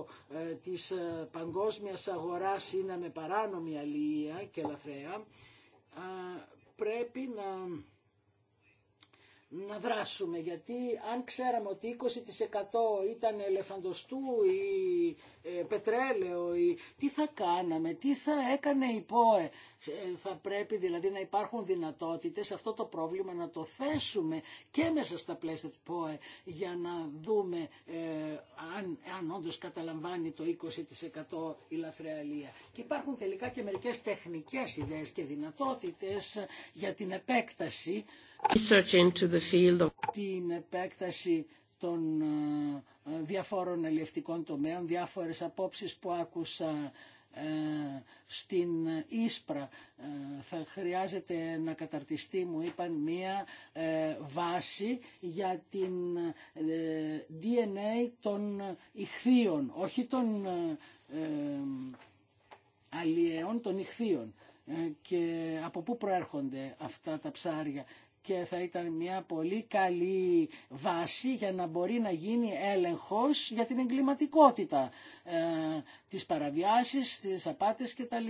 20% ε, της ε, παγκόσμιας αγοράς είναι με παράνομη αλληλεία και λαθρέα, πρέπει να να δράσουμε γιατί αν ξέραμε ότι 20% ήταν ελεφαντοστού ή ε, πετρέλαιο ή τι θα κάναμε, τι θα έκανε η ΠΟΕ. Ε, θα πρέπει δηλαδή να υπάρχουν δυνατότητες αυτό το πρόβλημα να το θέσουμε και μέσα στα πλαίσια του ΠΟΕ για να δούμε ε, αν, αν όντω καταλαμβάνει το 20% η λαθρεαλία. Και υπάρχουν τελικά και μερικές τεχνικές ιδέες και δυνατότητες για την επέκταση την επέκταση των ε, διαφόρων ελευτικών τομέων, διάφορες απόψεις που άκουσα ε, στην Ίσπρα ε, θα χρειάζεται να καταρτιστεί μου είπαν μία βάση για την DNA των ηχθείων όχι των αλλιέων των ηχθείων και από πού προέρχονται αυτά τα ψάρια και θα ήταν μια πολύ καλή βάση για να μπορεί να γίνει έλεγχος για την εγκληματικότητα, ε, της παραβιάσης, τι απάτης και κτλ.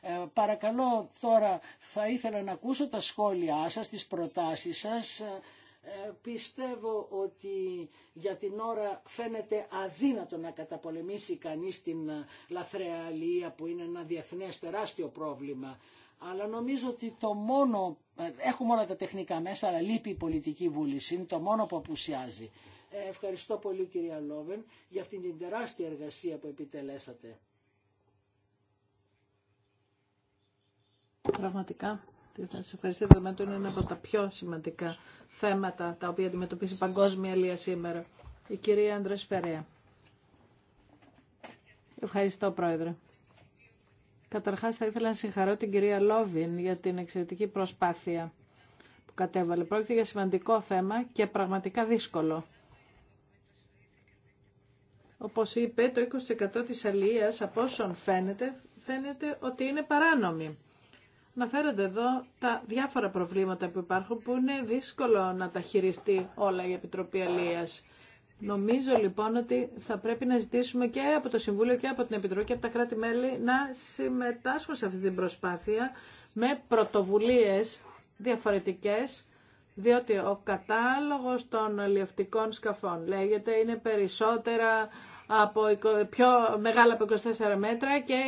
Ε, παρακαλώ τώρα θα ήθελα να ακούσω τα σχόλιά σας, τις προτάσεις σας. Ε, πιστεύω ότι για την ώρα φαίνεται αδύνατο να καταπολεμήσει κανείς την λαθρεαλία που είναι ένα διεθνές τεράστιο πρόβλημα. Αλλά νομίζω ότι το μόνο, ε, έχουμε όλα τα τεχνικά μέσα, αλλά λείπει η πολιτική βούληση, είναι το μόνο που απουσιάζει. Ε, ευχαριστώ πολύ κυρία Λόβεν για αυτήν την τεράστια εργασία που επιτελέσατε. Πραγματικά. Θα ευχαριστήσω. είναι ένα από τα πιο σημαντικά θέματα τα οποία αντιμετωπίζει η παγκόσμια Ελία σήμερα. Η κυρία Άντρες Ευχαριστώ, Πρόεδρε. Καταρχάς θα ήθελα να συγχαρώ την κυρία Λόβιν για την εξαιρετική προσπάθεια που κατέβαλε. Πρόκειται για σημαντικό θέμα και πραγματικά δύσκολο. Όπως είπε, το 20% της αλίας, από όσων φαίνεται, φαίνεται ότι είναι παράνομη. Αναφέρονται εδώ τα διάφορα προβλήματα που υπάρχουν που είναι δύσκολο να τα χειριστεί όλα η Επιτροπή Αλίας. Νομίζω λοιπόν ότι θα πρέπει να ζητήσουμε και από το Συμβούλιο και από την Επιτροπή και από τα κράτη-μέλη να συμμετάσχουν σε αυτή την προσπάθεια με πρωτοβουλίες διαφορετικές, διότι ο κατάλογος των λιευτικών σκαφών λέγεται είναι περισσότερα από, πιο μεγάλα από 24 μέτρα και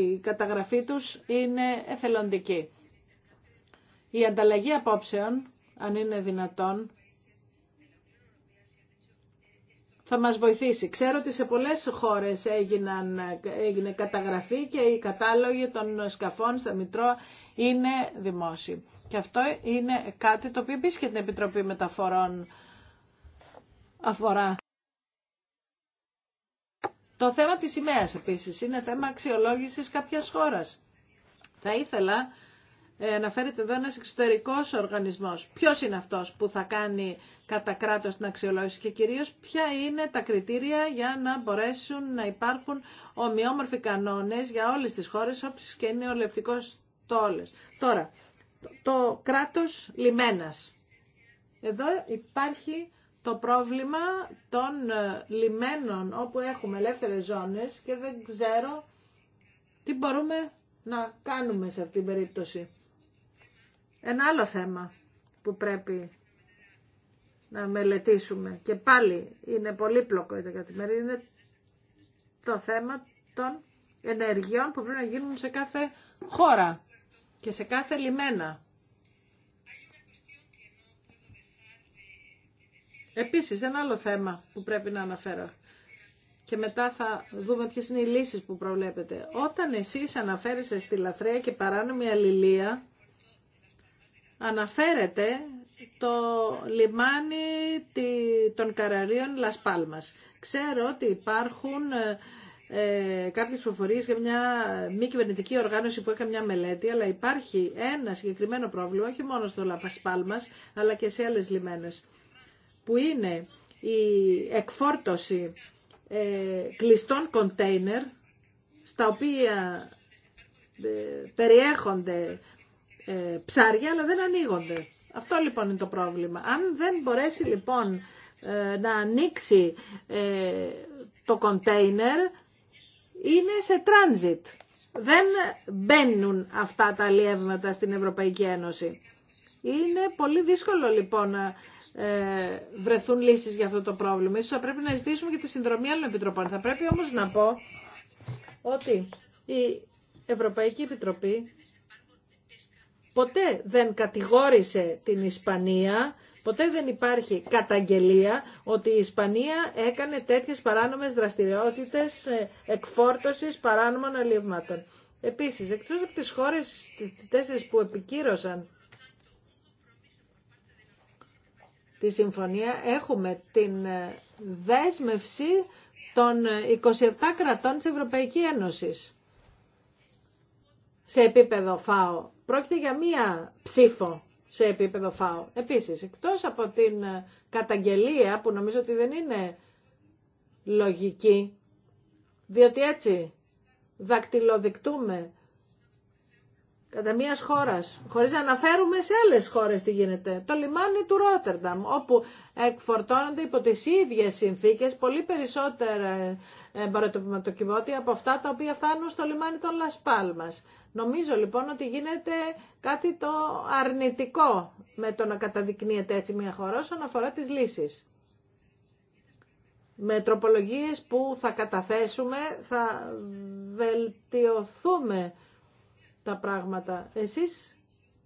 η, καταγραφή τους είναι εθελοντική. Η ανταλλαγή απόψεων, αν είναι δυνατόν, θα μας βοηθήσει. Ξέρω ότι σε πολλές χώρες έγιναν, έγινε καταγραφή και οι κατάλογοι των σκαφών στα Μητρώα είναι δημόσιοι. Και αυτό είναι κάτι το οποίο επίσης και την Επιτροπή Μεταφορών αφορά. Το θέμα της σημαίας επίσης είναι θέμα αξιολόγησης κάποιας χώρας. Θα ήθελα ε, αναφέρεται εδώ ένας εξωτερικός οργανισμός. Ποιος είναι αυτός που θα κάνει κατά κράτο την αξιολόγηση και κυρίως ποια είναι τα κριτήρια για να μπορέσουν να υπάρχουν ομοιόμορφοι κανόνες για όλες τις χώρες όπως και είναι ο λευτικός Τώρα, το κράτος λιμένας. Εδώ υπάρχει το πρόβλημα των ε, λιμένων όπου έχουμε ελεύθερες ζώνες και δεν ξέρω τι μπορούμε να κάνουμε σε αυτήν την περίπτωση. Ένα άλλο θέμα που πρέπει να μελετήσουμε και πάλι είναι πολύπλοκο η καθημερινή, είναι το θέμα των ενεργειών που πρέπει να γίνουν σε κάθε χώρα και σε κάθε λιμένα. Επίσης, ένα άλλο θέμα που πρέπει να αναφέρω και μετά θα δούμε ποιες είναι οι λύσεις που προβλέπετε. Όταν εσείς αναφέρεστε στη λαθρέα και παράνομη αλληλεία, αναφέρεται το λιμάνι των Καραρίων Πάλμας. Ξέρω ότι υπάρχουν ε, κάποιες προφορίες για μια μη κυβερνητική οργάνωση που έκανε μια μελέτη, αλλά υπάρχει ένα συγκεκριμένο πρόβλημα, όχι μόνο στο Παλμας, αλλά και σε άλλες λιμένες, που είναι η εκφόρτωση ε, κλειστών κοντέινερ, στα οποία ε, περιέχονται ε, ψάρια, αλλά δεν ανοίγονται. Αυτό λοιπόν είναι το πρόβλημα. Αν δεν μπορέσει λοιπόν ε, να ανοίξει ε, το κοντέινερ, είναι σε τράνζιτ. Δεν μπαίνουν αυτά τα αλλιεύματα στην Ευρωπαϊκή Ένωση. Είναι πολύ δύσκολο λοιπόν να βρεθούν λύσεις για αυτό το πρόβλημα. Ίσως θα πρέπει να ζητήσουμε και τη συνδρομή άλλων επιτροπών. Θα πρέπει όμως να πω ότι η Ευρωπαϊκή Επιτροπή ποτέ δεν κατηγόρησε την Ισπανία, ποτέ δεν υπάρχει καταγγελία ότι η Ισπανία έκανε τέτοιες παράνομες δραστηριότητες ε, εκφόρτωσης παράνομων αλληλευμάτων. Επίσης, εκτός από τις χώρες τις τέσσερις που επικύρωσαν τη συμφωνία, έχουμε την ε, δέσμευση των 27 ε, κρατών της Ευρωπαϊκής Ένωσης σε επίπεδο ΦΑΟ. Πρόκειται για μία ψήφο σε επίπεδο ΦΑΟ. Επίσης, εκτός από την ε, καταγγελία που νομίζω ότι δεν είναι λογική, διότι έτσι δακτυλοδεικτούμε κατά μια χώρας, Χωρί να αναφέρουμε σε άλλες χώρες τι γίνεται. Το λιμάνι του Ρότερνταμ, όπου εκφορτώνονται υπό τι ίδιε συνθήκε πολύ περισσότερα εμπορετοποιηματοκιβώτια από αυτά τα οποία φτάνουν στο λιμάνι των Λασπάλμας. Νομίζω λοιπόν ότι γίνεται κάτι το αρνητικό με το να καταδεικνύεται έτσι μια χώρα όσον αφορά τις λύσεις. Με τροπολογίες που θα καταθέσουμε θα βελτιωθούμε τα πράγματα. Εσείς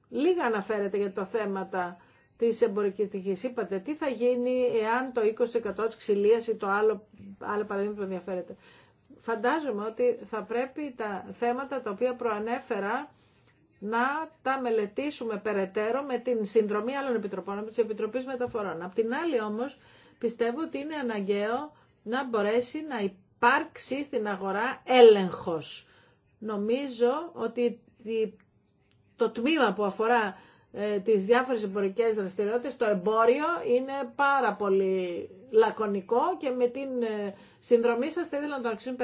λίγα αναφέρετε για τα θέματα της εμπορικής τυχής. Είπατε τι θα γίνει εάν το 20% της ξυλίας ή το άλλο, άλλο παραδείγμα που ενδιαφέρεται. Φαντάζομαι ότι θα πρέπει τα θέματα τα οποία προανέφερα να τα μελετήσουμε περαιτέρω με την συνδρομή άλλων επιτροπών, από τις επιτροπές Μεταφορών. Απ' την άλλη όμως πιστεύω ότι είναι αναγκαίο να μπορέσει να υπάρξει στην αγορά έλεγχος. Νομίζω ότι το τμήμα που αφορά ε, τις διάφορες εμπορικές δραστηριότητες, το εμπόριο είναι πάρα πολύ λακωνικό και με την ε, συνδρομή σας θα ήθελα να το αξίζουν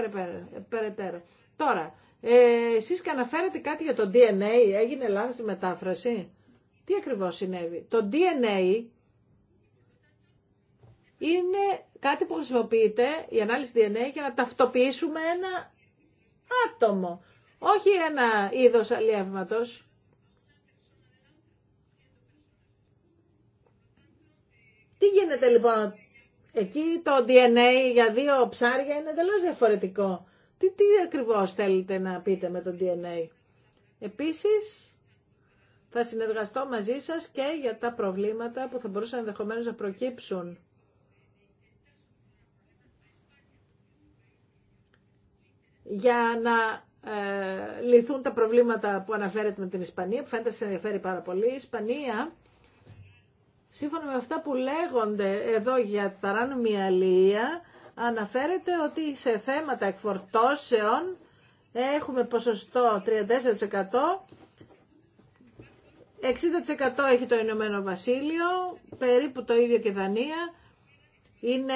περαιτέρω. Τώρα, ε, εσείς και αναφέρατε κάτι για το DNA, έγινε λάθος τη μετάφραση. Τι ακριβώς συνέβη. Το DNA είναι κάτι που χρησιμοποιείται, η ανάλυση DNA, για να ταυτοποιήσουμε ένα άτομο όχι ένα είδος αλλιεύματος. Τι γίνεται λοιπόν, εκεί το DNA για δύο ψάρια είναι εντελώ διαφορετικό. Τι, τι ακριβώς θέλετε να πείτε με το DNA. Επίσης, θα συνεργαστώ μαζί σας και για τα προβλήματα που θα μπορούσαν ενδεχομένω να προκύψουν. Για να ε, λυθούν τα προβλήματα που αναφέρεται με την Ισπανία, που φαίνεται σε ενδιαφέρει πάρα πολύ. Η Ισπανία, σύμφωνα με αυτά που λέγονται εδώ για παράνομη αλληλεία, αναφέρεται ότι σε θέματα εκφορτώσεων έχουμε ποσοστό 34%, 60% έχει το Ηνωμένο Βασίλειο, περίπου το ίδιο και η Δανία, είναι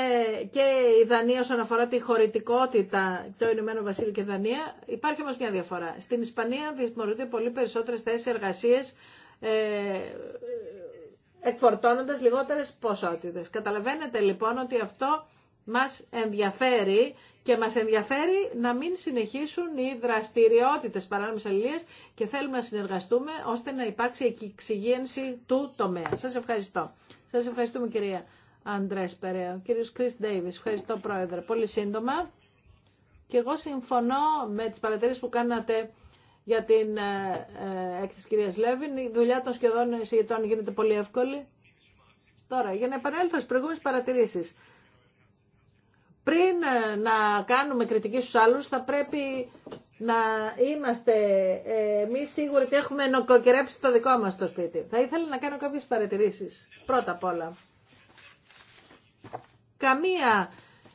και η Δανία όσον αφορά τη χωρητικότητα, το Ηνωμένο Βασίλειο και Δανία. Υπάρχει όμως μια διαφορά. Στην Ισπανία δημιουργούνται πολύ περισσότερες θέσεις εργασίες ε, εκφορτώνοντας λιγότερες ποσότητες. Καταλαβαίνετε λοιπόν ότι αυτό μας ενδιαφέρει και μας ενδιαφέρει να μην συνεχίσουν οι δραστηριότητες παράνομης αλληλείας και θέλουμε να συνεργαστούμε ώστε να υπάρξει εξυγίανση του τομέα. Σας ευχαριστώ. Σας ευχαριστούμε κυρία. Αντρές Περέα. Ο κύριος Κρίς Ευχαριστώ πρόεδρε. Πολύ σύντομα. Και εγώ συμφωνώ με τις παρατηρήσεις που κάνατε για την ε, ε έκθεση κυρίας Λέβιν. Η δουλειά των σχεδόν εισηγητών γίνεται πολύ εύκολη. Τώρα, για να επανέλθω στις προηγούμενες παρατηρήσεις. Πριν ε, να κάνουμε κριτική στους άλλους, θα πρέπει να είμαστε ε, εμεί σίγουροι ότι έχουμε νοκοκυρέψει το δικό μας το σπίτι. Θα ήθελα να κάνω κάποιες παρατηρήσεις. Πρώτα απ' όλα καμία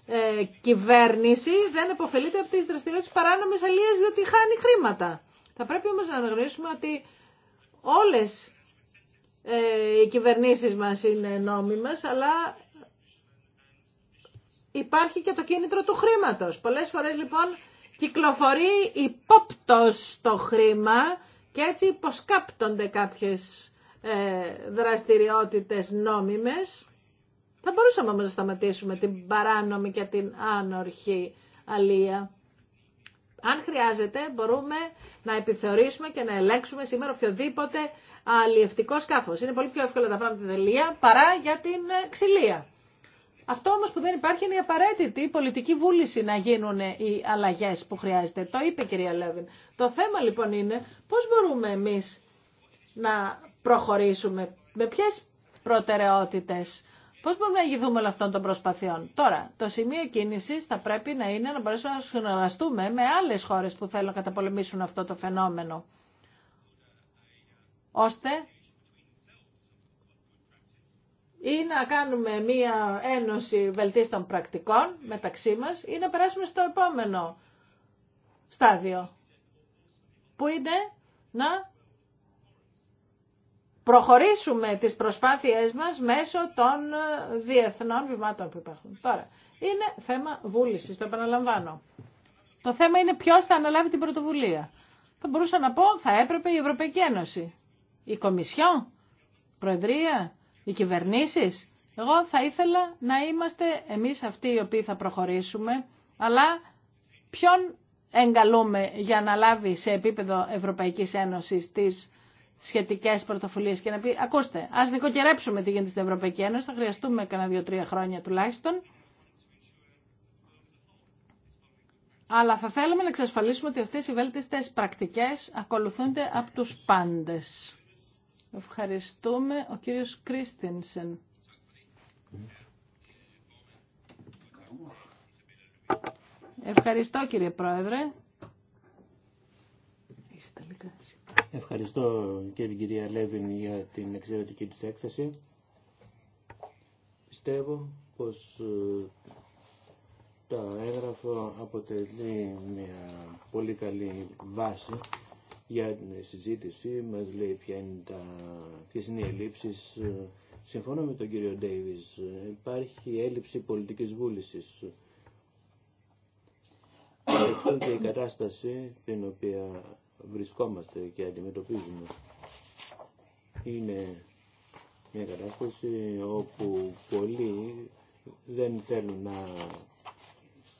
ε, κυβέρνηση δεν επωφελείται από τις δραστηριότητες παράνομες αλλίες διότι χάνει χρήματα. Θα πρέπει όμως να αναγνωρίσουμε ότι όλες ε, οι κυβερνήσεις μας είναι νόμιμες, αλλά υπάρχει και το κίνητρο του χρήματος. Πολλές φορές λοιπόν κυκλοφορεί υπόπτος το χρήμα και έτσι υποσκάπτονται κάποιες ε, δραστηριότητες νόμιμες θα μπορούσαμε όμως να σταματήσουμε την παράνομη και την άνορχη αλία. Αν χρειάζεται μπορούμε να επιθεωρήσουμε και να ελέγξουμε σήμερα οποιοδήποτε αλλιευτικό σκάφος. Είναι πολύ πιο εύκολα τα πράγματα την αλία παρά για την ξυλία. Αυτό όμως που δεν υπάρχει είναι η απαραίτητη πολιτική βούληση να γίνουν οι αλλαγές που χρειάζεται. Το είπε η κυρία Λέβιν. Το θέμα λοιπόν είναι πώς μπορούμε εμείς να προχωρήσουμε, με ποιες προτεραιότητες Πώς μπορούμε να ηγηθούμε όλων αυτών των προσπαθειών. Τώρα, το σημείο κίνησης θα πρέπει να είναι να μπορέσουμε να συνεργαστούμε με άλλες χώρες που θέλουν να καταπολεμήσουν αυτό το φαινόμενο. Ώστε ή να κάνουμε μία ένωση βελτίστων πρακτικών μεταξύ μας ή να περάσουμε στο επόμενο στάδιο που είναι να προχωρήσουμε τις προσπάθειές μας μέσω των ε, διεθνών βημάτων που υπάρχουν. Τώρα, είναι θέμα βούλησης, το επαναλαμβάνω. Το θέμα είναι ποιος θα αναλάβει την πρωτοβουλία. Θα μπορούσα να πω, θα έπρεπε η Ευρωπαϊκή Ένωση. Η Κομισιό, η Προεδρία, οι κυβερνήσεις. Εγώ θα ήθελα να είμαστε εμείς αυτοί οι οποίοι θα προχωρήσουμε, αλλά ποιον εγκαλούμε για να λάβει σε επίπεδο Ευρωπαϊκής Ένωσης τις σχετικέ πρωτοβουλίε και να πει: Ακούστε, α νοικοκυρέψουμε τι γίνεται στην Ευρωπαϊκή Ένωση, θα χρειαστούμε κανένα δύο-τρία χρόνια τουλάχιστον. Αλλά θα θέλουμε να εξασφαλίσουμε ότι αυτέ οι βέλτιστες πρακτικές ακολουθούνται από τους πάντες. Ευχαριστούμε. Ο κύριος Κρίστινσεν. Ευχαριστώ κύριε Πρόεδρε. Ευχαριστώ και την κυρία Λέβιν για την εξαιρετική της έκθεση. Πιστεύω πως ε, το έγγραφο αποτελεί μια πολύ καλή βάση για την συζήτηση. Μας λέει ποια είναι τα, ποιες είναι οι ελλείψεις. Ε, συμφωνώ με τον κύριο Ντέιβις. Ε, υπάρχει έλλειψη πολιτικής βούλησης. και η κατάσταση την οποία βρισκόμαστε και αντιμετωπίζουμε. Είναι μια κατάσταση όπου πολλοί δεν θέλουν να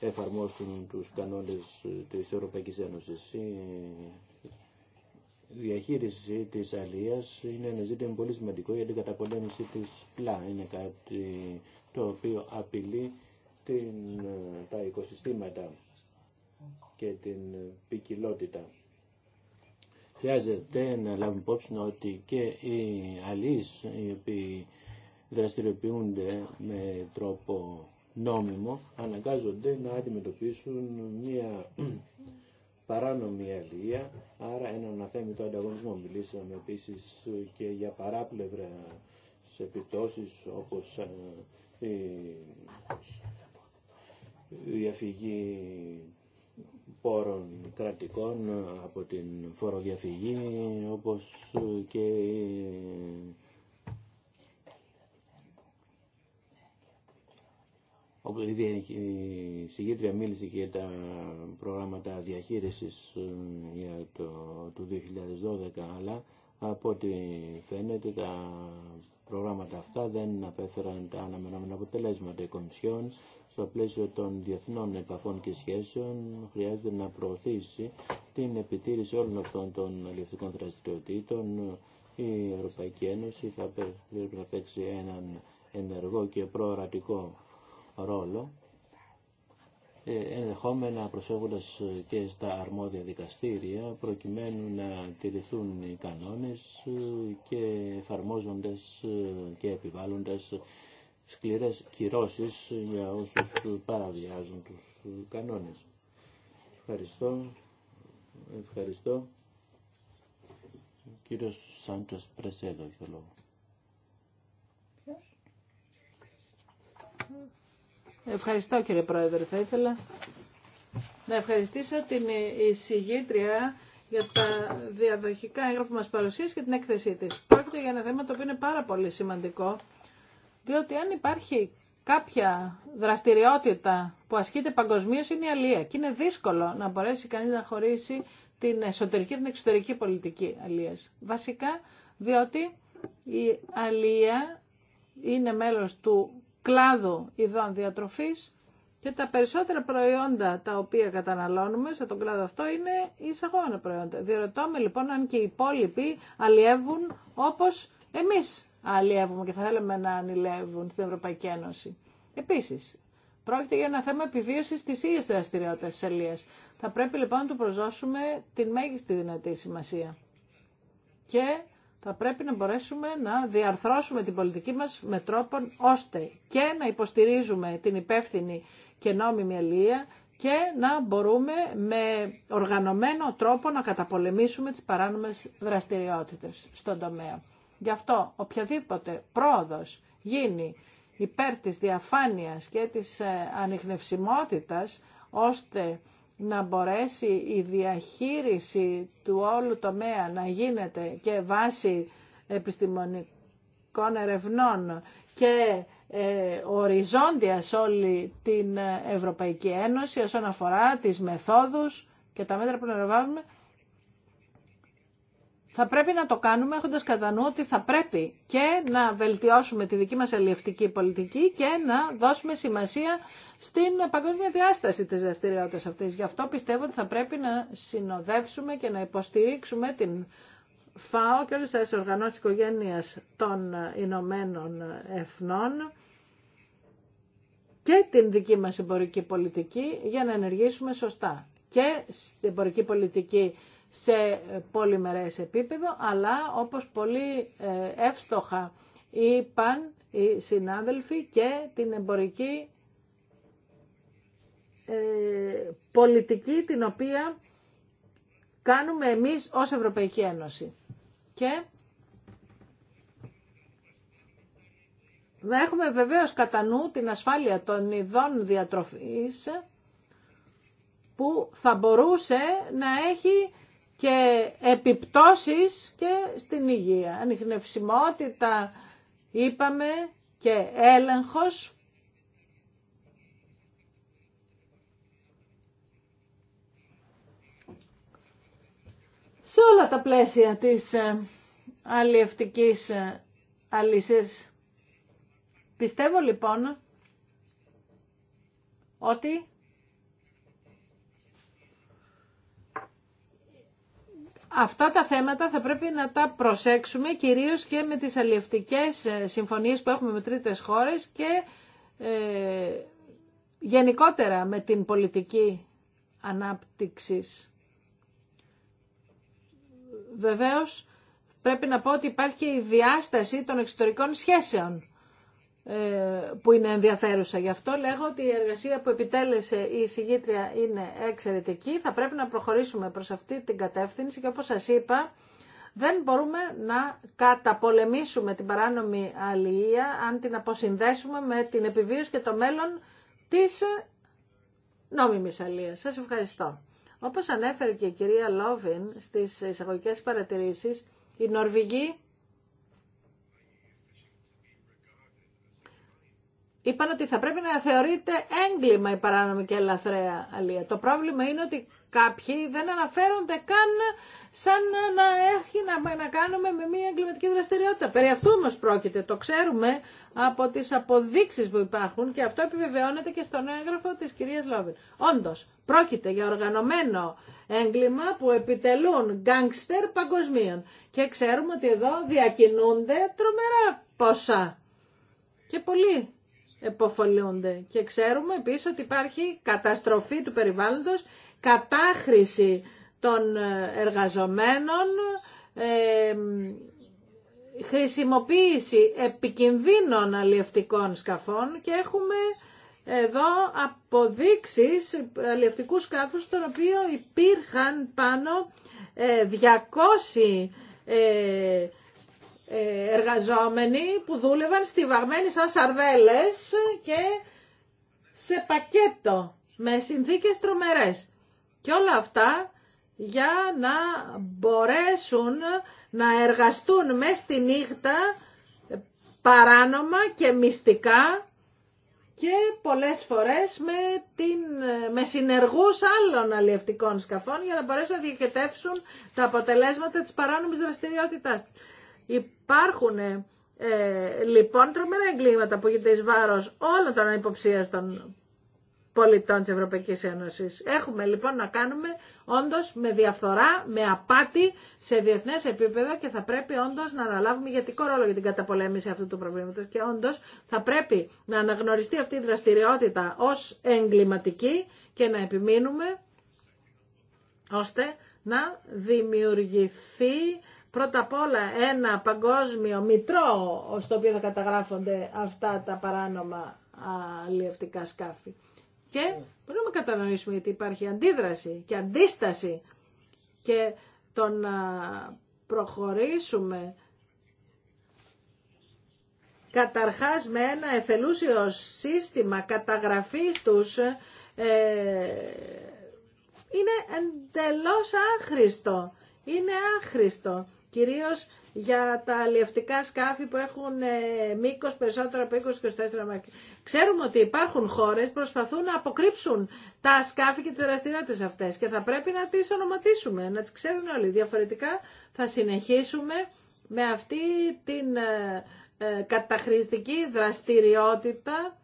εφαρμόσουν τους κανόνες της Ευρωπαϊκής Ένωσης. Η διαχείριση της αλίας είναι ένα ζήτημα πολύ σημαντικό για την καταπολέμηση της πλά. Είναι κάτι το οποίο απειλεί την, τα οικοσυστήματα και την ποικιλότητα. Χρειάζεται να λάβουμε υπόψη ότι και οι αλείς οι οποίοι δραστηριοποιούνται με τρόπο νόμιμο αναγκάζονται να αντιμετωπίσουν μια παράνομη αλληλεία, άρα έναν αθέμητο ανταγωνισμό. Μιλήσαμε επίσης και για παράπλευρα σε επιπτώσεις όπως ε, η διαφυγή πόρων κρατικών ε, από την φοροδιαφυγή όπως ε, και ε, όπως η συγκίτρια μίλησε και για τα προγράμματα διαχείρισης για το, του 2012 αλλά από ό,τι φαίνεται τα προγράμματα αυτά δεν απέφεραν τα αναμενόμενα αποτελέσματα. Η στο πλαίσιο των διεθνών επαφών και σχέσεων χρειάζεται να προωθήσει την επιτήρηση όλων αυτών των αλληλευτικών δραστηριοτήτων. Η Ευρωπαϊκή Ένωση θα πρέπει να παίξει έναν ενεργό και προορατικό ρόλο ε, ενδεχόμενα προσφεύγοντα και στα αρμόδια δικαστήρια προκειμένου να τηρηθούν οι κανόνες ε, και εφαρμόζοντας ε, και επιβάλλοντας σκληρές κυρώσεις για όσους παραβιάζουν τους κανόνες. Ευχαριστώ. Ευχαριστώ. Ο κύριος Σάντσος Πρεσέδο έχει το λόγο. Ευχαριστώ κύριε Πρόεδρε. Θα ήθελα να ευχαριστήσω την εισηγήτρια για τα διαδοχικά έγγραφα που μας παρουσίασε και την έκθεσή της. Πρόκειται για ένα θέμα το οποίο είναι πάρα πολύ σημαντικό διότι αν υπάρχει κάποια δραστηριότητα που ασκείται παγκοσμίω είναι η αλία. Και είναι δύσκολο να μπορέσει κανείς να χωρίσει την εσωτερική και την εξωτερική πολιτική αλίας. Βασικά διότι η αλία είναι μέλος του κλάδου ειδών διατροφής και τα περισσότερα προϊόντα τα οποία καταναλώνουμε σε τον κλάδο αυτό είναι εισαγόμενα προϊόντα. Διερωτώμε λοιπόν αν και οι υπόλοιποι αλλιεύουν όπως εμείς αλλιεύουμε και θα θέλαμε να ανηλεύουν την Ευρωπαϊκή Ένωση. Επίσης, πρόκειται για ένα θέμα επιβίωση τη ίδια δραστηριότητα τη Ελία. Θα πρέπει λοιπόν να του προσδώσουμε την μέγιστη δυνατή σημασία. Και θα πρέπει να μπορέσουμε να διαρθρώσουμε την πολιτική μας με τρόπον ώστε και να υποστηρίζουμε την υπεύθυνη και νόμιμη ελία και να μπορούμε με οργανωμένο τρόπο να καταπολεμήσουμε τις παράνομες δραστηριότητες στον τομέα. Γι' αυτό οποιαδήποτε πρόοδος γίνει υπέρ της διαφάνειας και της ε, ανιχνευσιμότητας, ώστε να μπορέσει η διαχείριση του όλου τομέα να γίνεται και βάση επιστημονικών ερευνών και ε, οριζόντια σε όλη την Ευρωπαϊκή Ένωση όσον αφορά τις μεθόδους και τα μέτρα που να θα πρέπει να το κάνουμε έχοντας κατά νου ότι θα πρέπει και να βελτιώσουμε τη δική μας αλληλευτική πολιτική και να δώσουμε σημασία στην παγκόσμια διάσταση της δραστηριότητα αυτής. Γι' αυτό πιστεύω ότι θα πρέπει να συνοδεύσουμε και να υποστηρίξουμε την ΦΑΟ και όλες τις οργανώσεις οικογένειας των Ηνωμένων Εθνών και την δική μας εμπορική πολιτική για να ενεργήσουμε σωστά. Και στην εμπορική πολιτική σε πολυμερές επίπεδο, αλλά όπως πολύ ε, εύστοχα είπαν οι συνάδελφοι και την εμπορική ε, πολιτική την οποία κάνουμε εμείς ως Ευρωπαϊκή Ένωση. Και έχουμε βεβαίως κατά νου την ασφάλεια των ειδών διατροφής που θα μπορούσε να έχει και επιπτώσεις και στην υγεία. Ανιχνευσιμότητα, είπαμε, και έλεγχος. Σε όλα τα πλαίσια της ε, αλλιευτικής ε, αλύση, Πιστεύω λοιπόν ότι Αυτά τα θέματα θα πρέπει να τα προσέξουμε κυρίως και με τις αλληλευτικές ε, συμφωνίες που έχουμε με τρίτες χώρες και ε, γενικότερα με την πολιτική ανάπτυξης. Βεβαίως πρέπει να πω ότι υπάρχει η διάσταση των εξωτερικών σχέσεων ε, που είναι ενδιαφέρουσα. Γι' αυτό λέγω ότι η εργασία που επιτέλεσε η συγγήτρια είναι εξαιρετική. Θα πρέπει να προχωρήσουμε προς αυτή την κατεύθυνση και όπως σας είπα δεν μπορούμε να καταπολεμήσουμε την παράνομη αλληλεία αν την αποσυνδέσουμε με την επιβίωση και το μέλλον της νόμιμης αλληλείας. Σας ευχαριστώ. Όπως ανέφερε και η κυρία Λόβιν στις εισαγωγικές παρατηρήσεις, η Νορβηγή... είπαν ότι θα πρέπει να θεωρείται έγκλημα η παράνομη και ελαθρέα αλία. Το πρόβλημα είναι ότι κάποιοι δεν αναφέρονται καν σαν να έχει να, να κάνουμε με μια εγκληματική δραστηριότητα. Περί αυτού όμω πρόκειται. Το ξέρουμε από τις αποδείξεις που υπάρχουν και αυτό επιβεβαιώνεται και στον έγγραφο της κυρίας Λόβιν. Όντως, πρόκειται για οργανωμένο έγκλημα που επιτελούν γκάγκστερ παγκοσμίων. Και ξέρουμε ότι εδώ διακινούνται τρομερά ποσά. Και πολύ και ξέρουμε επίσης ότι υπάρχει καταστροφή του περιβάλλοντος, κατάχρηση των ε, εργαζομένων, ε, χρησιμοποίηση επικινδύνων αλλιευτικών σκαφών και έχουμε εδώ αποδείξεις αλλιευτικού σκάφους των οποίο υπήρχαν πάνω 200 ε, ε, εργαζόμενοι που δούλευαν στιβαγμένοι σαν σαρδέλες και σε πακέτο με συνθήκες τρομερές. Και όλα αυτά για να μπορέσουν να εργαστούν με στη νύχτα παράνομα και μυστικά και πολλές φορές με, την, με συνεργούς άλλων αλλιευτικών σκαφών για να μπορέσουν να διοικητεύσουν τα αποτελέσματα της παράνομης δραστηριότητάς Υπάρχουν ε, λοιπόν τρομερά εγκλήματα που γίνεται εις βάρος όλων των των πολιτών της Ευρωπαϊκής Ένωσης. Έχουμε λοιπόν να κάνουμε όντως με διαφθορά, με απάτη σε διεθνές επίπεδα και θα πρέπει όντως να αναλάβουμε ηγετικό ρόλο για την καταπολέμηση αυτού του προβλήματος και όντως θα πρέπει να αναγνωριστεί αυτή η δραστηριότητα ως εγκληματική και να επιμείνουμε ώστε να δημιουργηθεί πρώτα απ' όλα ένα παγκόσμιο μητρό στο οποίο θα καταγράφονται αυτά τα παράνομα αλλιευτικά σκάφη. Και μπορούμε να κατανοήσουμε ότι υπάρχει αντίδραση και αντίσταση και το να προχωρήσουμε καταρχάς με ένα εθελούσιο σύστημα καταγραφής τους ε, είναι εντελώς άχρηστο. Είναι άχρηστο κυρίως για τα αλλιευτικά σκάφη που έχουν ε, μήκος περισσότερο από 20-24 μέτρα. Ξέρουμε ότι υπάρχουν χώρες που προσπαθούν να αποκρύψουν τα σκάφη και τις δραστηριότητε αυτές και θα πρέπει να τις ονοματίσουμε, να τις ξέρουν όλοι. Διαφορετικά θα συνεχίσουμε με αυτή την ε, ε, καταχρηστική δραστηριότητα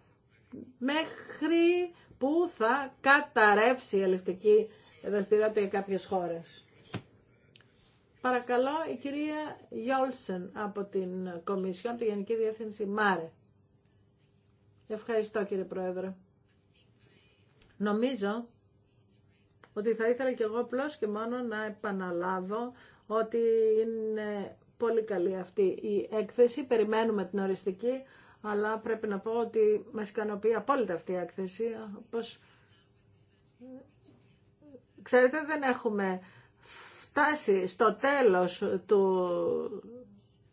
μέχρι που θα καταρρεύσει η αλληλευτική δραστηριότητα για κάποιες χώρες. Παρακαλώ η κυρία Γιόλσεν από την Κομισιόν, τη Γενική Διεύθυνση ΜΑΡΕ. Ευχαριστώ κύριε Πρόεδρε. Νομίζω ότι θα ήθελα και εγώ απλώ και μόνο να επαναλάβω ότι είναι πολύ καλή αυτή η έκθεση. Περιμένουμε την οριστική, αλλά πρέπει να πω ότι μας ικανοποιεί απόλυτα αυτή η έκθεση. Όπως... Ξέρετε, δεν έχουμε φτάσει στο τέλος του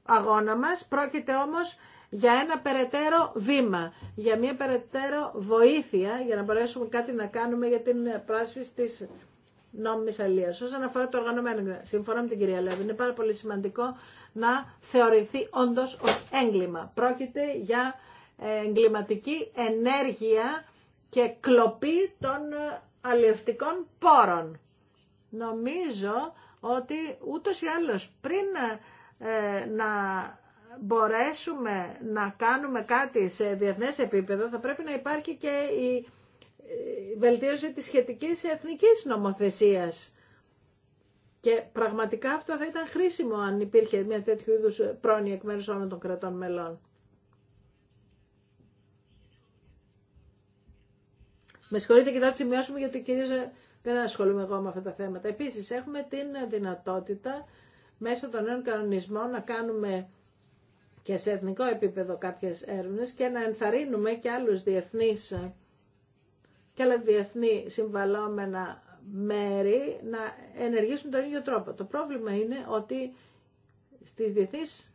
αγώνα μας, πρόκειται όμως για ένα περαιτέρω βήμα, για μια περαιτέρω βοήθεια για να μπορέσουμε κάτι να κάνουμε για την πρόσφυση της νόμιμης αλλίας. Όσον αφορά το οργανωμένο, σύμφωνα με την κυρία Λέβη, είναι πάρα πολύ σημαντικό να θεωρηθεί όντως ως έγκλημα. Πρόκειται για εγκληματική ενέργεια και κλοπή των αλλιευτικών πόρων. Νομίζω ότι ούτως ή άλλως πριν ε, να μπορέσουμε να κάνουμε κάτι σε διεθνές επίπεδο θα πρέπει να υπάρχει και η βελτίωση της σχετικής εθνικής νομοθεσίας. Και πραγματικά αυτό θα ήταν χρήσιμο αν υπήρχε μια τέτοιου είδου πρόνοια εκ μέρους όλων των κρατών μελών. Με συγχωρείτε, το σημειώσουμε γιατί κυρίως δεν ασχολούμαι εγώ με αυτά τα θέματα. Επίσης έχουμε την δυνατότητα μέσω των νέων κανονισμών να κάνουμε και σε εθνικό επίπεδο κάποιες έρευνες και να ενθαρρύνουμε και άλλους διεθνείς και άλλα διεθνή συμβαλόμενα μέρη να ενεργήσουν τον ίδιο τρόπο. Το πρόβλημα είναι ότι στις διεθνείς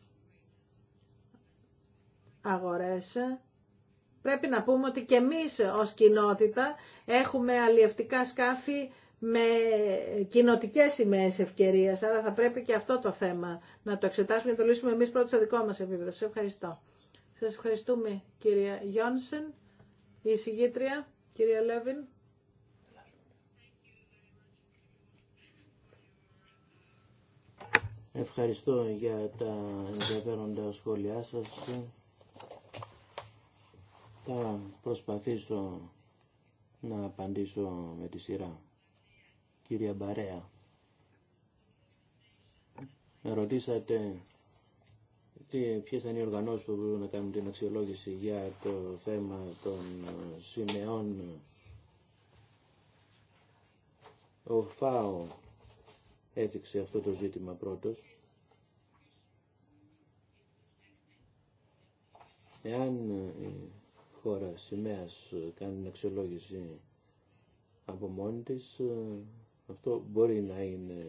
αγορές πρέπει να πούμε ότι και εμείς ως κοινότητα έχουμε αλλιευτικά σκάφη με κοινοτικέ σημαίε ευκαιρία. Άρα θα πρέπει και αυτό το θέμα να το εξετάσουμε και να το λύσουμε εμεί πρώτα στο δικό μα επίπεδο. Σα ευχαριστώ. Σα ευχαριστούμε, κυρία Γιόνσεν, η συγγήτρια, κυρία Λέβιν. Ευχαριστώ για τα ενδιαφέροντα σχόλιά σας. Θα προσπαθήσω να απαντήσω με τη σειρά. Κυρία Μπαρέα, με ρωτήσατε ποιες θα είναι οι οργανώσεις που μπορούν να κάνουν την αξιολόγηση για το θέμα των σημεών. Ο ΦΑΟ έδειξε αυτό το ζήτημα πρώτος. Εάν ε, χώρα σημαία ε, κάνει την αξιολόγηση από μόνη τη. Ε, αυτό μπορεί να είναι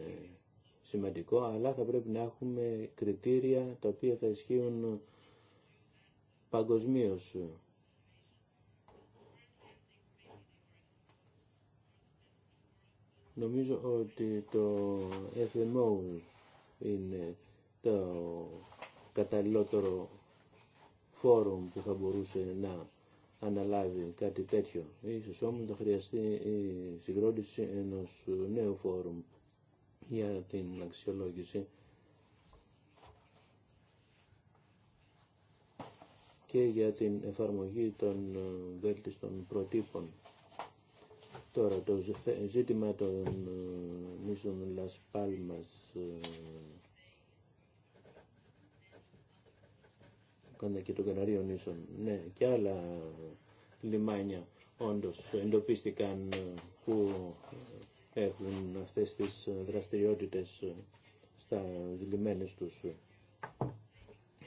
σημαντικό, αλλά θα πρέπει να έχουμε κριτήρια τα οποία θα ισχύουν ε, παγκοσμίω. Νομίζω ότι το FMO είναι το καταλληλότερο φόρουμ που θα μπορούσε να αναλάβει κάτι τέτοιο. Ίσως όμως θα χρειαστεί η συγκρότηση ενός νέου φόρουμ για την αξιολόγηση και για την εφαρμογή των ε, βέλτιστων προτύπων. Τώρα το ζήτημα των νήσων ε, λασπάλμας. και των Καναρίων Ίσων. Ναι, και άλλα λιμάνια όντως εντοπίστηκαν ε, που έχουν αυτές τις δραστηριότητες ε, στα λιμένες τους.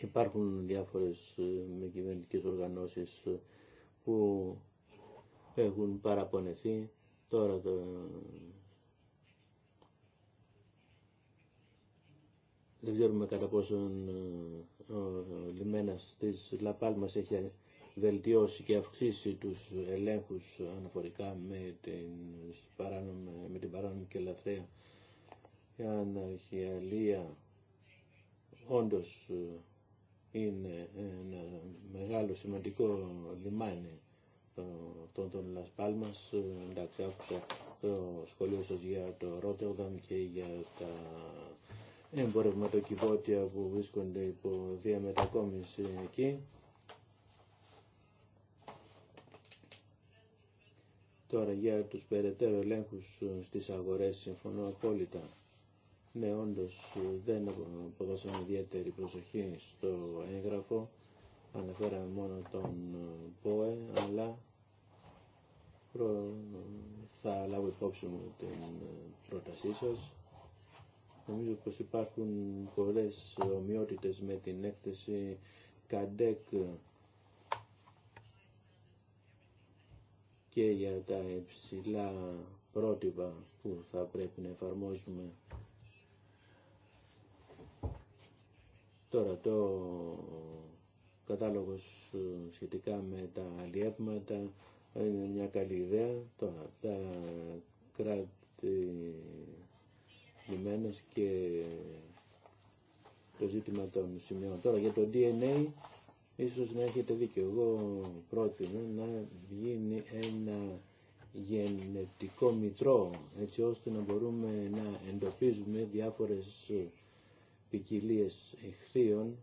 Υπάρχουν διάφορες ε, με κυβερνητικές οργανώσεις που έχουν παραπονεθεί. Τώρα το Δεν ξέρουμε κατά πόσον ε, ο λιμένας της Λαπάλμας έχει βελτιώσει και αυξήσει τους ελέγχους αναφορικά με την παράνομη, με την και λαθρέα αναρχιαλία. Όντως ε, είναι ένα μεγάλο σημαντικό λιμάνι των Λασπάλμας. Ε, εντάξει, άκουσα το σχολείο σας για το Ρότερδαμ και για τα εμπορευματοκιβώτια που βρίσκονται υπό διαμετακόμιση εκεί. Τώρα για τους περαιτέρω ελέγχους στις αγορές συμφωνώ απόλυτα. Ναι, όντως δεν αποδώσαμε ιδιαίτερη προσοχή στο έγγραφο, αναφέραμε μόνο τον ΠΟΕ, αλλά θα λάβω υπόψη μου την πρότασή σας Νομίζω πως υπάρχουν πολλές ομοιότητες με την έκθεση Καντέκ και για τα υψηλά πρότυπα που θα πρέπει να εφαρμόζουμε. Τώρα το κατάλογος σχετικά με τα αλλιεύματα είναι μια καλή ιδέα. Τώρα τα κράτη και το ζήτημα των σημείων. Τώρα για το DNA ίσως να έχετε δίκιο. Εγώ πρότεινα να γίνει ένα γενετικό μητρό έτσι ώστε να μπορούμε να εντοπίζουμε διάφορες ποικιλίε εχθείων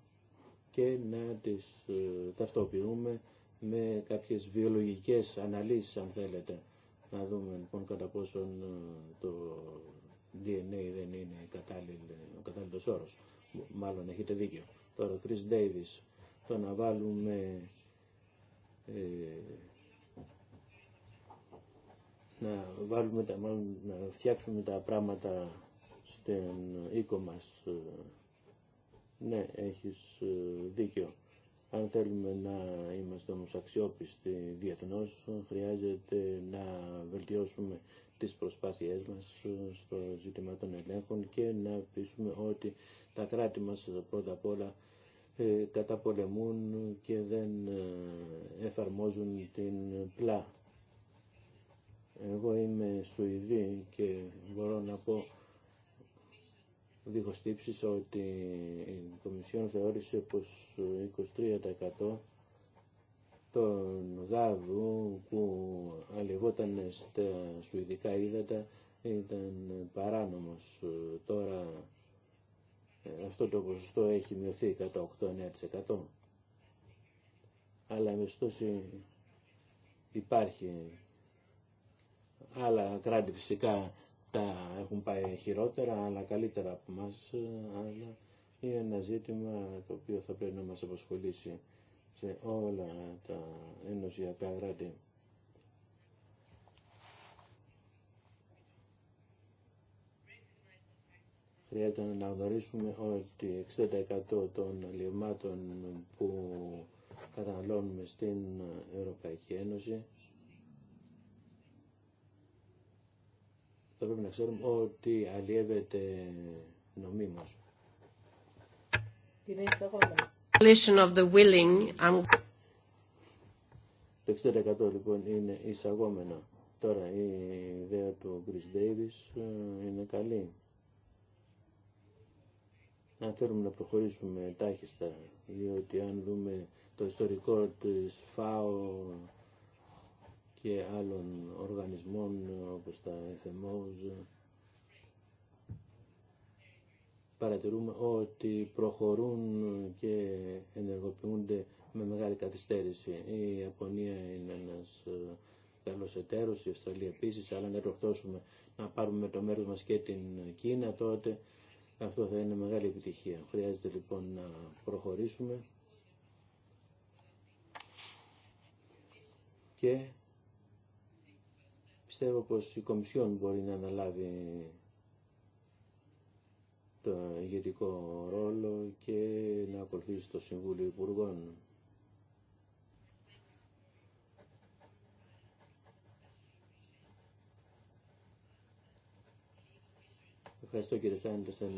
και να τις ε, ταυτοποιούμε με κάποιες βιολογικές αναλύσεις αν θέλετε να δούμε λοιπόν κατά πόσον ε, το DNA ναι, ναι, δεν είναι ο κατάλληλος όρος. Μάλλον έχετε δίκιο. Τώρα ο Chris Davis, το να βάλουμε ε, να βάλουμε τα, να φτιάξουμε τα πράγματα στην οίκο μας. Ε, ναι, έχεις ε, δίκιο. Αν θέλουμε να είμαστε όμως αξιόπιστοι διεθνώς, χρειάζεται να βελτιώσουμε τις προσπάθειές μας στο ζήτημα των ελέγχων και να πείσουμε ότι τα κράτη μας πρώτα απ' όλα ε, καταπολεμούν και δεν ε, εφαρμόζουν την πλά. Εγώ είμαι Σουηδή και μπορώ να πω δίχως τύψεις ότι η Κομισιόν θεώρησε πως 23% τον γάβο που αλευόταν στα σουηδικά ύδατα ήταν παράνομος. Τώρα ε, αυτό το ποσοστό έχει μειωθεί κατά 8-9%. Αλλά με υπάρχει. Άλλα κράτη φυσικά τα έχουν πάει χειρότερα, άλλα καλύτερα από μας, ε, αλλά είναι ένα ζήτημα το οποίο θα πρέπει να μας αποσχολήσει σε όλα τα ενωσιακά γραμμή. Χρειάζεται να γνωρίσουμε ότι 60% των αλλιευμάτων που καταναλώνουμε στην Ευρωπαϊκή Ένωση θα πρέπει να ξέρουμε ότι αλλιεύεται νομίμως of the willing. Το 60% λοιπόν είναι εισαγόμενο. Τώρα η ιδέα του Chris Davis ε, είναι καλή. Αν θέλουμε να προχωρήσουμε τάχιστα, διότι αν δούμε το ιστορικό της ΦΑΟ και άλλων οργανισμών όπως τα FMOs, παρατηρούμε ότι προχωρούν και ενεργοποιούνται με μεγάλη καθυστέρηση. Η Ιαπωνία είναι ένας ε, καλό εταίρος, η Αυστραλία επίσης, αλλά να προχθώσουμε να πάρουμε το μέρος μας και την Κίνα, τότε αυτό θα είναι μεγάλη επιτυχία. Χρειάζεται λοιπόν να προχωρήσουμε και πιστεύω πως η Κομισιόν μπορεί να αναλάβει το ηγετικό ρόλο και να ακολουθήσει το Συμβούλιο Υπουργών. Ευχαριστώ κύριε Σάντερσεν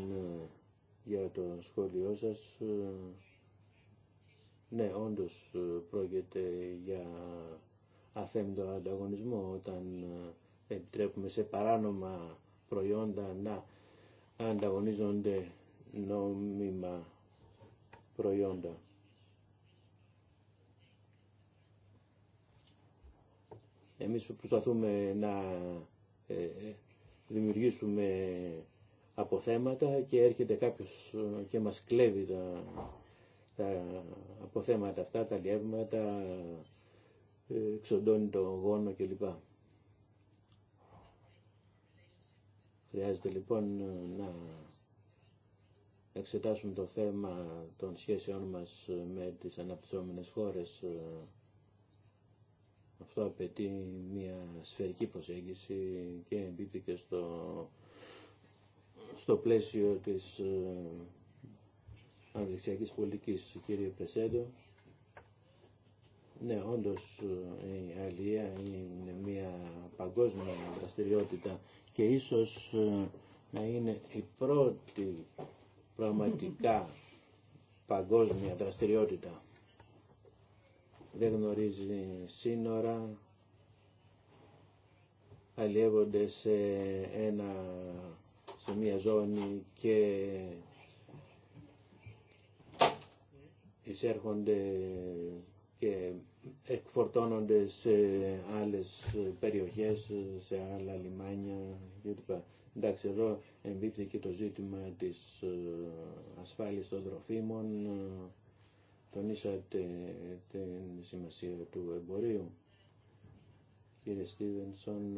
για το σχόλιο σας. Ναι, όντως πρόκειται για αθέμητο ανταγωνισμό όταν επιτρέπουμε σε παράνομα προϊόντα να ανταγωνίζονται νόμιμα προϊόντα. Εμείς προσπαθούμε να ε, ε, δημιουργήσουμε αποθέματα και έρχεται κάποιος και μας κλέβει τα, τα αποθέματα αυτά, τα λιεύματα, ε, εξοντώνει το γόνο κλπ. Χρειάζεται λοιπόν ε, να εξετάσουμε το θέμα των σχέσεών μας ε, με τις αναπτυσσόμενες χώρες. Ε, αυτό απαιτεί μια σφαιρική προσέγγιση και εμπίπτει στο, στο πλαίσιο της ανδρυσιακής πολιτικής, κύριε Πρεσέντο. Ναι, όντως η αλληλεία είναι μια παγκόσμια δραστηριότητα και ίσως ε, να είναι η πρώτη πραγματικά παγκόσμια δραστηριότητα. Δεν γνωρίζει σύνορα, αλλιεύονται σε, ένα, σε μια ζώνη και εισέρχονται και εκφορτώνονται σε άλλες περιοχές, σε άλλα λιμάνια κλπ. Εντάξει, εδώ εμπίπτει και το ζήτημα της ε, ασφάλειας των τροφίμων. Ε, τονίσατε την σημασία του εμπορίου. Κύριε Στίβενσον,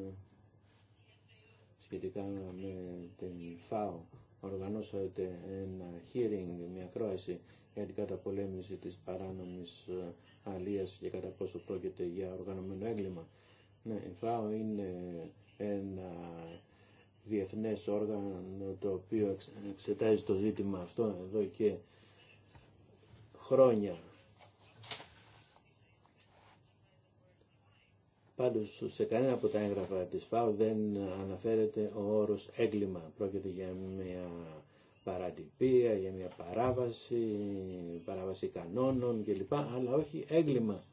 σχετικά με την ΦΑΟ, οργανώσατε ένα hearing, μια κρόαση για την καταπολέμηση της παράνομης ε, αλίας και κατά πόσο πρόκειται για οργανωμένο έγκλημα. Ναι, η ΦΑΟ είναι ένα διεθνές όργανο το οποίο εξετάζει το ζήτημα αυτό εδώ και χρόνια. Πάντως σε κανένα από τα έγγραφα της ΦΑΟ δεν αναφέρεται ο όρος έγκλημα. Πρόκειται για μια παρατυπία, για μια παράβαση, παράβαση κανόνων κλπ. Αλλά όχι έγκλημα.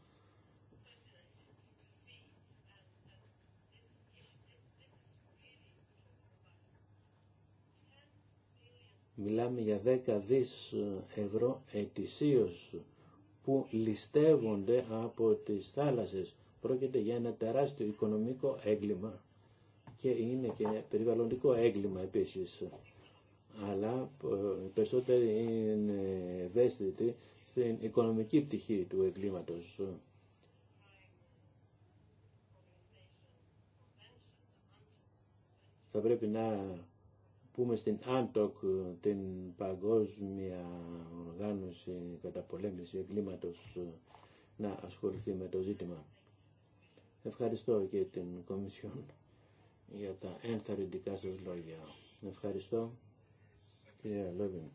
Μιλάμε για δέκα δις ευρώ ετησίως που ληστεύονται από τις θάλασσες. Πρόκειται για ένα τεράστιο οικονομικό έγκλημα και είναι και περιβαλλοντικό έγκλημα επίσης αλλά ε, οι περισσότεροι είναι ευαίσθητοι στην οικονομική πτυχή του εγκλήματος. Θα πρέπει να πούμε στην ΑΝΤΟΚ, την Παγκόσμια Οργάνωση πολέμηση Εγκλήματος, να ασχοληθεί με το ζήτημα. Ευχαριστώ και την Κομισιόν για τα ενθαρρυντικά σας λόγια. Ευχαριστώ. Yeah, λοιπόν,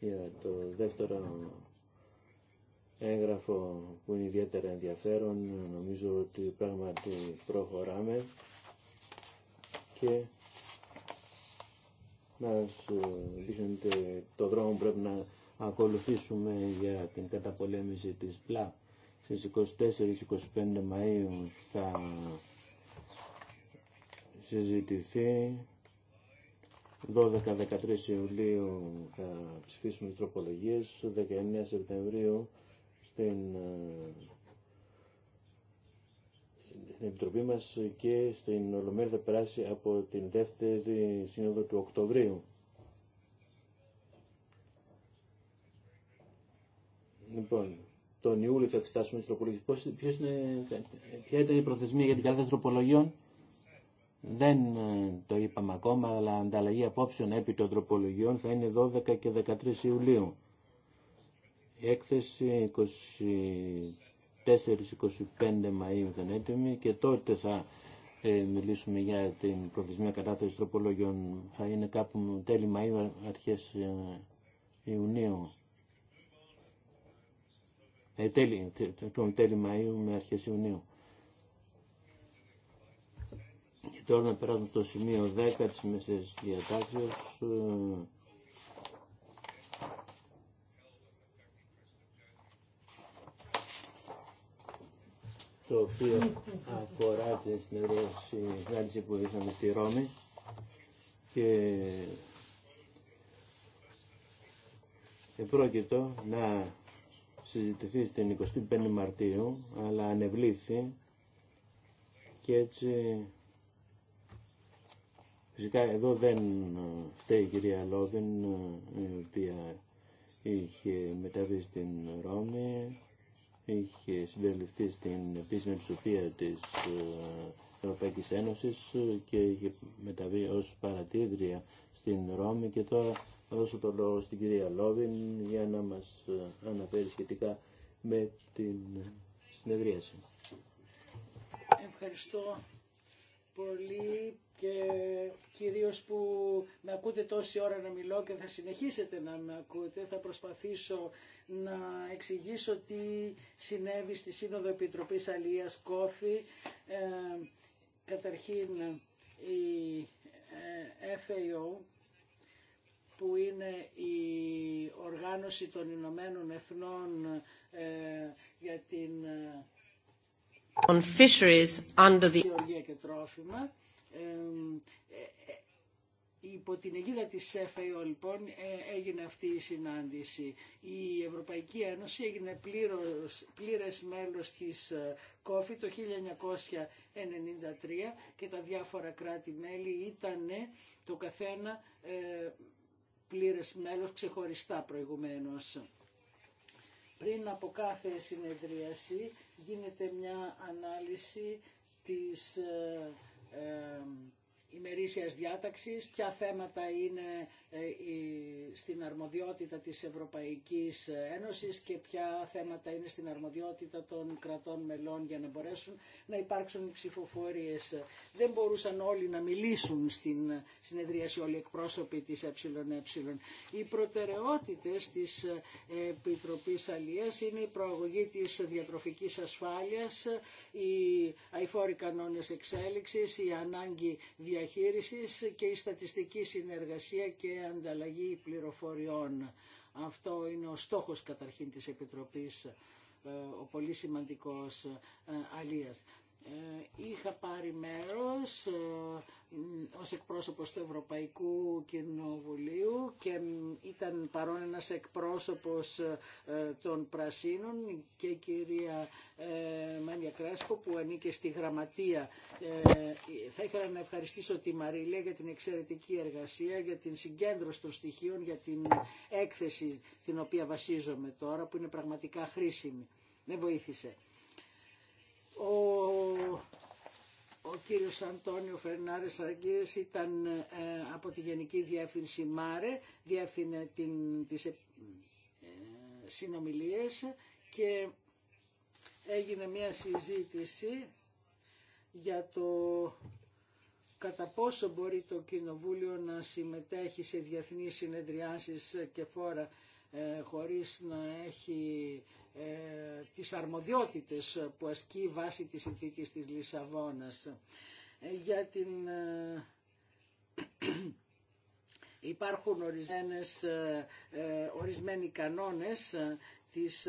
για το δεύτερο έγγραφο που είναι ιδιαίτερα ενδιαφέρον. Νομίζω ότι πράγματι προχωράμε και να σου το δρόμο που πρέπει να ακολουθήσουμε για την καταπολέμηση της ΠΛΑ. Στις 24-25 Μαΐου θα συζητηθεί 12-13 Ιουλίου θα ψηφίσουμε τις τροπολογίες, 19 Σεπτεμβρίου ε, στην, Επιτροπή μας και στην Ολομέρη θα περάσει από την δεύτερη σύνοδο του Οκτωβρίου. Λοιπόν, τον Ιούλιο θα εξετάσουμε τις τροπολογίες. είναι, ποια ήταν η προθεσμία για την των τροπολογιών. Δεν ε, το είπαμε ακόμα, αλλά ανταλλαγή απόψεων επί των τροπολογιών θα είναι 12 και 13 Ιουλίου. Η έκθεση 24-25 Μαΐου ήταν έτοιμη και τότε θα ε, μιλήσουμε για την προθεσμία κατάθεση τροπολογιών. Θα είναι κάπου τέλη Μαΐου, αρχές ε, Ιουνίου. Ε, τέλη, τέλη Μαΐου με αρχές Ιουνίου. Και τώρα να περάσουμε στο σημείο 10 της μέσης διατάξεως. Ε, το οποίο αφορά την συνάντηση που είχαμε στη Ρώμη και επρόκειτο να συζητηθεί στην 25 Μαρτίου αλλά ανεβλήθη και έτσι Φυσικά εδώ δεν ε, φταίει η κυρία Λόβιν, ε, η οποία είχε μεταβεί στην Ρώμη, είχε συμπεριληφθεί στην επίσημη ψηφία της ε, Ευρωπαϊκής Ένωσης και είχε μεταβεί ως παρατήδρια στην Ρώμη και τώρα θα δώσω το λόγο στην κυρία Λόβιν για να μας αναφέρει σχετικά με την συνεδρίαση. Ευχαριστώ πολύ και κυρίως που με ακούτε τόση ώρα να μιλώ και θα συνεχίσετε να με ακούτε. Θα προσπαθήσω να εξηγήσω τι συνέβη στη Σύνοδο Επιτροπής Αλίας Κόφη. Ε, καταρχήν η ε, FAO που είναι η Οργάνωση των Ηνωμένων Εθνών ε, για την ε, On fisheries under the... και τρόφιμα ε, ε, υπό την αιγίδα της ΕΦΑΙΟ λοιπόν ε, έγινε αυτή η συνάντηση. Η Ευρωπαϊκή Ένωση έγινε πλήρως, πλήρες μέλος της ΚΟΦΗ το 1993 και τα διάφορα κράτη-μέλη ήταν το καθένα πλήρες μέλος ξεχωριστά προηγουμένως. Πριν από κάθε συνεδρίαση γίνεται μια ανάλυση της ε, ημερήσιας διάταξης, ποια θέματα είναι ε, στην αρμοδιότητα της Ευρωπαϊκής Ένωσης και ποια θέματα είναι στην αρμοδιότητα των κρατών μελών για να μπορέσουν να υπάρξουν ψηφοφορίες. Δεν μπορούσαν όλοι να μιλήσουν στην συνεδρίαση όλοι οι εκπρόσωποι της ΕΕ. Οι προτεραιότητες της Επιτροπής Αλίας είναι η προαγωγή της διατροφικής ασφάλειας, οι αηφόροι κανόνες εξέλιξης, η ανάγκη διαχείρισης και η στατιστική συνεργασία και ανταλλαγή πληροφοριών. Αυτό είναι ο στόχος καταρχήν της Επιτροπής, ε, ο πολύ σημαντικός ε, Αλίας. Ε, είχα πάρει μέρος ε, ως εκπρόσωπος του Ευρωπαϊκού Κοινοβουλίου και ήταν παρόν ένας εκπρόσωπος ε, των Πρασίνων και η κυρία Μάνια Κράσκο που ανήκε στη Γραμματεία. Θα ήθελα να ευχαριστήσω τη Μαριλία για την εξαιρετική εργασία, για την συγκέντρωση των στοιχείων, για την έκθεση την οποία βασίζομαι τώρα που είναι πραγματικά χρήσιμη. Με βοήθησε. Ο, ο κύριος Αντώνιο Φερνάρες ήταν ε, από τη Γενική Διεύθυνση ΜΑΡΕ, διεύθυνε την, τις ε, συνομιλίες και έγινε μια συζήτηση για το κατά πόσο μπορεί το Κοινοβούλιο να συμμετέχει σε διεθνείς συνεδριάσεις και φόρα ε, χωρίς να έχει ε, τις αρμοδιότητες που ασκεί βάσει της συνθήκης της Λισαβόνας. Ε, για την... Υπάρχουν ορισμένες, ορισμένοι κανόνες της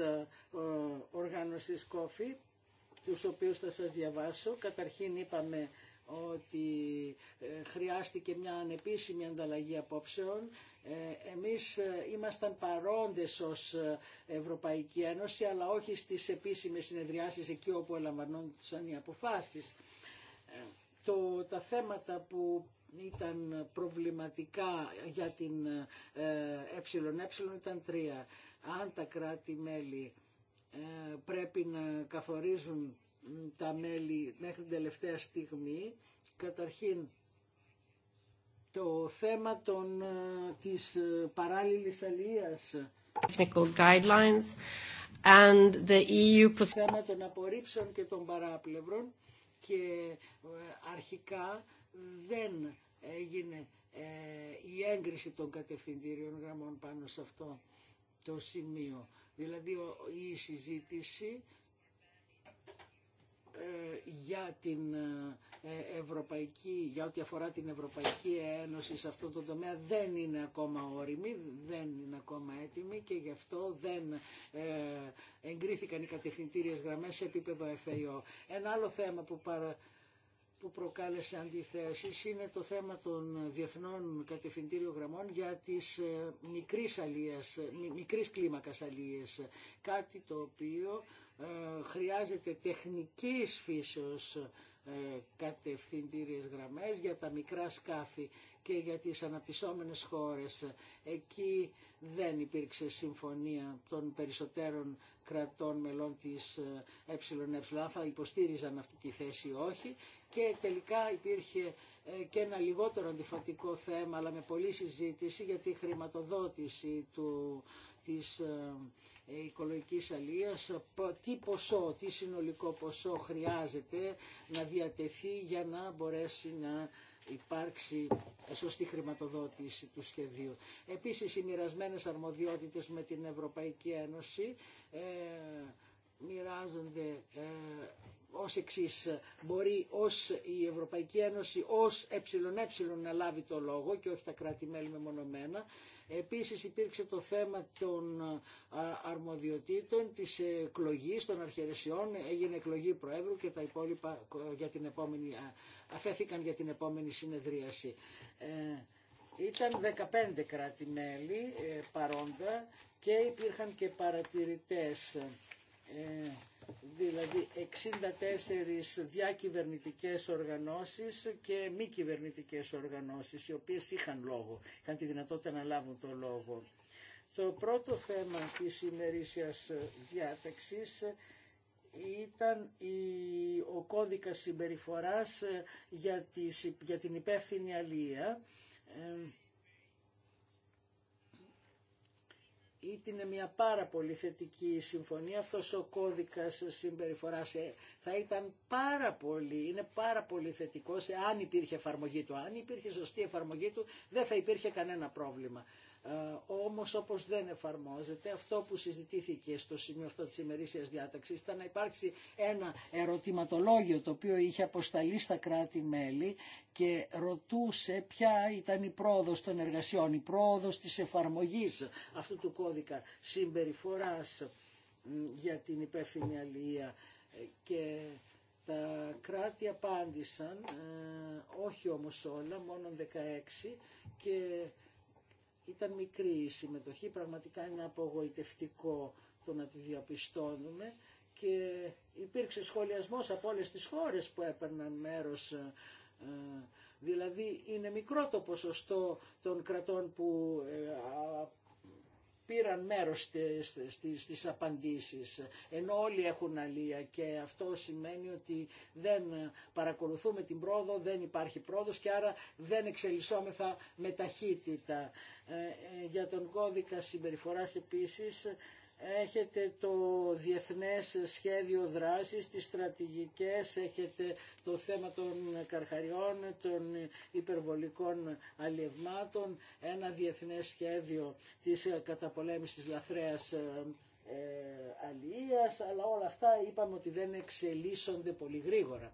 οργάνωσης κόφη, τους οποίους θα σας διαβάσω. Καταρχήν είπαμε ότι χρειάστηκε μια ανεπίσημη ανταλλαγή απόψεων ε, εμείς ε, ήμασταν παρόντες ως ε, Ευρωπαϊκή Ένωση, αλλά όχι στις επίσημες συνεδριάσεις εκεί όπου ελαμβανόντουσαν οι αποφάσεις. Το, τα θέματα που ήταν προβληματικά για την Ε ήταν τρία. Αν τα κράτη-μέλη πρέπει να καθορίζουν τα μέλη μέχρι την τελευταία στιγμή, καταρχήν το θέμα των, ε, της ε, παράλληλης αλλίας. Technical guidelines and the EU... Το θέμα των απορρίψεων και των παράπλευρων και ε, αρχικά δεν έγινε η έγκριση των κατευθυντήριων γραμμών πάνω σε αυτό το σημείο. Δηλαδή η συζήτηση για την ε, ευρωπαϊκή, για ό,τι αφορά την Ευρωπαϊκή Ένωση σε αυτό το τομέα δεν είναι ακόμα όριμη, δεν είναι ακόμα έτοιμη και γι' αυτό δεν ε, εγκρίθηκαν οι κατευθυντήριες γραμμές σε επίπεδο FAO. Ένα άλλο θέμα που που προκάλεσε αντιθέσεις είναι το θέμα των διεθνών κατευθυντήριων γραμμών για τις ε, μικρής, αλίες, μικρής κλίμακας αλίες. Κάτι το οποίο χρειάζεται τεχνικής φύσεως ε, κατευθυντήριες γραμμές για τα μικρά σκάφη και για τις αναπτυσσόμενες χώρες. Εκεί δεν υπήρξε συμφωνία των περισσότερων κρατών μελών της ΕΕ. Αν θα υποστήριζαν αυτή τη θέση όχι. Και τελικά υπήρχε ε, και ένα λιγότερο αντιφατικό θέμα, αλλά με πολλή συζήτηση για τη χρηματοδότηση του της ε, ε, οικολογικής αλίας, τι ποσό, τι συνολικό ποσό χρειάζεται να διατεθεί για να μπορέσει να υπάρξει σωστή χρηματοδότηση του σχεδίου. Επίσης, οι μοιρασμένε αρμοδιότητες με την Ευρωπαϊκή Ένωση ε, μοιράζονται ε, ως εξής μπορεί ως η Ευρωπαϊκή Ένωση ως ε να λάβει το λόγο και όχι τα κράτη-μέλη μεμονωμένα Επίσης υπήρξε το θέμα των αρμοδιοτήτων, της εκλογής των αρχαιρεσιών, έγινε εκλογή Προέδρου και τα υπόλοιπα ε, για την επόμενη, αφέθηκαν για την επόμενη συνεδρίαση. Ε, ήταν 15 κράτη-μέλη ε, παρόντα και υπήρχαν και παρατηρητές δηλαδή 64 διακυβερνητικές οργανώσεις και μη κυβερνητικές οργανώσεις, οι οποίες είχαν λόγο, είχαν τη δυνατότητα να λάβουν το λόγο. Το πρώτο θέμα της ημερήσιας διάταξης ήταν η, ο κώδικας συμπεριφοράς για, για την υπεύθυνη αλία. Ε, ήταν μια πάρα πολύ θετική συμφωνία. Αυτός ο κώδικας συμπεριφοράς ε, θα ήταν πάρα πολύ, είναι πάρα πολύ θετικός ε, αν υπήρχε εφαρμογή του. Αν υπήρχε σωστή εφαρμογή του δεν θα υπήρχε κανένα πρόβλημα. Ε, όμως όπως δεν εφαρμόζεται, αυτό που συζητήθηκε στο σημείο αυτό της ημερήσιας διάταξης ήταν να υπάρξει ένα ερωτηματολόγιο το οποίο είχε αποσταλεί στα κράτη-μέλη και ρωτούσε ποια ήταν η πρόοδος των εργασιών, η πρόοδος της εφαρμογής αυτού του κώδικα συμπεριφοράς για την υπεύθυνη αλληλεία ε, και τα κράτη απάντησαν, ε, όχι όμως όλα, μόνον 16 και ήταν μικρή η συμμετοχή, πραγματικά είναι απογοητευτικό το να τη διαπιστώνουμε και υπήρξε σχολιασμός από όλες τις χώρες που έπαιρναν μέρος ε, Δηλαδή είναι μικρό το ποσοστό των κρατών που ε, πήραν μέρος στις, στις, απαντήσεις ενώ όλοι έχουν αλία και αυτό σημαίνει ότι δεν παρακολουθούμε την πρόοδο, δεν υπάρχει πρόοδος και άρα δεν εξελισσόμεθα με ταχύτητα. Ε, ε, για τον κώδικα συμπεριφοράς επίσης έχετε το διεθνές σχέδιο δράσης, τις στρατηγικές, έχετε το θέμα των καρχαριών, των υπερβολικών αλλιευμάτων, ένα διεθνές σχέδιο της καταπολέμησης λαθρέας ε, ε αλλά όλα αυτά είπαμε ότι δεν εξελίσσονται πολύ γρήγορα.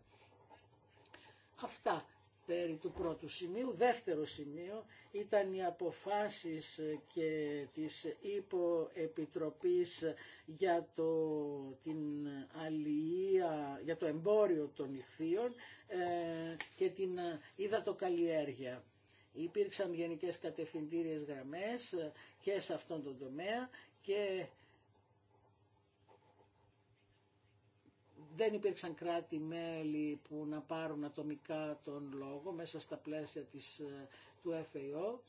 Αυτά περί του πρώτου σημείου. Δεύτερο σημείο ήταν οι αποφάσεις και της υποεπιτροπής για το, την αλληλεία, για το εμπόριο των ηχθείων ε, και την υδατοκαλλιέργεια. Υπήρξαν γενικές κατευθυντήριες γραμμές και σε αυτόν τον τομέα και δεν υπήρξαν κράτη-μέλη που να πάρουν ατομικά τον λόγο μέσα στα πλαίσια της, ε, του FAO.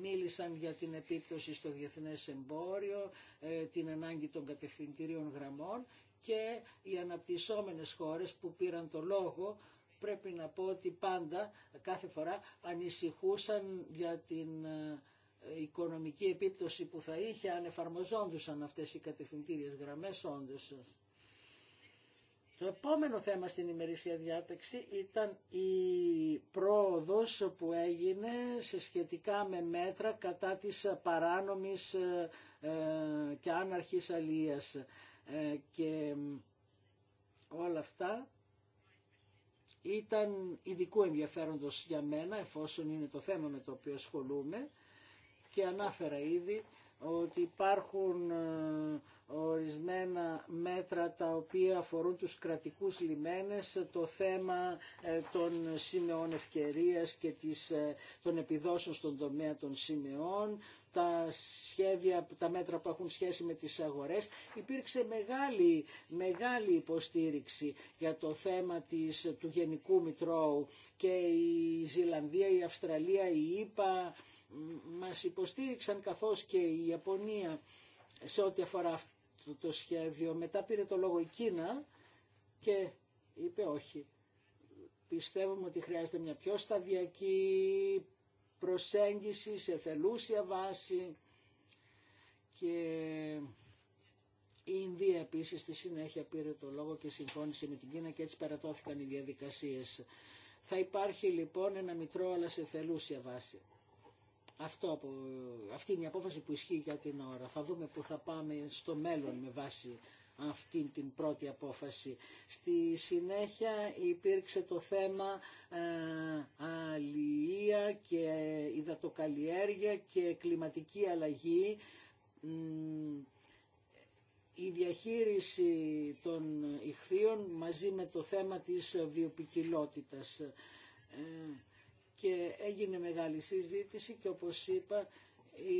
Μίλησαν για την επίπτωση στο διεθνές εμπόριο, ε, την ανάγκη των κατευθυντηρίων γραμμών και οι αναπτυσσόμενες χώρες που πήραν το λόγο πρέπει να πω ότι πάντα, κάθε φορά, ανησυχούσαν για την ε, οικονομική επίπτωση που θα είχε αν εφαρμοζόντουσαν αυτές οι κατευθυντήριες γραμμές όντως. Το επόμενο θέμα στην ημερήσια διάταξη ήταν η πρόοδος που έγινε σε σχετικά με μέτρα κατά της παράνομης ε, ε, και άναρχης αλίας ε, και όλα αυτά ήταν ειδικού ενδιαφέροντος για μένα εφόσον είναι το θέμα με το οποίο ασχολούμαι και ανάφερα ήδη ότι υπάρχουν ε, ορισμένα μέτρα τα οποία αφορούν τους κρατικούς λιμένες, το θέμα ε, των σημεών ευκαιρίας και ε, των επιδόσεων στον τομέα των σημεών, τα, σχέδια, τα μέτρα που έχουν σχέση με τις αγορές. Υπήρξε μεγάλη, μεγάλη υποστήριξη για το θέμα της, του Γενικού Μητρώου και η Ζηλανδία, η Αυστραλία, η ΙΠΑ, μας υποστήριξαν καθώς και η Ιαπωνία σε ό,τι αφορά αυτό το σχέδιο. Μετά πήρε το λόγο η Κίνα και είπε όχι. Πιστεύουμε ότι χρειάζεται μια πιο σταδιακή προσέγγιση σε θελούσια βάση και η Ινδία επίσης στη συνέχεια πήρε το λόγο και συμφώνησε με την Κίνα και έτσι περατώθηκαν οι διαδικασίες. Θα υπάρχει λοιπόν ένα μητρό αλλά σε θελούσια βάση. Αυτό, αυτή είναι η απόφαση που ισχύει για την ώρα. Θα δούμε που θα πάμε στο μέλλον με βάση αυτή την πρώτη απόφαση. Στη συνέχεια υπήρξε το θέμα ε, αλληλεία και υδατοκαλλιέργεια και κλιματική αλλαγή. Η διαχείριση των ηχθείων μαζί με το θέμα της βιοπικιλότητας. Ε, και έγινε μεγάλη συζήτηση και όπως είπα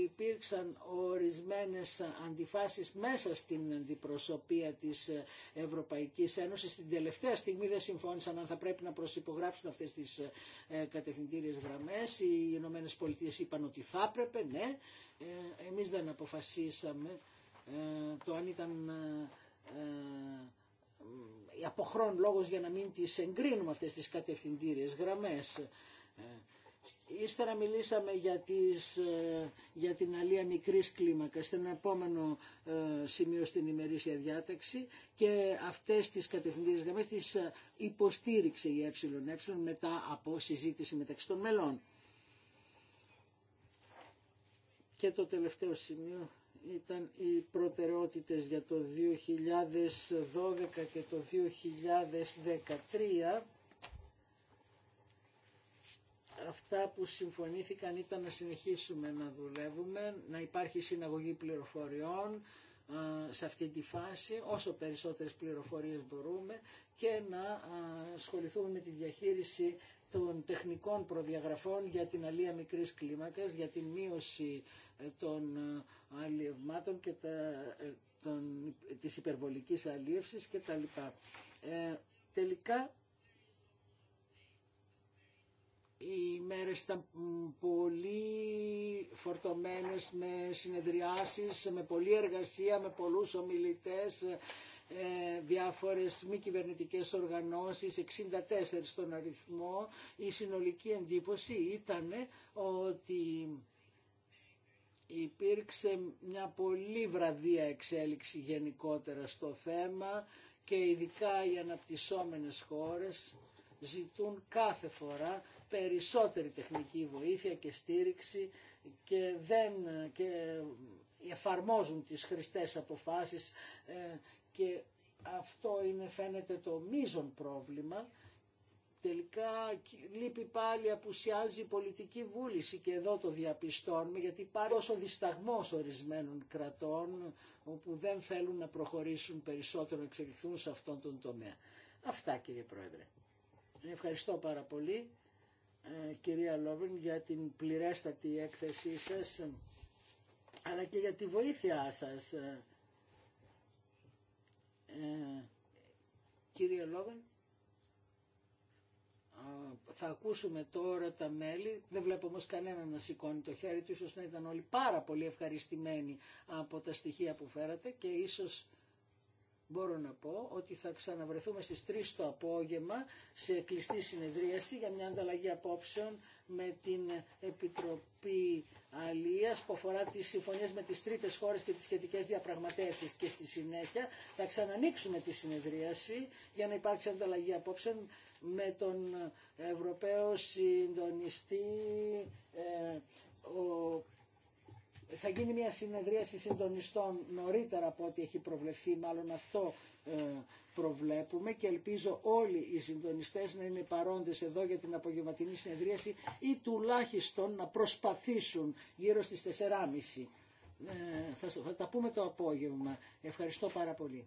υπήρξαν ορισμένες αντιφάσεις μέσα στην αντιπροσωπεία της Ευρωπαϊκής Ένωσης. Στην τελευταία στιγμή δεν συμφώνησαν αν θα πρέπει να προσυπογράψουν αυτές τις ε, κατευθυντήριες γραμμές. Οι Ηνωμένε Πολιτείες είπαν ότι θα έπρεπε, ναι. Ε, εμείς δεν αποφασίσαμε ε, το αν ήταν από χρόνο λόγος για να μην τις εγκρίνουμε αυτές τις κατευθυντήριες γραμμές. Ύστερα μιλήσαμε για, τις, ε, για την αλία μικρής κλίμακας, ένα επόμενο ε, σημείο στην ημερήσια διάταξη και αυτές τις κατευθυντήριες γραμμές τις ε, υποστήριξε η ΕΕ μετά από συζήτηση μεταξύ των μελών. Και το τελευταίο σημείο ήταν οι προτεραιότητες για το 2012 και το 2013 αυτά που συμφωνήθηκαν ήταν να συνεχίσουμε να δουλεύουμε, να υπάρχει συναγωγή πληροφοριών ε, σε αυτή τη φάση, όσο περισσότερες πληροφορίες μπορούμε και να ε, ασχοληθούμε με τη διαχείριση των τεχνικών προδιαγραφών για την αλία μικρής κλίμακας, για την μείωση ε, των αλλιευμάτων και τα, των, της υπερβολικής αλίευσης κτλ. Ε, τελικά οι μέρες ήταν πολύ φορτωμένε με συνεδριάσεις, με πολλή εργασία, με πολλούς ομιλητές, ε, διάφορες μη κυβερνητικές οργανώσεις, 64 στον αριθμό. Η συνολική εντύπωση ήταν ότι υπήρξε μια πολύ βραδία εξέλιξη γενικότερα στο θέμα και ειδικά οι αναπτυσσόμενες χώρες ζητούν κάθε φορά περισσότερη τεχνική βοήθεια και στήριξη και, δεν, και εφαρμόζουν τις χρηστές αποφάσεις ε, και αυτό είναι φαίνεται το μείζον πρόβλημα. Τελικά λείπει πάλι, απουσιάζει η πολιτική βούληση και εδώ το διαπιστώνουμε γιατί υπάρχει τόσο δισταγμός ορισμένων κρατών όπου δεν θέλουν να προχωρήσουν περισσότερο, να εξελιχθούν σε αυτόν τον τομέα. Αυτά κύριε Πρόεδρε. Ευχαριστώ πάρα πολύ. Ε, κυρία Λόβεν για την πληρέστατη έκθεσή σας αλλά και για τη βοήθειά σας. Ε, ε κύριε Λόβεν, θα ακούσουμε τώρα τα μέλη. Δεν βλέπω όμως κανένα να σηκώνει το χέρι του. Ίσως να ήταν όλοι πάρα πολύ ευχαριστημένοι από τα στοιχεία που φέρατε και ίσως μπορώ να πω ότι θα ξαναβρεθούμε στις 3 το απόγευμα σε κλειστή συνεδρίαση για μια ανταλλαγή απόψεων με την Επιτροπή Αλίας που αφορά τις συμφωνίες με τις τρίτες χώρες και τις σχετικές διαπραγματεύσεις και στη συνέχεια θα ξανανοίξουμε τη συνεδρίαση για να υπάρξει ανταλλαγή απόψεων με τον Ευρωπαίο Συντονιστή ε, ο θα γίνει μια συνεδρίαση συντονιστών νωρίτερα από ό,τι έχει προβλεφθεί, μάλλον αυτό ε, προβλέπουμε και ελπίζω όλοι οι συντονιστές να είναι παρόντες εδώ για την απογευματινή συνεδρίαση ή τουλάχιστον να προσπαθήσουν γύρω στις 4.30. Ε, θα, θα τα πούμε το απόγευμα. Ευχαριστώ πάρα πολύ.